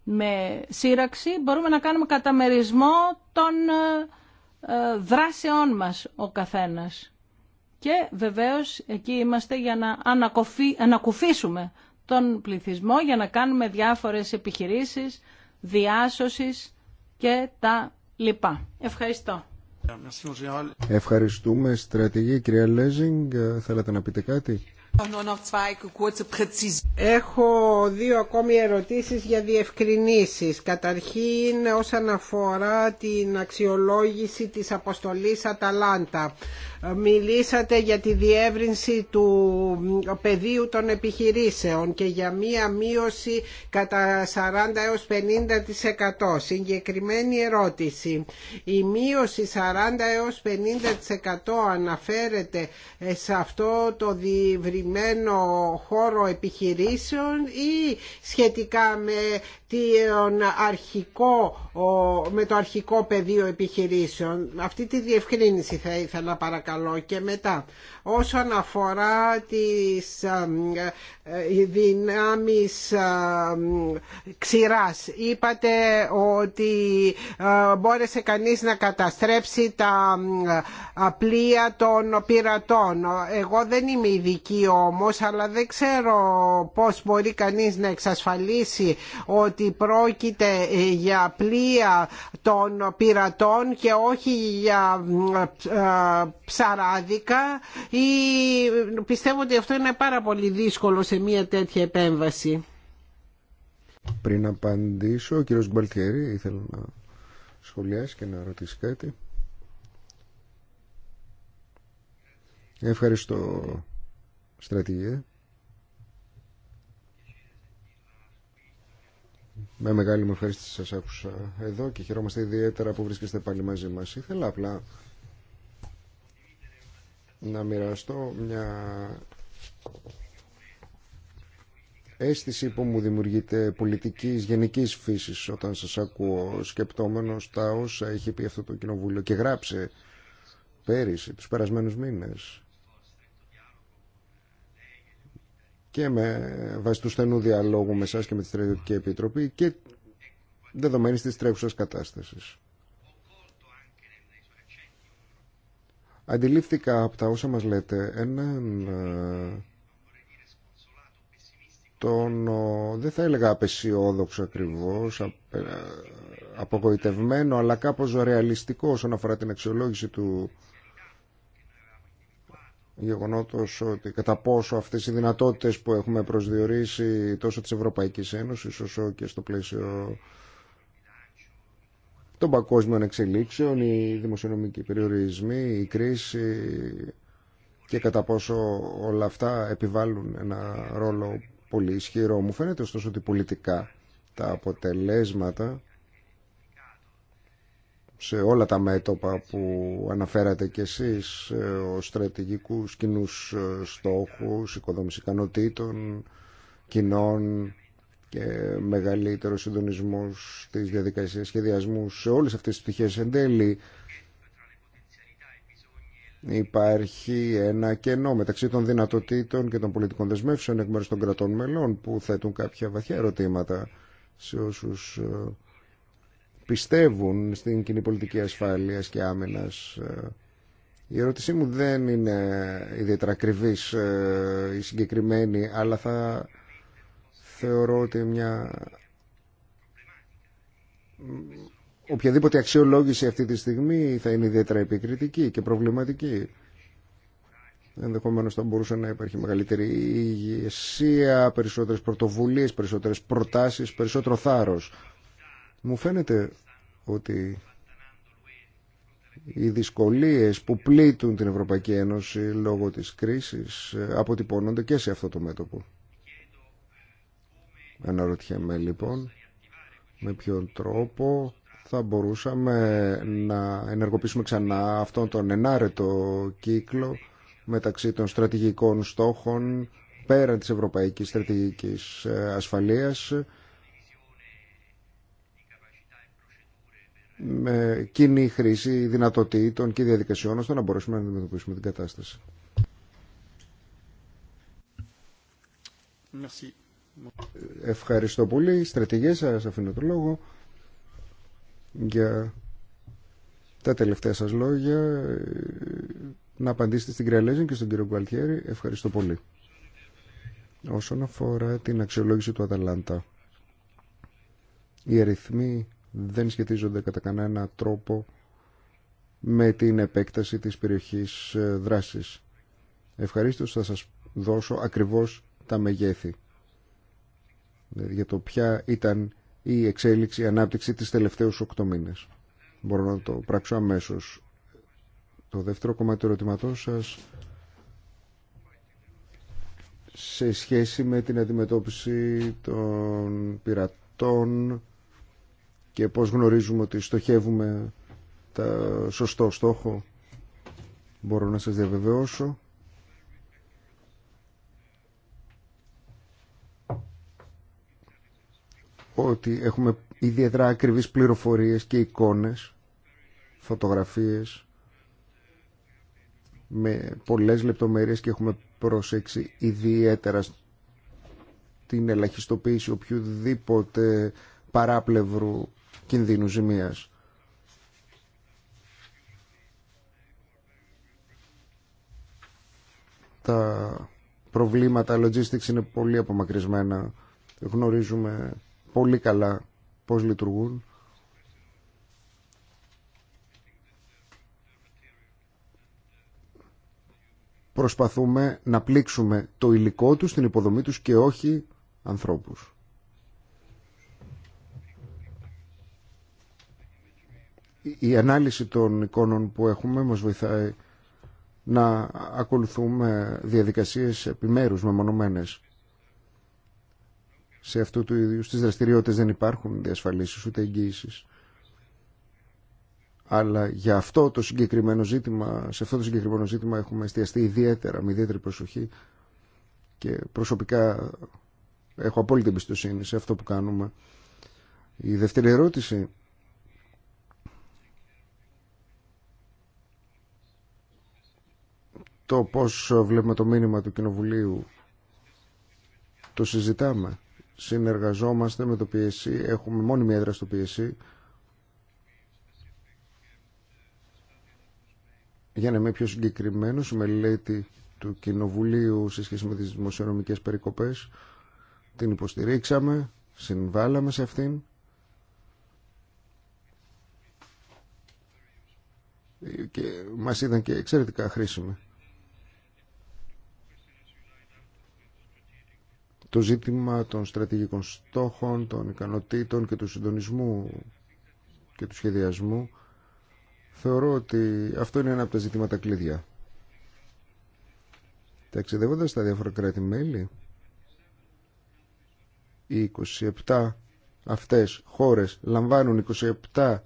με σύραξη μπορούμε να κάνουμε καταμερισμό των ε, ε, δράσεών μας ο καθένας. Και βεβαίως εκεί είμαστε για να ανακουφίσουμε τον πληθυσμό, για να κάνουμε διάφορες επιχειρήσεις, διάσωσης και τα λοιπά. Ευχαριστώ. Ευχαριστούμε στρατηγή κυρία Λέζινγκ. Θέλατε να πείτε κάτι. Έχω δύο ακόμη ερωτήσεις για διευκρινήσεις. Καταρχήν όσον αφορά την αξιολόγηση της αποστολής Αταλάντα μιλήσατε για τη διεύρυνση του πεδίου των επιχειρήσεων και για μία μείωση κατά 40 έως 50%. Συγκεκριμένη ερώτηση. Η μείωση 40 έως 50% αναφέρεται σε αυτό το διευρυμένο χώρο επιχειρήσεων ή σχετικά με αρχικό, με το αρχικό πεδίο επιχειρήσεων. Αυτή τη διευκρίνηση θα ήθελα παρακαλώ και μετά όσον αφορά τις ε, δυνάμεις ξηράς. Είπατε ότι ε, μπόρεσε κανείς να καταστρέψει τα πλοία των πειρατών. Εγώ δεν είμαι ειδική όμως, αλλά δεν ξέρω πώς μπορεί κανείς να εξασφαλίσει ότι πρόκειται ε, για πλοία των πειρατών και όχι για ψαράδικα ή πιστεύω ότι αυτό είναι πάρα πολύ δύσκολο σε μια τέτοια επέμβαση. Πριν απαντήσω, ο κύριος Μπαλτιέρη ήθελε να σχολιάσει και να ρωτήσει κάτι. Ευχαριστώ, στρατηγέ. Με μεγάλη μου ευχαρίστηση σας άκουσα εδώ και χαιρόμαστε ιδιαίτερα που βρίσκεστε πάλι μαζί μας. Ήθελα απλά να μοιραστώ μια αίσθηση που μου δημιουργείται πολιτικής γενικής φύσης όταν σας ακούω σκεπτόμενος τα όσα έχει πει αυτό το κοινοβούλιο και γράψε πέρυσι, τους περασμένους μήνες και με βάση του στενού διαλόγου με εσάς και με τη Στρατιωτική Επιτροπή και δεδομένης της τρέχουσας κατάστασης. Αντιλήφθηκα από τα όσα μας λέτε έναν ε, τον, δεν θα έλεγα απεσιόδοξο ακριβώς, ε, απογοητευμένο, αλλά κάπως ρεαλιστικό όσον αφορά την αξιολόγηση του γεγονότος ότι κατά πόσο αυτές οι δυνατότητες που έχουμε προσδιορίσει τόσο της Ευρωπαϊκής Ένωσης όσο και στο πλαίσιο των παγκόσμιων εξελίξεων, οι δημοσιονομικοί περιορισμοί, η κρίση και κατά πόσο όλα αυτά επιβάλλουν ένα ρόλο πολύ ισχυρό. Μου φαίνεται ωστόσο ότι πολιτικά τα αποτελέσματα σε όλα τα μέτωπα που αναφέρατε κι εσείς ε, ο στρατηγικούς κοινούς ε, στόχους, οικοδόμηση ικανοτήτων, κοινών, και μεγαλύτερο συντονισμό τη διαδικασία σχεδιασμού σε όλε αυτέ τι πτυχέ. Εν τέλει, υπάρχει ένα κενό μεταξύ των δυνατοτήτων και των πολιτικών δεσμεύσεων εκ μέρου των κρατών μελών που θέτουν κάποια βαθιά ερωτήματα σε όσου ε, πιστεύουν στην κοινή πολιτική ασφάλεια και άμυνα. Ε, η ερώτησή μου δεν είναι ιδιαίτερα ακριβή ή ε, συγκεκριμένη, αλλά θα θεωρώ ότι μια οποιαδήποτε αξιολόγηση αυτή τη στιγμή θα είναι ιδιαίτερα επικριτική και προβληματική. Ενδεχομένως θα μπορούσε να υπάρχει μεγαλύτερη ηγεσία, περισσότερες πρωτοβουλίες, περισσότερες προτάσεις, περισσότερο θάρρος. Μου φαίνεται ότι οι δυσκολίες που πλήττουν την Ευρωπαϊκή Ένωση λόγω της κρίσης αποτυπώνονται και σε αυτό το μέτωπο. Αναρωτιέμαι λοιπόν με ποιον τρόπο θα μπορούσαμε να ενεργοποιήσουμε ξανά αυτόν τον ενάρετο κύκλο μεταξύ των στρατηγικών στόχων πέραν της Ευρωπαϊκής Στρατηγικής Ασφαλείας με κοινή χρήση δυνατοτήτων και διαδικασιών ώστε να μπορέσουμε να αντιμετωπίσουμε την κατάσταση. Merci. Ευχαριστώ πολύ. Στρατηγέ σας αφήνω το λόγο για τα τελευταία σας λόγια ε, να απαντήσετε στην κυρία Λέζιν και στον κύριο Γκουαλτιέρη. Ευχαριστώ πολύ. Όσον αφορά την αξιολόγηση του Αταλάντα, οι αριθμοί δεν σχετίζονται κατά κανένα τρόπο με την επέκταση της περιοχής ε, δράσης. ευχαριστώ θα σας δώσω ακριβώς τα μεγέθη για το ποια ήταν η εξέλιξη, η ανάπτυξη της τελευταίους 8 μήνες. Μπορώ να το πράξω αμέσως. Το δεύτερο κομμάτι του ερωτηματός σας σε σχέση με την αντιμετώπιση των πειρατών και πώς γνωρίζουμε ότι στοχεύουμε τα σωστό στόχο μπορώ να σας διαβεβαιώσω ότι έχουμε ιδιαίτερα ακριβείς πληροφορίες και εικόνες, φωτογραφίες με πολλές λεπτομέρειες και έχουμε προσέξει ιδιαίτερα την ελαχιστοποίηση οποιοδήποτε παράπλευρου κινδύνου ζημίας. Τα προβλήματα logistics είναι πολύ απομακρυσμένα. Γνωρίζουμε πολύ καλά πώς λειτουργούν. Προσπαθούμε να πλήξουμε το υλικό τους, την υποδομή τους και όχι ανθρώπους. Η ανάλυση των εικόνων που έχουμε μας βοηθάει να ακολουθούμε διαδικασίες επιμέρους μεμονωμένες σε αυτού του ίδιου στις δραστηριότητες δεν υπάρχουν διασφαλίσεις ούτε εγγύησει. Αλλά για αυτό το συγκεκριμένο ζήτημα, σε αυτό το συγκεκριμένο ζήτημα έχουμε εστιαστεί ιδιαίτερα, με ιδιαίτερη προσοχή και προσωπικά έχω απόλυτη εμπιστοσύνη σε αυτό που κάνουμε. Η δεύτερη ερώτηση το πώς βλέπουμε το μήνυμα του Κοινοβουλίου το συζητάμε συνεργαζόμαστε με το PSC, έχουμε μόνιμη έδρα στο PSC για να είμαι πιο συγκεκριμένο η μελέτη του Κοινοβουλίου σε σχέση με τις δημοσιονομικές περικοπές την υποστηρίξαμε, συμβάλαμε σε αυτήν και μας ήταν και εξαιρετικά χρήσιμη. το ζήτημα των στρατηγικών στόχων, των ικανοτήτων και του συντονισμού και του σχεδιασμού. Θεωρώ ότι αυτό είναι ένα από τα ζητήματα κλειδιά. Ταξιδεύοντας στα διάφορα κράτη-μέλη, οι 27 αυτές χώρες λαμβάνουν 27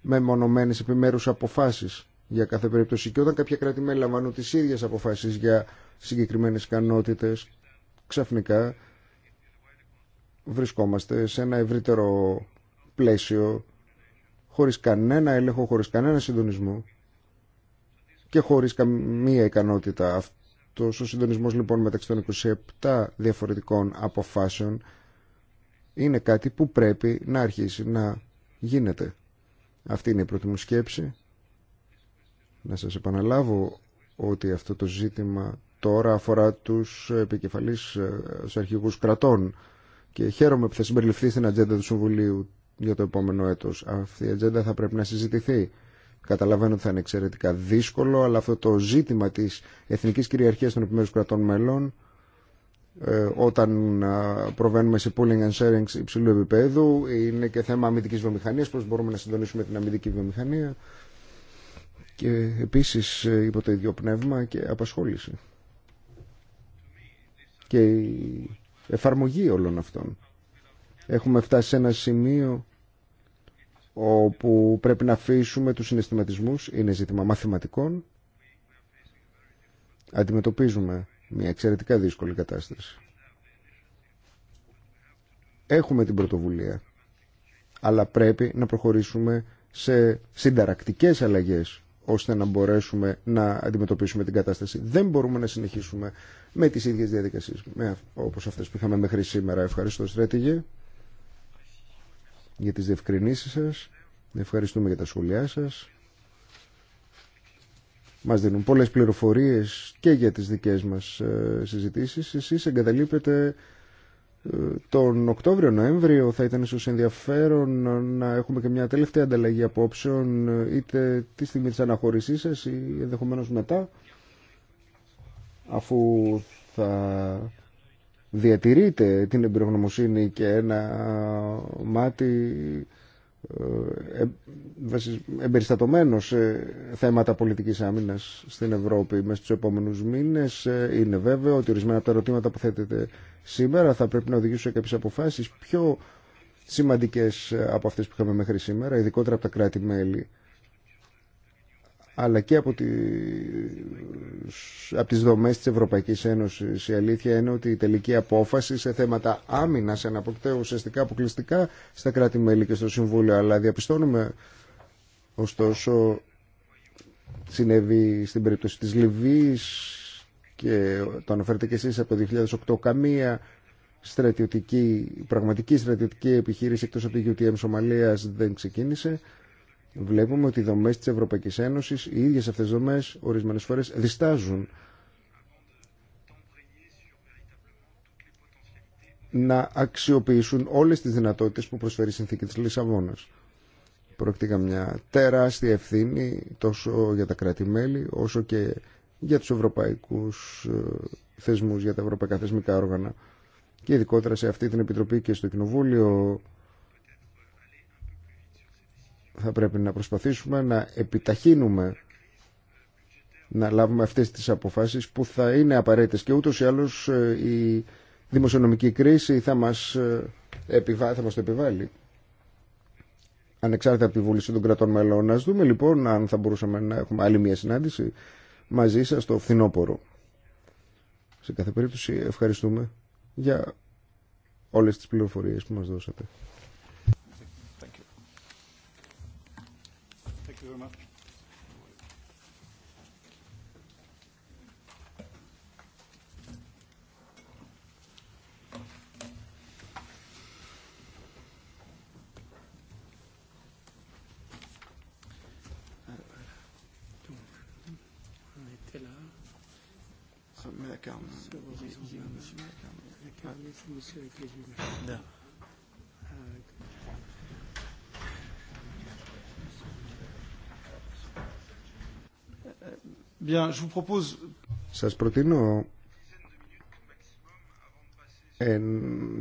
μεμονωμένες επιμέρους αποφάσεις για κάθε περίπτωση και όταν κάποια κράτη-μέλη λαμβάνουν τις ίδιες αποφάσεις για συγκεκριμένες ικανότητε ξαφνικά βρισκόμαστε σε ένα ευρύτερο πλαίσιο χωρίς κανένα έλεγχο, χωρίς κανένα συντονισμό και χωρίς καμία ικανότητα. Αυτός ο συντονισμός λοιπόν μεταξύ των 27 διαφορετικών αποφάσεων είναι κάτι που πρέπει να αρχίσει να γίνεται. Αυτή είναι η πρώτη μου σκέψη. Να σας επαναλάβω ότι αυτό το ζήτημα τώρα αφορά τους επικεφαλείς, ε, του αρχηγούς κρατών και χαίρομαι που θα συμπεριληφθεί στην ατζέντα του Συμβουλίου για το επόμενο έτος. Αυτή η ατζέντα θα πρέπει να συζητηθεί. Καταλαβαίνω ότι θα είναι εξαιρετικά δύσκολο, αλλά αυτό το ζήτημα της εθνικής κυριαρχίας των επιμέρους κρατών μελών ε, όταν ε, προβαίνουμε σε pooling and sharing υψηλού επίπεδου είναι και θέμα αμυντικής βιομηχανίας πώς μπορούμε να συντονίσουμε την αμυντική βιομηχανία και επίσης υπό το ίδιο πνεύμα και απασχόληση και η εφαρμογή όλων αυτών. Έχουμε φτάσει σε ένα σημείο όπου πρέπει να αφήσουμε τους συναισθηματισμούς, είναι ζήτημα μαθηματικών. Αντιμετωπίζουμε μια εξαιρετικά δύσκολη κατάσταση. Έχουμε την πρωτοβουλία, αλλά πρέπει να προχωρήσουμε σε συνταρακτικές αλλαγές ώστε να μπορέσουμε να αντιμετωπίσουμε την κατάσταση. Δεν μπορούμε να συνεχίσουμε με τις ίδιες διαδικασίες με, όπως αυτές που είχαμε μέχρι σήμερα. Ευχαριστώ στρέτηγε για τις διευκρινήσεις σας. Ευχαριστούμε για τα σχόλιά σας. Μας δίνουν πολλές πληροφορίες και για τις δικές μας ε, συζητήσεις. Εσείς εγκαταλείπετε τον Οκτώβριο-Νοέμβριο θα ήταν ίσως ενδιαφέρον να έχουμε και μια τελευταία ανταλλαγή απόψεων είτε τη στιγμή της αναχωρησής σας ή ενδεχομένως μετά αφού θα διατηρείτε την εμπειρογνωμοσύνη και ένα μάτι ε, εμπεριστατωμένο σε θέματα πολιτικής άμυνας στην Ευρώπη μέσα στους επόμενους μήνες. Ε, είναι βέβαιο ότι ορισμένα από τα ερωτήματα που θέτεται σήμερα θα πρέπει να οδηγήσουν σε κάποιες αποφάσεις πιο σημαντικές από αυτές που είχαμε μέχρι σήμερα, ειδικότερα από τα κράτη-μέλη αλλά και από, τη, από τις δομές της Ευρωπαϊκής Ένωσης. Η αλήθεια είναι ότι η τελική απόφαση σε θέματα άμυνας αναποκτέω ουσιαστικά αποκλειστικά στα κράτη-μέλη και στο Συμβούλιο, αλλά διαπιστώνουμε ωστόσο συνέβη στην περίπτωση της Λιβύης και το αναφέρετε και εσείς από το 2008 καμία στρατιωτική, πραγματική στρατιωτική επιχείρηση εκτός από τη UTM Σομαλίας δεν ξεκίνησε βλέπουμε ότι οι δομές της Ευρωπαϊκής Ένωσης, οι ίδιες αυτές τις δομές, ορισμένες φορές διστάζουν να αξιοποιήσουν όλες τις δυνατότητες που προσφέρει η συνθήκη της Λισαβόνας. Πρόκειται για μια τεράστια ευθύνη τόσο για τα κράτη-μέλη όσο και για τους ευρωπαϊκούς ε, θεσμούς, για τα ευρωπαϊκά θεσμικά όργανα και ειδικότερα σε αυτή την Επιτροπή και στο Κοινοβούλιο θα πρέπει να προσπαθήσουμε να επιταχύνουμε να λάβουμε αυτές τις αποφάσεις που θα είναι απαραίτητες και ούτως ή άλλως ε, η δημοσιονομική κρίση θα μας, ε, θα μας το επιβάλλει ανεξάρτητα από τη βούληση των κρατών μελών. να δούμε λοιπόν αν θα μπορούσαμε να έχουμε άλλη μια συνάντηση μαζί σας το φθινόπωρο. Σε κάθε περίπτωση ευχαριστούμε για όλες τις πληροφορίες που μας δώσατε. Σα Σας προτείνω ε,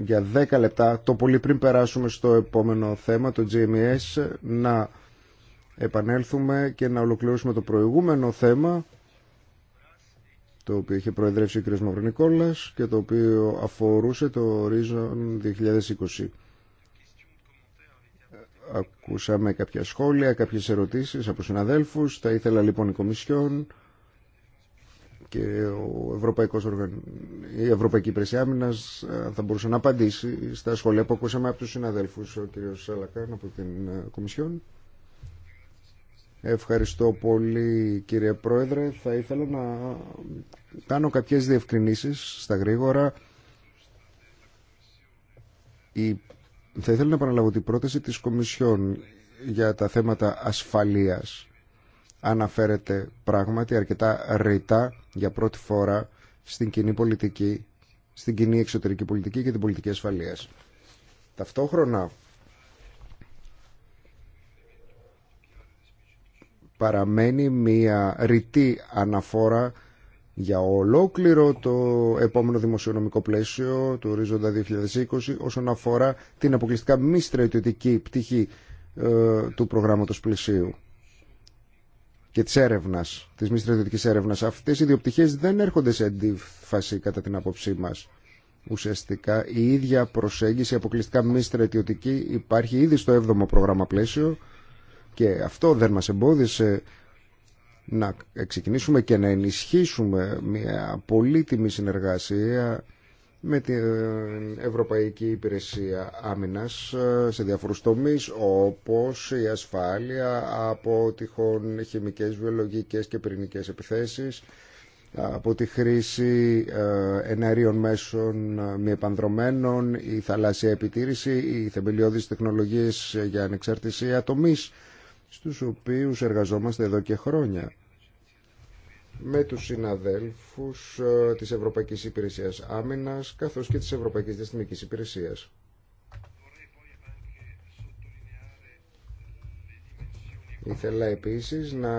για 10 λεπτά, το πολύ πριν περάσουμε στο επόμενο θέμα, το GMS, e να επανέλθουμε και να ολοκληρώσουμε το προηγούμενο θέμα το οποίο είχε προεδρεύσει ο κ. Μαυρονικόλας και το οποίο αφορούσε το Horizon 2020. Ακούσαμε κάποια σχόλια, κάποιες ερωτήσεις από συναδέλφους. Θα ήθελα λοιπόν η Κομισιόν και η Ευρωπαϊκή Υπηρεσία Άμυνας ε, θα μπορούσε να απαντήσει στα σχόλια που ακούσαμε από τους συναδέλφους. Ο κ. Σαλακάν από την ε, Κομισιόν. Ευχαριστώ πολύ κύριε Πρόεδρε. Θα ήθελα να κάνω κάποιες διευκρινήσεις στα γρήγορα. Θα ήθελα να επαναλάβω την πρόταση της Κομισιόν για τα θέματα ασφαλείας. Αναφέρεται πράγματι αρκετά ρητά για πρώτη φορά στην κοινή πολιτική, στην κοινή εξωτερική πολιτική και την πολιτική ασφαλείας. Ταυτόχρονα παραμένει μια ρητή αναφόρα για ολόκληρο το επόμενο δημοσιονομικό πλαίσιο του ορίζοντα 2020 όσον αφορά την αποκλειστικά μη στρατιωτική πτυχή ε, του προγράμματος πλαισίου και της έρευνας, της μη στρατιωτικής έρευνας. Αυτές οι δύο δεν έρχονται σε αντίφαση κατά την άποψή μας. Ουσιαστικά η ίδια προσέγγιση αποκλειστικά μη στρατιωτική υπάρχει ήδη στο 7ο πρόγραμμα πλαίσιο και αυτό δεν μας εμπόδισε να ξεκινήσουμε και να ενισχύσουμε μια πολύτιμη συνεργασία με την Ευρωπαϊκή Υπηρεσία Άμυνας σε διάφορους τομείς όπως η ασφάλεια από τυχόν χημικές, βιολογικές και πυρηνικές επιθέσεις από τη χρήση ε, εναρίων μέσων ε, μη επανδρομένων, η θαλάσσια επιτήρηση, οι θεμελιώδεις τεχνολογίες για ανεξαρτησία ατομής, στους οποίους εργαζόμαστε εδώ και χρόνια με τους συναδέλφους ε, της Ευρωπαϊκής Υπηρεσίας Άμυνας καθώς και της Ευρωπαϊκής Διαστημικής Υπηρεσίας. Ήθελα επίσης να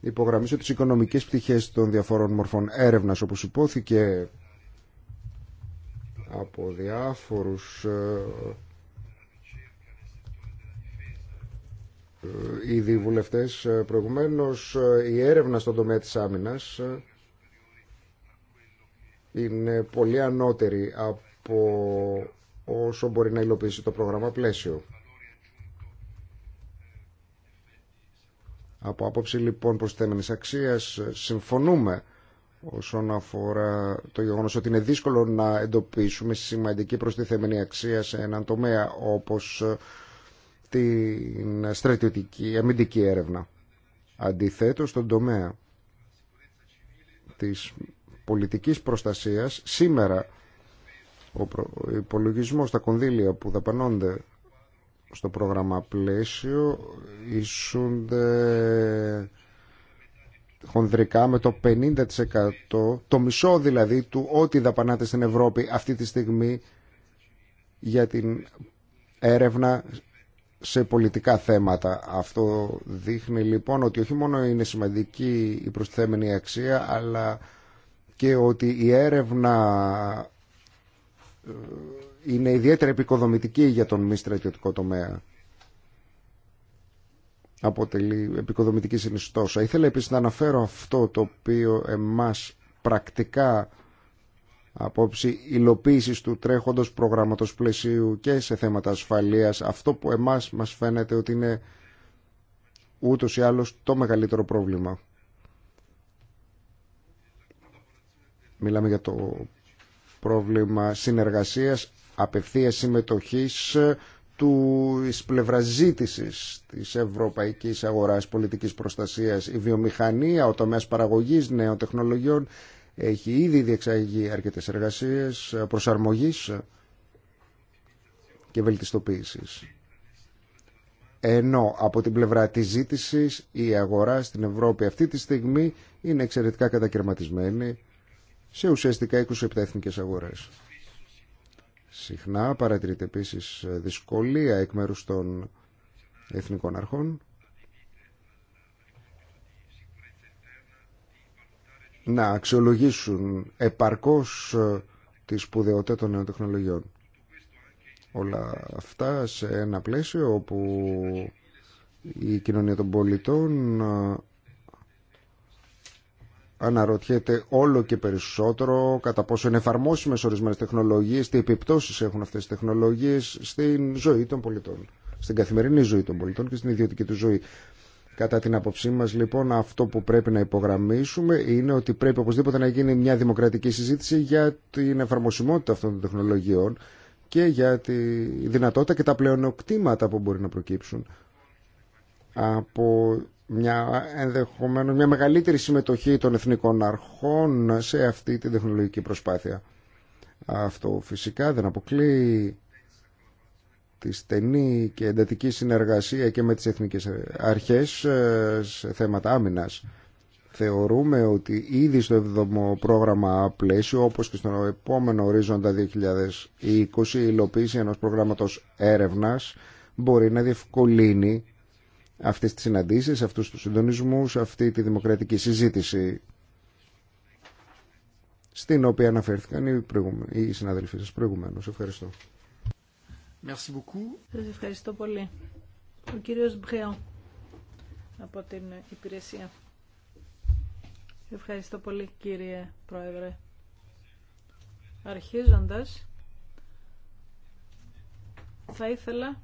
υπογραμμίσω τις οικονομικές πτυχές των διαφόρων μορφών έρευνας όπως υπόθηκε από διάφορους ε, Ε, ήδη βουλευτές ε, προηγουμένως ε, η έρευνα στον τομέα της άμυνας είναι πολύ ανώτερη από όσο μπορεί να υλοποιήσει το πρόγραμμα πλαίσιο. Από άποψη λοιπόν προσθέμενης αξίας συμφωνούμε όσον αφορά το γεγονός ότι είναι δύσκολο να εντοπίσουμε σημαντική προστιθέμενη αξία σε έναν τομέα όπως την στρατιωτική αμυντική έρευνα. Αντιθέτως, στον τομέα της πολιτικής προστασίας, σήμερα ο υπολογισμός στα κονδύλια που δαπανώνται στο πρόγραμμα πλαίσιο ισούνται χονδρικά με το 50% το μισό δηλαδή του ό,τι δαπανάτε στην Ευρώπη αυτή τη στιγμή για την έρευνα σε πολιτικά θέματα. Αυτό δείχνει λοιπόν ότι όχι μόνο είναι σημαντική η προστιθέμενη αξία, αλλά και ότι η έρευνα ε, είναι ιδιαίτερα επικοδομητική για τον μη στρατιωτικό τομέα. Αποτελεί επικοδομητική συνιστόσα. Ήθελα επίσης να αναφέρω αυτό το οποίο εμάς πρακτικά απόψη υλοποίησης του τρέχοντος προγράμματος πλαισίου και σε θέματα ασφαλείας. Αυτό που εμάς μας φαίνεται ότι είναι ούτως ή άλλως το μεγαλύτερο πρόβλημα. Μιλάμε για το πρόβλημα συνεργασίας, απευθείας συμμετοχής του πλευράς της τη ευρωπαϊκή αγορά πολιτική προστασία, η βιομηχανία, ο τομέας παραγωγή νέων τεχνολογιών έχει ήδη διεξάγει αρκετές εργασίες προσαρμογής και βελτιστοποίησης. Ενώ από την πλευρά της ζήτησης η αγορά στην Ευρώπη αυτή τη στιγμή είναι εξαιρετικά κατακαιρματισμένη σε ουσιαστικά 27 εθνικές αγορές. Συχνά παρατηρείται επίσης δυσκολία εκ μέρους των εθνικών αρχών να αξιολογήσουν επαρκώς ε, τη σπουδαιότητα των νέων τεχνολογιών. Όλα αυτά σε ένα πλαίσιο όπου η κοινωνία των πολιτών ε, αναρωτιέται όλο και περισσότερο κατά πόσο είναι εφαρμόσιμες ορισμένες τεχνολογίες, τι επιπτώσεις έχουν αυτές οι τεχνολογίες στην ζωή των πολιτών, στην καθημερινή ζωή των πολιτών και στην ιδιωτική του ζωή. Κατά την άποψή μα, λοιπόν, αυτό που πρέπει να υπογραμμίσουμε είναι ότι πρέπει οπωσδήποτε να γίνει μια δημοκρατική συζήτηση για την εφαρμοσιμότητα αυτών των τεχνολογιών και για τη δυνατότητα και τα πλεονεκτήματα που μπορεί να προκύψουν από μια ενδεχομένως μια μεγαλύτερη συμμετοχή των εθνικών αρχών σε αυτή την τεχνολογική προσπάθεια. Αυτό φυσικά δεν αποκλείει τη στενή και εντατική συνεργασία και με τις εθνικές αρχές ε, σε θέματα άμυνας. Θεωρούμε ότι ήδη στο 7ο πρόγραμμα πλαίσιο, όπως και στον επόμενο ορίζοντα 2020, η υλοποίηση ενός προγράμματος έρευνας μπορεί να διευκολύνει αυτές τις συναντήσεις, αυτούς τους συντονισμούς, αυτή τη δημοκρατική συζήτηση στην οποία αναφέρθηκαν οι, οι συναδελφοί σας προηγουμένως. Ευχαριστώ. Merci beaucoup. ευχαριστώ πολύ. Ο κύριος Μπρέον από την υπηρεσία. Ευχαριστώ πολύ κύριε Πρόεδρε. Αρχίζοντας, θα ήθελα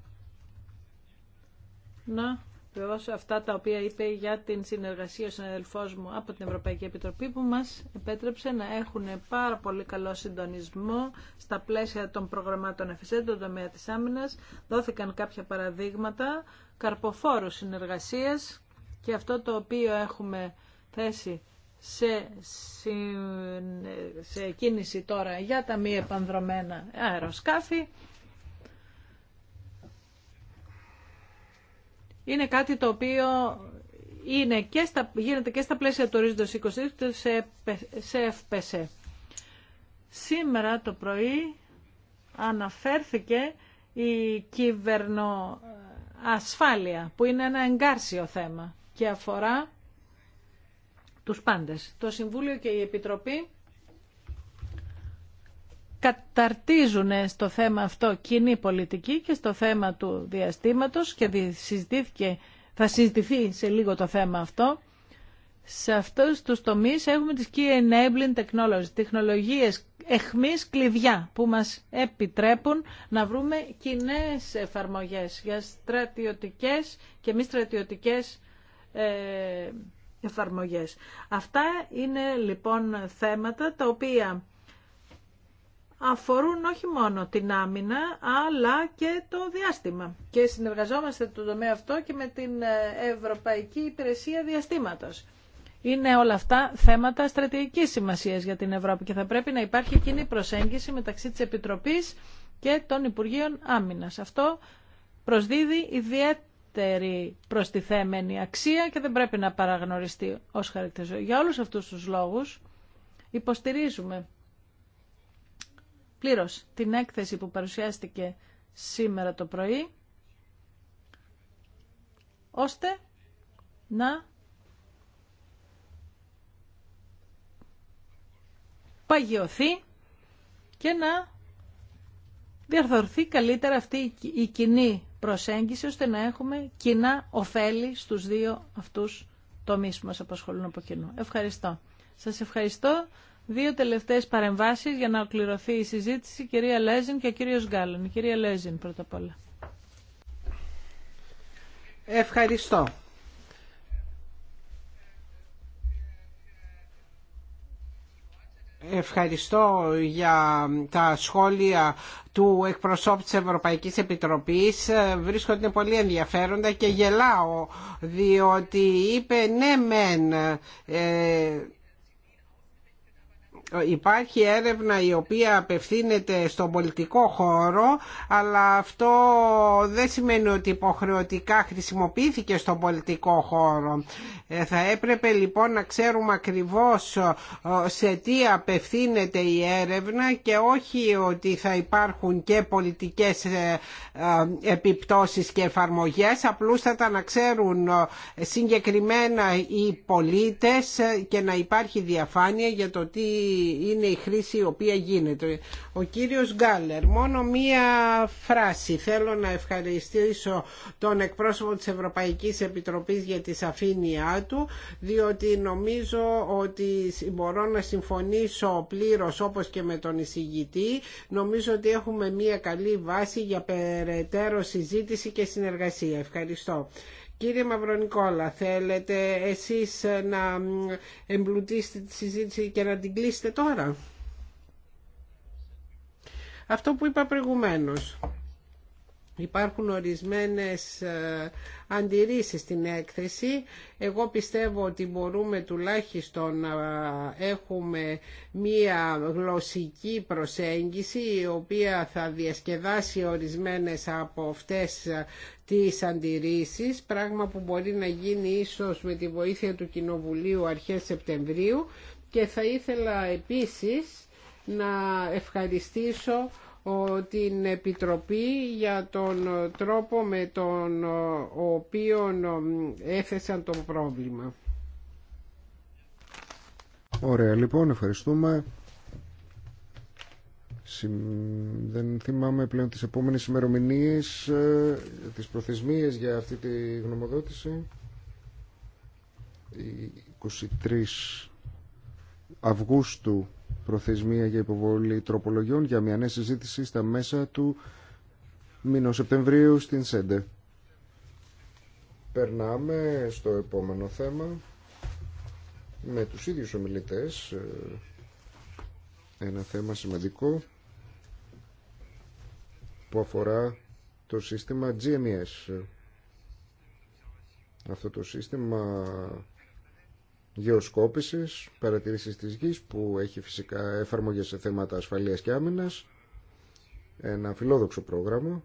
να Βεβαίως αυτά τα οποία είπε για την συνεργασία ο συναδελφός μου από την Ευρωπαϊκή Επιτροπή που μας επέτρεψε να έχουν πάρα πολύ καλό συντονισμό στα πλαίσια των προγραμμάτων ΕΦΣΕ, τον τομέα της άμυνας. Δόθηκαν κάποια παραδείγματα καρποφόρου συνεργασίας και αυτό το οποίο έχουμε θέσει σε, σε κίνηση τώρα για τα μη επανδρομένα αεροσκάφη είναι κάτι το οποίο είναι και στα, γίνεται και στα πλαίσια του ορίζοντος 20 σε, σε Σήμερα το πρωί αναφέρθηκε η κυβερνοασφάλεια, ε, που είναι ένα εγκάρσιο θέμα και αφορά τους πάντες. Το Συμβούλιο και η Επιτροπή καταρτίζουν στο θέμα αυτό κοινή πολιτική και στο θέμα του διαστήματος και θα συζητηθεί σε λίγο το θέμα αυτό. Σε αυτούς τους τομείς έχουμε τις key enabling technologies, τεχνολογίες εχμής κλειδιά που μας επιτρέπουν να βρούμε κοινέ εφαρμογές για στρατιωτικές και μη στρατιωτικές ε, εφαρμογές. Αυτά είναι λοιπόν θέματα τα οποία αφορούν όχι μόνο την άμυνα αλλά και το διάστημα. Και συνεργαζόμαστε το τομέα αυτό και με την ε, Ευρωπαϊκή Υπηρεσία Διαστήματος. Είναι όλα αυτά θέματα στρατηγικής σημασίας για την Ευρώπη και θα πρέπει να υπάρχει κοινή προσέγγιση μεταξύ της Επιτροπής και των Υπουργείων Άμυνας. Αυτό προσδίδει ιδιαίτερη προστιθέμενη αξία και δεν πρέπει να παραγνωριστεί ως χαρακτηριστικό. Για όλους αυτούς τους λόγους υποστηρίζουμε πλήρως την έκθεση που παρουσιάστηκε σήμερα το πρωί, ώστε να παγιωθεί και να διαρθωρθεί καλύτερα αυτή η κοινή προσέγγιση ώστε να έχουμε κοινά ωφέλη στους δύο αυτούς τομείς που μας απασχολούν από κοινού. Ευχαριστώ. Σας ευχαριστώ. Δύο τελευταίες παρεμβάσεις για να ολοκληρωθεί η συζήτηση, κυρία Λέζιν και κύριος Γκάλλον. κυρία Λέζιν πρώτα απ' όλα. Ευχαριστώ. Ευχαριστώ για τα σχόλια του εκπροσώπου της Ευρωπαϊκής Επιτροπής βρίσκονται πολύ ενδιαφέροντα και γελάω διότι είπε ναι μεν ε, υπάρχει έρευνα η οποία απευθύνεται στον πολιτικό χώρο αλλά αυτό δεν σημαίνει ότι υποχρεωτικά χρησιμοποιήθηκε στον πολιτικό χώρο. Ε, θα έπρεπε λοιπόν να ξέρουμε ακριβώς ε, σε τι απευθύνεται η έρευνα και όχι ότι θα υπάρχουν και πολιτικές ε, επιπτώσεις και εφαρμογές απλούστατα να ξέρουν συγκεκριμένα οι πολίτες και να υπάρχει διαφάνεια για το τι είναι η χρήση η οποία γίνεται. Ο κύριος Γκάλερ, μόνο μία φράση. Θέλω να ευχαριστήσω τον εκπρόσωπο της Ευρωπαϊκής Επιτροπής για τη σαφήνειά του, διότι νομίζω ότι μπορώ να συμφωνήσω πλήρως όπως και με τον εισηγητή. Νομίζω ότι έχουμε μία καλή βάση για περαιτέρω συζήτηση και συνεργασία. Ευχαριστώ. Κύριε Μαυρονικόλα, θέλετε εσείς να εμπλουτίσετε τη συζήτηση και να την κλείσετε τώρα. Αυτό που είπα προηγουμένως. Υπάρχουν ορισμένες ε, αντιρρήσεις στην έκθεση. Εγώ πιστεύω ότι μπορούμε τουλάχιστον να έχουμε μία γλωσσική προσέγγιση η οποία θα διασκεδάσει ορισμένες από αυτές τις αντιρρήσεις, πράγμα που μπορεί να γίνει ίσως με τη βοήθεια του Κοινοβουλίου αρχές Σεπτεμβρίου και θα ήθελα επίσης να ευχαριστήσω την Επιτροπή για τον τρόπο με τον οποίο έθεσαν το πρόβλημα. Ωραία, λοιπόν, ευχαριστούμε. Δεν θυμάμαι πλέον τις επόμενες ημερομηνίες, ε, τις προθεσμίες για αυτή τη γνωμοδότηση. 23 Αυγούστου προθεσμία για υποβολή τροπολογιών για μια νέα συζήτηση στα μέσα του μήνου Σεπτεμβρίου στην ΣΕΝΤΕ. Περνάμε στο επόμενο θέμα με τους ίδιους ομιλητές ε, ένα θέμα σημαντικό που αφορά το σύστημα GMS αυτό το σύστημα γεωσκόπησης, παρατηρήσει της γης που έχει φυσικά εφαρμογές σε θέματα ασφαλείας και άμυνας ένα φιλόδοξο πρόγραμμα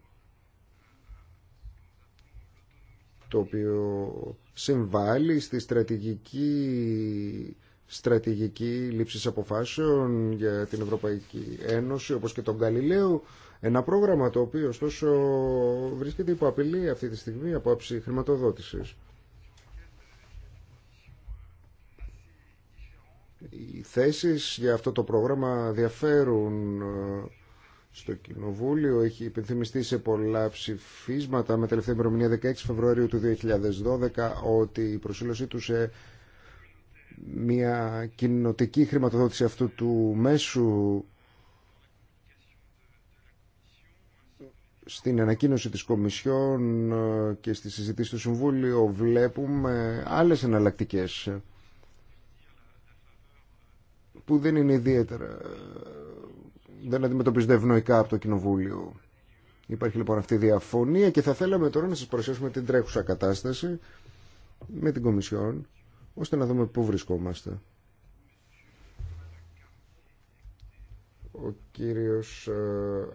το οποίο συμβάλλει στη στρατηγική στρατηγική λήψη αποφάσεων για την Ευρωπαϊκή Ένωση όπως και τον Γαλιλαίο ένα πρόγραμμα το οποίο ωστόσο βρίσκεται υπό απειλή αυτή τη στιγμή από άψη χρηματοδότησης Οι θέσεις για αυτό το πρόγραμμα διαφέρουν ε, στο Κοινοβούλιο. Έχει υπενθυμιστεί σε πολλά ψηφίσματα με τελευταία ημερομηνία 16 Φεβρουαρίου του 2012 ότι η προσήλωσή του σε μια κοινοτική χρηματοδότηση αυτού του μέσου στην ανακοίνωση της Κομισιόν ε, και στη συζήτηση του Συμβούλιο βλέπουμε άλλες εναλλακτικές που δεν είναι ιδιαίτερα δεν αντιμετωπίζονται ευνοϊκά από το Κοινοβούλιο. Υπάρχει λοιπόν αυτή η διαφωνία και θα θέλαμε τώρα να σας παρουσιάσουμε την τρέχουσα κατάσταση με την Κομισιόν ώστε να δούμε πού βρισκόμαστε. Ο κύριος ε,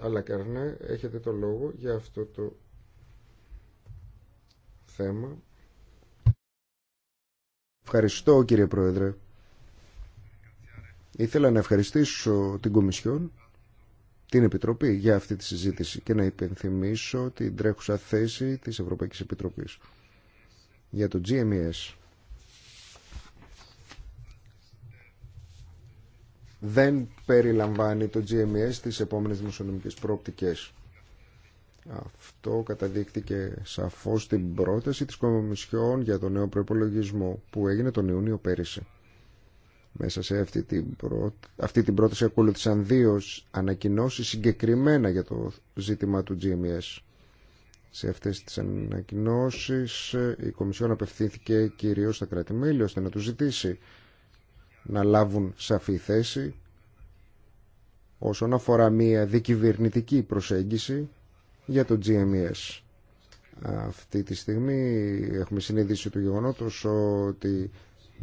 Αλακαρνέ, έχετε το λόγο για αυτό το θέμα. Ευχαριστώ κύριε Πρόεδρε. Ήθελα να ευχαριστήσω την Κομισιόν, την Επιτροπή για αυτή τη συζήτηση και να υπενθυμίσω την τρέχουσα θέση της Ευρωπαϊκής Επιτροπής για το GMES. Δεν περιλαμβάνει το GMS e τις επόμενες δημοσιονομικές προοπτικές. Αυτό καταδείχθηκε σαφώς στην πρόταση της Κομισιόν για τον νέο προπολογισμό που έγινε τον Ιούνιο πέρυσι. Μέσα σε αυτή την, πρώτη, αυτή την πρόταση ακολούθησαν δύο ανακοινώσει συγκεκριμένα για το ζήτημα του GMS. Σε αυτές τις ανακοινώσει η Κομισιόν απευθύνθηκε κυρίως στα κράτη-μέλη ώστε να του ζητήσει να λάβουν σαφή θέση όσον αφορά μια δικυβερνητική προσέγγιση για το GMS. Αυτή τη στιγμή έχουμε συνείδηση του γεγονότος ότι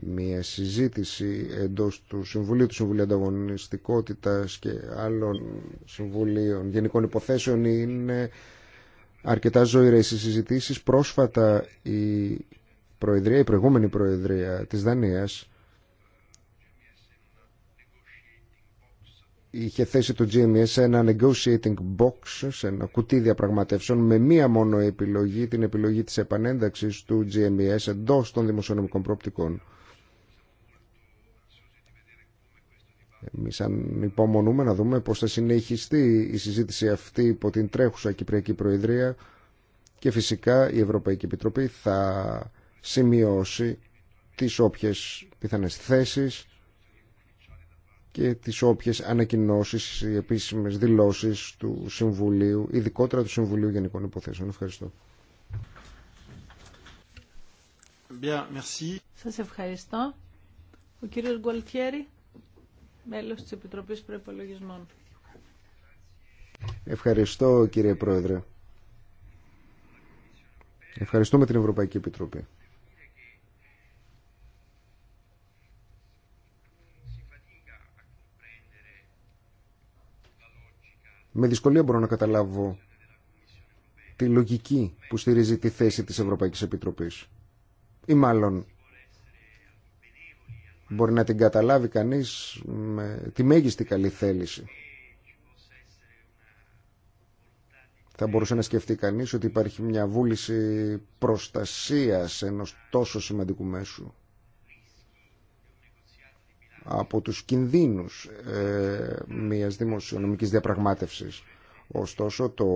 μια συζήτηση εντός του Συμβουλίου του Συμβουλίου Ανταγωνιστικότητας και άλλων συμβουλίων γενικών υποθέσεων είναι αρκετά ζωηρές οι συζητήσεις. Πρόσφατα η Προεδρία, η προηγούμενη Προεδρία της Δανίας είχε θέσει το GMS σε ένα negotiating box, σε ένα κουτί διαπραγματεύσεων με μία μόνο επιλογή, την επιλογή της επανένταξης του GMS εντός των δημοσιονομικών προοπτικών. Εμείς υπομονούμε να δούμε πώς θα συνεχιστεί η συζήτηση αυτή υπό την τρέχουσα Κυπριακή Προεδρία και φυσικά η Ευρωπαϊκή Επιτροπή θα σημειώσει τις όποιες πιθανές θέσεις και τις όποιες ανακοινώσεις, οι επίσημες δηλώσεις του Συμβουλίου, ειδικότερα του Συμβουλίου Γενικών Υποθέσεων. Ευχαριστώ. Bien, Σας ευχαριστώ. Ο κύριος Γκολτιέρη μέλος της Επιτροπής Προϋπολογισμών. Ευχαριστώ κύριε Πρόεδρε. με την Ευρωπαϊκή Επιτροπή. Με δυσκολία μπορώ να καταλάβω τη λογική που στηρίζει τη θέση της Ευρωπαϊκής Επιτροπής. Ή μάλλον μπορεί να την καταλάβει κανείς με τη μέγιστη καλή θέληση. Θα μπορούσε να σκεφτεί κανείς ότι υπάρχει μια βούληση προστασίας ενός τόσο σημαντικού μέσου από τους κινδύνους ε, μιας δημοσιονομικής διαπραγμάτευσης. Ωστόσο, το,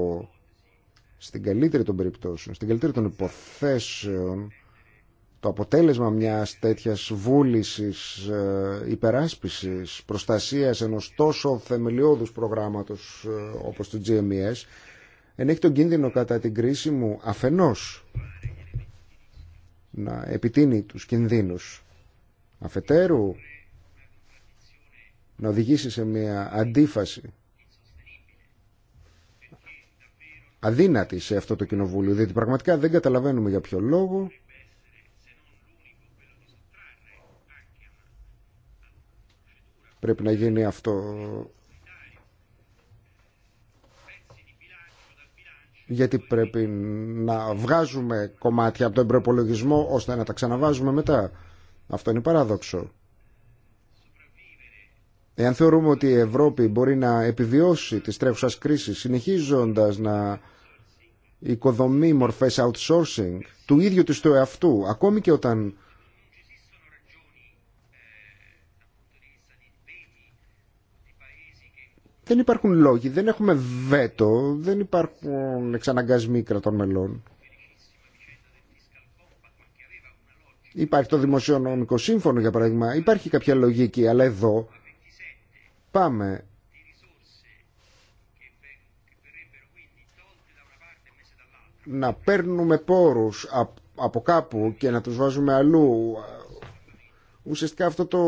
στην καλύτερη των περιπτώσεων, στην καλύτερη των υποθέσεων, το αποτέλεσμα μιας τέτοιας βούλησης ε, υπεράσπισης, προστασίας ενός τόσο θεμελιώδους προγράμματος ε, όπως το GMES ενέχει τον κίνδυνο κατά την κρίση μου αφενός να επιτείνει τους κινδύνους αφετέρου να οδηγήσει σε μια αντίφαση αδύνατη σε αυτό το κοινοβούλιο διότι πραγματικά δεν καταλαβαίνουμε για ποιο λόγο Πρέπει να γίνει αυτό γιατί πρέπει να βγάζουμε κομμάτια από τον προπολογισμό ώστε να τα ξαναβάζουμε μετά. Αυτό είναι παράδοξο. Εάν θεωρούμε ότι η Ευρώπη μπορεί να επιβιώσει τις τρέχουσες κρίσεις συνεχίζοντας να οικοδομεί μορφές outsourcing του ίδιου της του εαυτού ακόμη και όταν Δεν υπάρχουν λόγοι, δεν έχουμε βέτο, δεν υπάρχουν εξαναγκασμοί κρατών μελών. Υπάρχει το δημοσιονομικό σύμφωνο για παράδειγμα, υπάρχει κάποια λογική, αλλά εδώ πάμε να παίρνουμε πόρους από κάπου και να τους βάζουμε αλλού. Ουσιαστικά αυτό το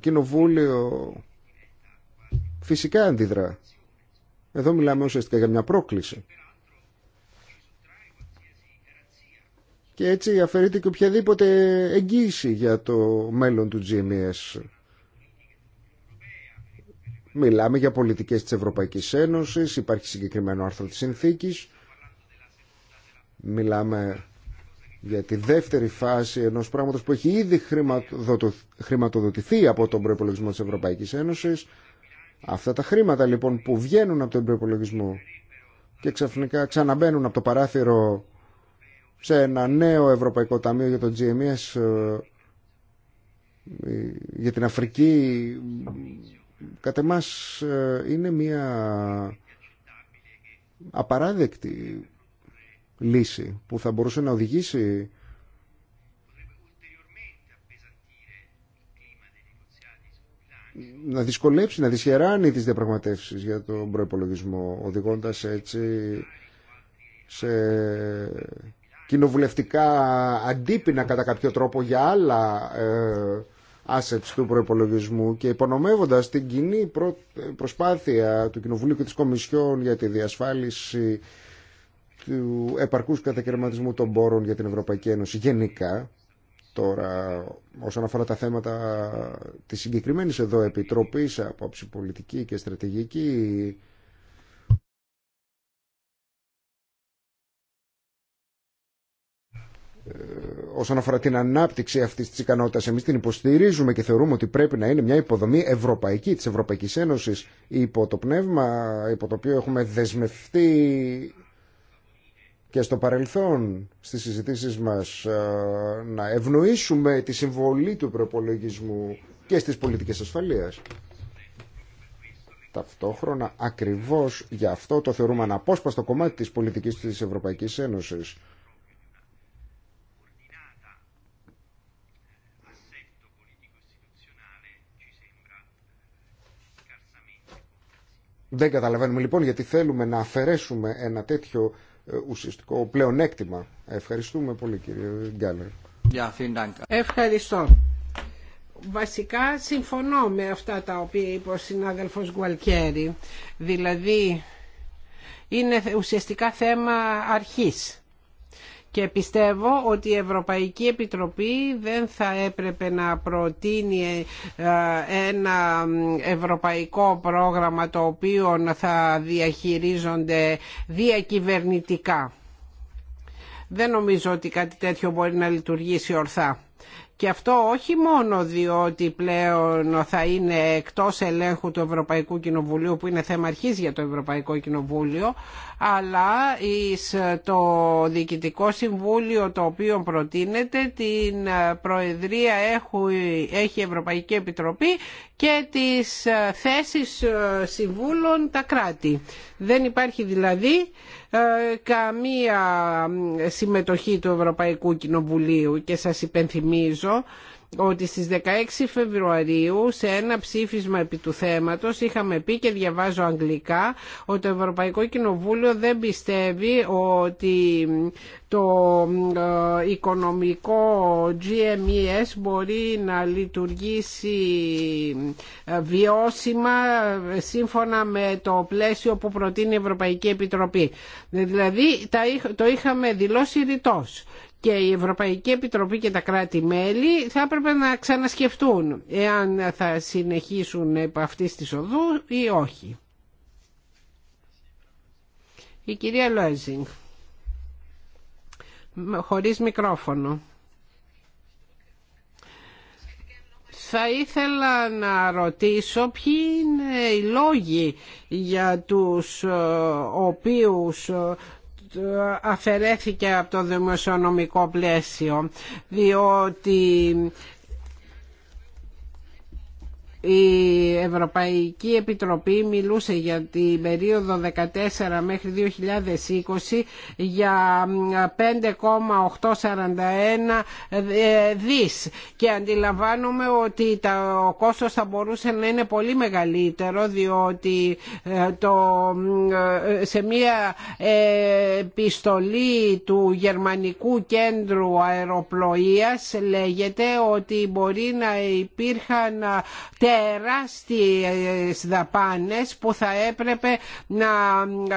κοινοβούλιο φυσικά αντιδρά. Εδώ μιλάμε ουσιαστικά για μια πρόκληση. Και έτσι αφαιρείται και οποιαδήποτε εγγύηση για το μέλλον του GMS. Μιλάμε για πολιτικές της Ευρωπαϊκής Ένωσης, υπάρχει συγκεκριμένο άρθρο της συνθήκης. Μιλάμε για τη δεύτερη φάση ενός πράγματος που έχει ήδη χρηματοδοτηθεί από τον προϋπολογισμό της Ευρωπαϊκής Ένωσης. Αυτά τα χρήματα λοιπόν που βγαίνουν από τον προπολογισμό και ξαφνικά ξαναμπαίνουν από το παράθυρο σε ένα νέο Ευρωπαϊκό Ταμείο για το GMS ε, ε, για την Αφρική κατά ε, είναι μια απαράδεκτη λύση που θα μπορούσε να οδηγήσει να δυσκολέψει, να δυσχεράνει τις διαπραγματεύσεις για τον προϋπολογισμό, οδηγώντας έτσι σε κοινοβουλευτικά αντίπεινα κατά κάποιο τρόπο για άλλα ε, assets του προϋπολογισμού και υπονομεύοντας την κοινή ε, προσπάθεια του Κοινοβουλίου και της Κομισιόν για τη διασφάλιση του επαρκούς κατακαιρματισμού των πόρων για την Ευρωπαϊκή Ένωση γενικά Τώρα, όσον αφορά τα θέματα τη συγκεκριμένη εδώ επιτροπή από πολιτική και στρατηγική, ε, όσον αφορά την ανάπτυξη αυτή τη ικανότητα, εμεί την υποστηρίζουμε και θεωρούμε ότι πρέπει να είναι μια υποδομή ευρωπαϊκή τη Ευρωπαϊκή Ένωση υπό το πνεύμα υπό το οποίο έχουμε δεσμευτεί και στο παρελθόν στις συζητήσεις μας ε, να ευνοήσουμε τη συμβολή του προπολογισμού και στις πολιτικές ασφαλείας. Ταυτόχρονα ακριβώς γι' αυτό το θεωρούμε αναπόσπαστο κομμάτι της πολιτικής της Ευρωπαϊκής Ένωσης. Δεν καταλαβαίνουμε λοιπόν γιατί θέλουμε να αφαιρέσουμε ένα τέτοιο ε, ουσιαστικό πλεονέκτημα. Ευχαριστούμε πολύ κύριε Γκάλερ. Ευχαριστώ. Βασικά συμφωνώ με αυτά τα οποία είπε ο συνάδελφος Γουαλκέρη, Δηλαδή είναι ουσιαστικά θέμα αρχής και πιστεύω ότι η Ευρωπαϊκή Επιτροπή δεν θα έπρεπε να προτείνει ε, ένα ευρωπαϊκό πρόγραμμα το οποίο θα διαχειρίζονται διακυβερνητικά. Δεν νομίζω ότι κάτι τέτοιο μπορεί να λειτουργήσει ορθά. Και αυτό όχι μόνο διότι πλέον θα είναι εκτός ελέγχου του Ευρωπαϊκού Κοινοβουλίου που είναι θέμα αρχής για το Ευρωπαϊκό Κοινοβούλιο αλλά εις το Διοικητικό Συμβούλιο το οποίο προτείνεται την Προεδρία έχει η Ευρωπαϊκή Επιτροπή και τις θέσεις συμβούλων τα κράτη. Δεν υπάρχει δηλαδή ε, καμία συμμετοχή του Ευρωπαϊκού Κοινοβουλίου και σας υπενθυμίζω ότι στις 16 Φεβρουαρίου σε ένα ψήφισμα επί του θέματος είχαμε πει και διαβάζω αγγλικά ότι το Ευρωπαϊκό Κοινοβούλιο δεν πιστεύει ότι το ε, οικονομικό GMES μπορεί να λειτουργήσει ε, βιώσιμα ε, σύμφωνα με το πλαίσιο που προτείνει η Ευρωπαϊκή Επιτροπή. Δηλαδή το είχαμε δηλώσει ρητός και η Ευρωπαϊκή Επιτροπή και τα κράτη-μέλη θα έπρεπε να ξανασκεφτούν εάν θα συνεχίσουν επ' αυτής της οδού ή όχι. Η κυρία Λόιζινγκ, χωρίς μικρόφωνο. Θα ήθελα να ρωτήσω ποιοι είναι οι λόγοι για τους ε, οποίους ε, αφαιρέθηκε από το δημοσιονομικό πλαίσιο διότι η Ευρωπαϊκή Επιτροπή μιλούσε για την περίοδο 14 μέχρι 2020 για 5,841 δις και αντιλαμβάνομαι ότι ο κόστος θα μπορούσε να είναι πολύ μεγαλύτερο διότι ε, το, ε, σε μια ε, επιστολή του Γερμανικού Κέντρου Αεροπλοείας λέγεται ότι μπορεί να υπήρχαν τέτοιες τεράστιες δαπάνες που θα έπρεπε να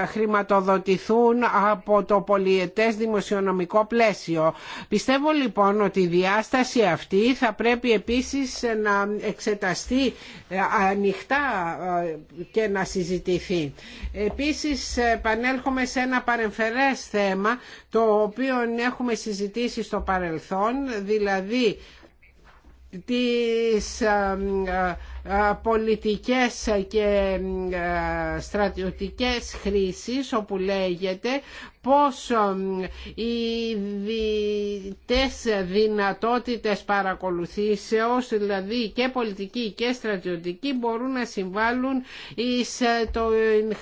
χρηματοδοτηθούν από το πολιετές δημοσιονομικό πλαίσιο. Πιστεύω λοιπόν ότι η διάσταση αυτή θα πρέπει επίσης να εξεταστεί ανοιχτά ε, και να συζητηθεί. Επίσης επανέρχομαι σε ένα παρεμφερές θέμα το οποίο έχουμε συζητήσει στο παρελθόν, δηλαδή της ε, ε, ε, πολιτικές και ε, στρατιωτικές χρήσεις όπου λέγεται πως ε, οι διτές δυνατότητες παρακολουθήσεως δηλαδή και πολιτική και στρατιωτική μπορούν να συμβάλλουν σε το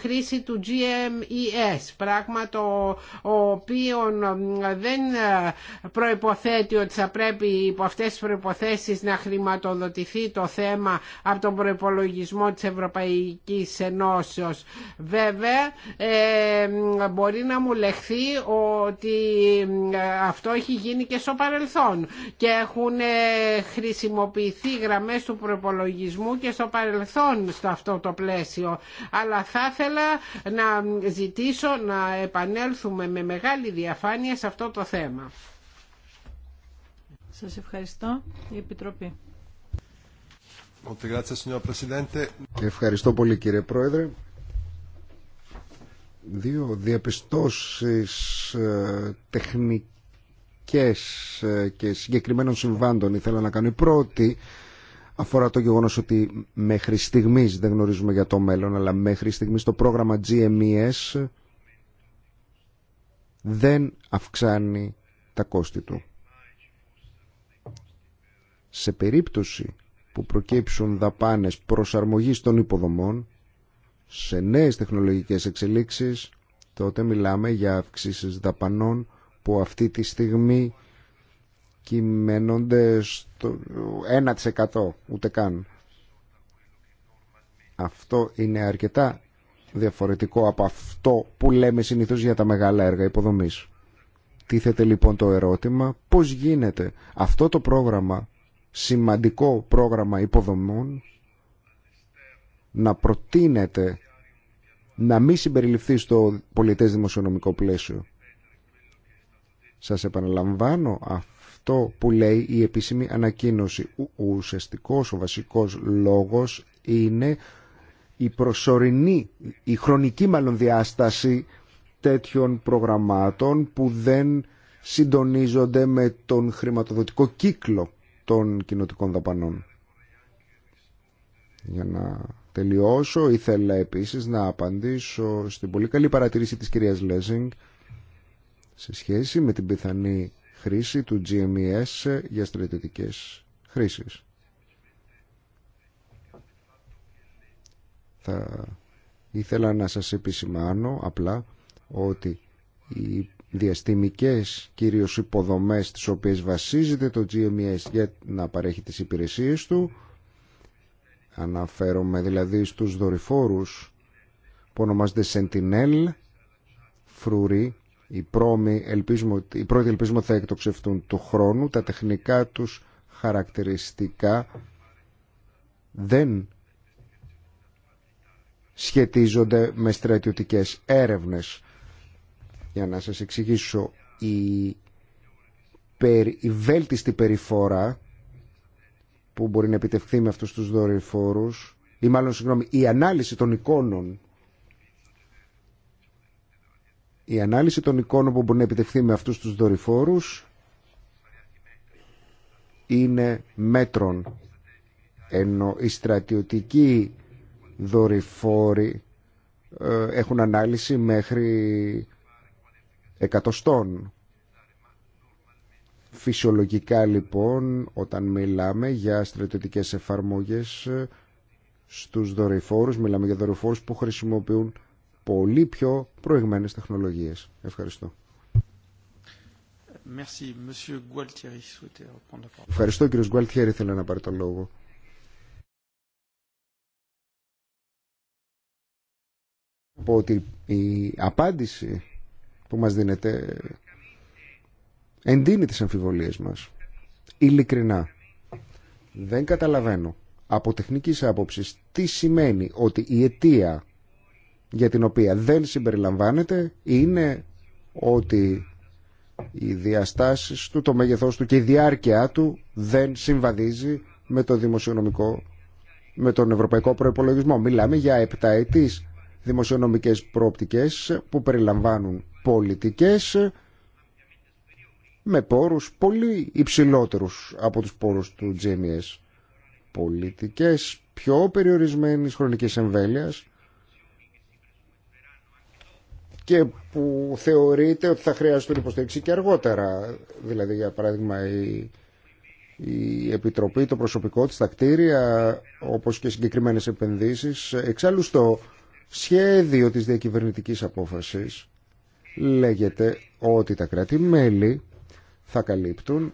χρήση του GMES πράγμα το οποίο δεν προϋποθέτει ότι θα πρέπει υπό αυτές τις προϋποθέσεις να χρηματοδοτηθεί το θέμα από τον προπολογισμό της Ευρωπαϊκής Ενώσεως. Βέβαια ε, μπορεί να μου λεχθεί ότι ε, αυτό έχει γίνει και στο παρελθόν και έχουν ε, χρησιμοποιηθεί γραμμές του προπολογισμού και στο παρελθόν στο αυτό το πλαίσιο. Αλλά θα ήθελα να ζητήσω να επανέλθουμε με μεγάλη διαφάνεια σε αυτό το θέμα. Σας ευχαριστώ. Η Επιτροπή. Ευχαριστώ πολύ κύριε Πρόεδρε. Δύο διαπιστώσεις ε, τεχνικές ε, και συγκεκριμένων συμβάντων ήθελα να κάνω. Η πρώτη αφορά το γεγονός ότι μέχρι στιγμής δεν γνωρίζουμε για το μέλλον αλλά μέχρι στιγμής το πρόγραμμα GMES δεν αυξάνει τα κόστη του. Σε περίπτωση που προκύψουν δαπάνες προσαρμογής των υποδομών σε νέες τεχνολογικές εξελίξεις, τότε μιλάμε για αυξήσεις δαπανών που αυτή τη στιγμή κυμαίνονται στο 1% ούτε καν. Αυτό είναι αρκετά διαφορετικό από αυτό που λέμε συνήθως για τα μεγάλα έργα υποδομής. Τίθεται λοιπόν το ερώτημα πώς γίνεται αυτό το πρόγραμμα σημαντικό πρόγραμμα υποδομών να προτείνεται να μην συμπεριληφθεί στο πολιτές δημοσιονομικό πλαίσιο. Σας επαναλαμβάνω αυτό που λέει η επίσημη ανακοίνωση. Ο ουσιαστικός, ο βασικός λόγος είναι η προσωρινή, η χρονική μάλλον διάσταση τέτοιων προγραμμάτων που δεν συντονίζονται με τον χρηματοδοτικό κύκλο των κοινοτικών δαπανών. Για να τελειώσω, ήθελα επίσης να απαντήσω στην πολύ καλή παρατηρήση της κυρίας Λέζινγκ σε σχέση με την πιθανή χρήση του GMES για στρατιωτικές χρήσεις. Θα ήθελα να σας επισημάνω απλά ότι η διαστημικές κυρίως υποδομές τις οποίες βασίζεται το GMS για να παρέχει τις υπηρεσίες του αναφέρομαι δηλαδή στους δορυφόρους που ονομάζονται Sentinel φρουροί οι, πρώτοι ελπίζουμε, οι πρώτοι ελπίζουμε θα εκτοξευτούν του χρόνου τα τεχνικά τους χαρακτηριστικά δεν σχετίζονται με στρατιωτικές έρευνες για να σας εξηγήσω η, περι, η βέλτιστη περιφόρα που μπορεί να επιτευχθεί με αυτούς τους δορυφόρους ή μάλλον συγγνώμη η ανάλυση των εικόνων η ανάλυση των εικόνων που μπορεί να επιτευχθεί με αυτούς τους δορυφόρους είναι μέτρων ενώ οι στρατιωτικοί δορυφόροι ε, έχουν ανάλυση μέχρι εκατοστών. Φυσιολογικά λοιπόν όταν μιλάμε για στρατιωτικές εφαρμόγες ε, στους δορυφόρους, μιλάμε για δορυφόρους που χρησιμοποιούν πολύ πιο προηγμένες τεχνολογίες. Ευχαριστώ. Ευχαριστώ κύριος Γκουαλτιέρη, θέλω να πάρει το λόγο. ότι η απάντηση που μας δίνεται εντείνει τις αμφιβολίες μας. Ειλικρινά. Δεν καταλαβαίνω από τεχνικής άποψης τι σημαίνει ότι η αιτία για την οποία δεν συμπεριλαμβάνεται είναι ότι οι διαστάσεις του, το μέγεθός του και η διάρκεια του δεν συμβαδίζει με το δημοσιονομικό, με τον ευρωπαϊκό προϋπολογισμό. Μιλάμε για επταετής δημοσιονομικές προοπτικές που περιλαμβάνουν πολιτικές με πόρους πολύ υψηλότερους από τους πόρους του GMS. Πολιτικές πιο περιορισμένης χρονικής εμβέλειας και που θεωρείται ότι θα χρειαστούν υποστήριξη και αργότερα. Δηλαδή, για παράδειγμα, η, η Επιτροπή, το προσωπικό της, τα κτίρια, όπως και συγκεκριμένες επενδύσεις. Εξάλλου στο σχέδιο της διακυβερνητικής απόφασης λέγεται ότι τα κράτη-μέλη θα καλύπτουν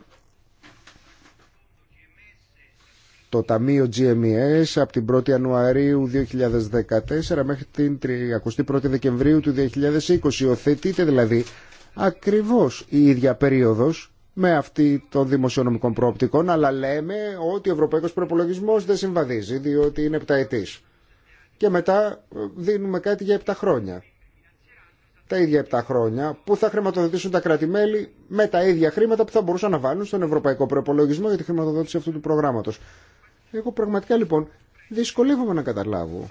το Ταμείο GMES από την 1η Ιανουαρίου 2014 μέχρι την 31η Δεκεμβρίου του 2020. Οθετείται δηλαδή ακριβώς η ίδια περίοδος με αυτή των δημοσιονομικών προοπτικών, αλλά λέμε ότι ο Ευρωπαϊκός Προπολογισμός δεν συμβαδίζει, διότι είναι επταετής και μετά ε, δίνουμε κάτι για 7 χρόνια. Τα ίδια 7 χρόνια που θα χρηματοδοτήσουν τα κράτη-μέλη με τα ίδια χρήματα που θα μπορούσαν να βάλουν στον ευρωπαϊκό προπολογισμό για τη χρηματοδότηση αυτού του προγράμματο. Εγώ πραγματικά λοιπόν δυσκολεύομαι να καταλάβω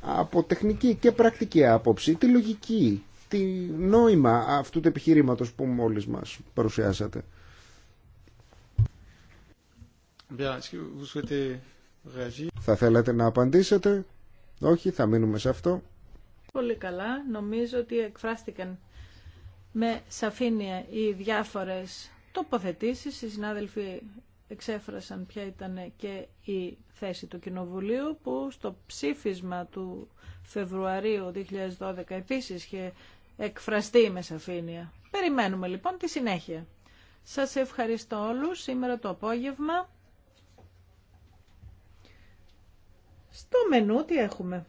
από τεχνική και πρακτική άποψη τη λογική, τη νόημα αυτού του επιχειρήματο που μόλι μα παρουσιάσατε. Bien, θα θέλατε να απαντήσετε. Όχι, θα μείνουμε σε αυτό. Πολύ καλά. Νομίζω ότι εκφράστηκαν με σαφήνεια οι διάφορες τοποθετήσεις. Οι συνάδελφοι εξέφρασαν ποια ήταν και η θέση του Κοινοβουλίου που στο ψήφισμα του Φεβρουαρίου 2012 επίσης είχε εκφραστεί με σαφήνεια. Περιμένουμε λοιπόν τη συνέχεια. Σας ευχαριστώ όλους σήμερα το απόγευμα. Στο μενού τι έχουμε.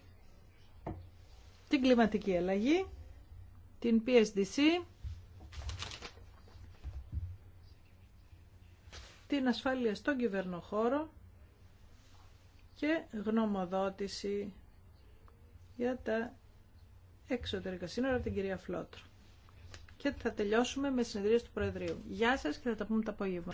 Την κλιματική αλλαγή, την PSDC, την ασφάλεια στον κυβερνοχώρο και γνωμοδότηση για τα εξωτερικά σύνορα από την κυρία Φλότρο. Και θα τελειώσουμε με συνεδρίες του Προεδρείου. Γεια σας και θα τα πούμε το απόγευμα.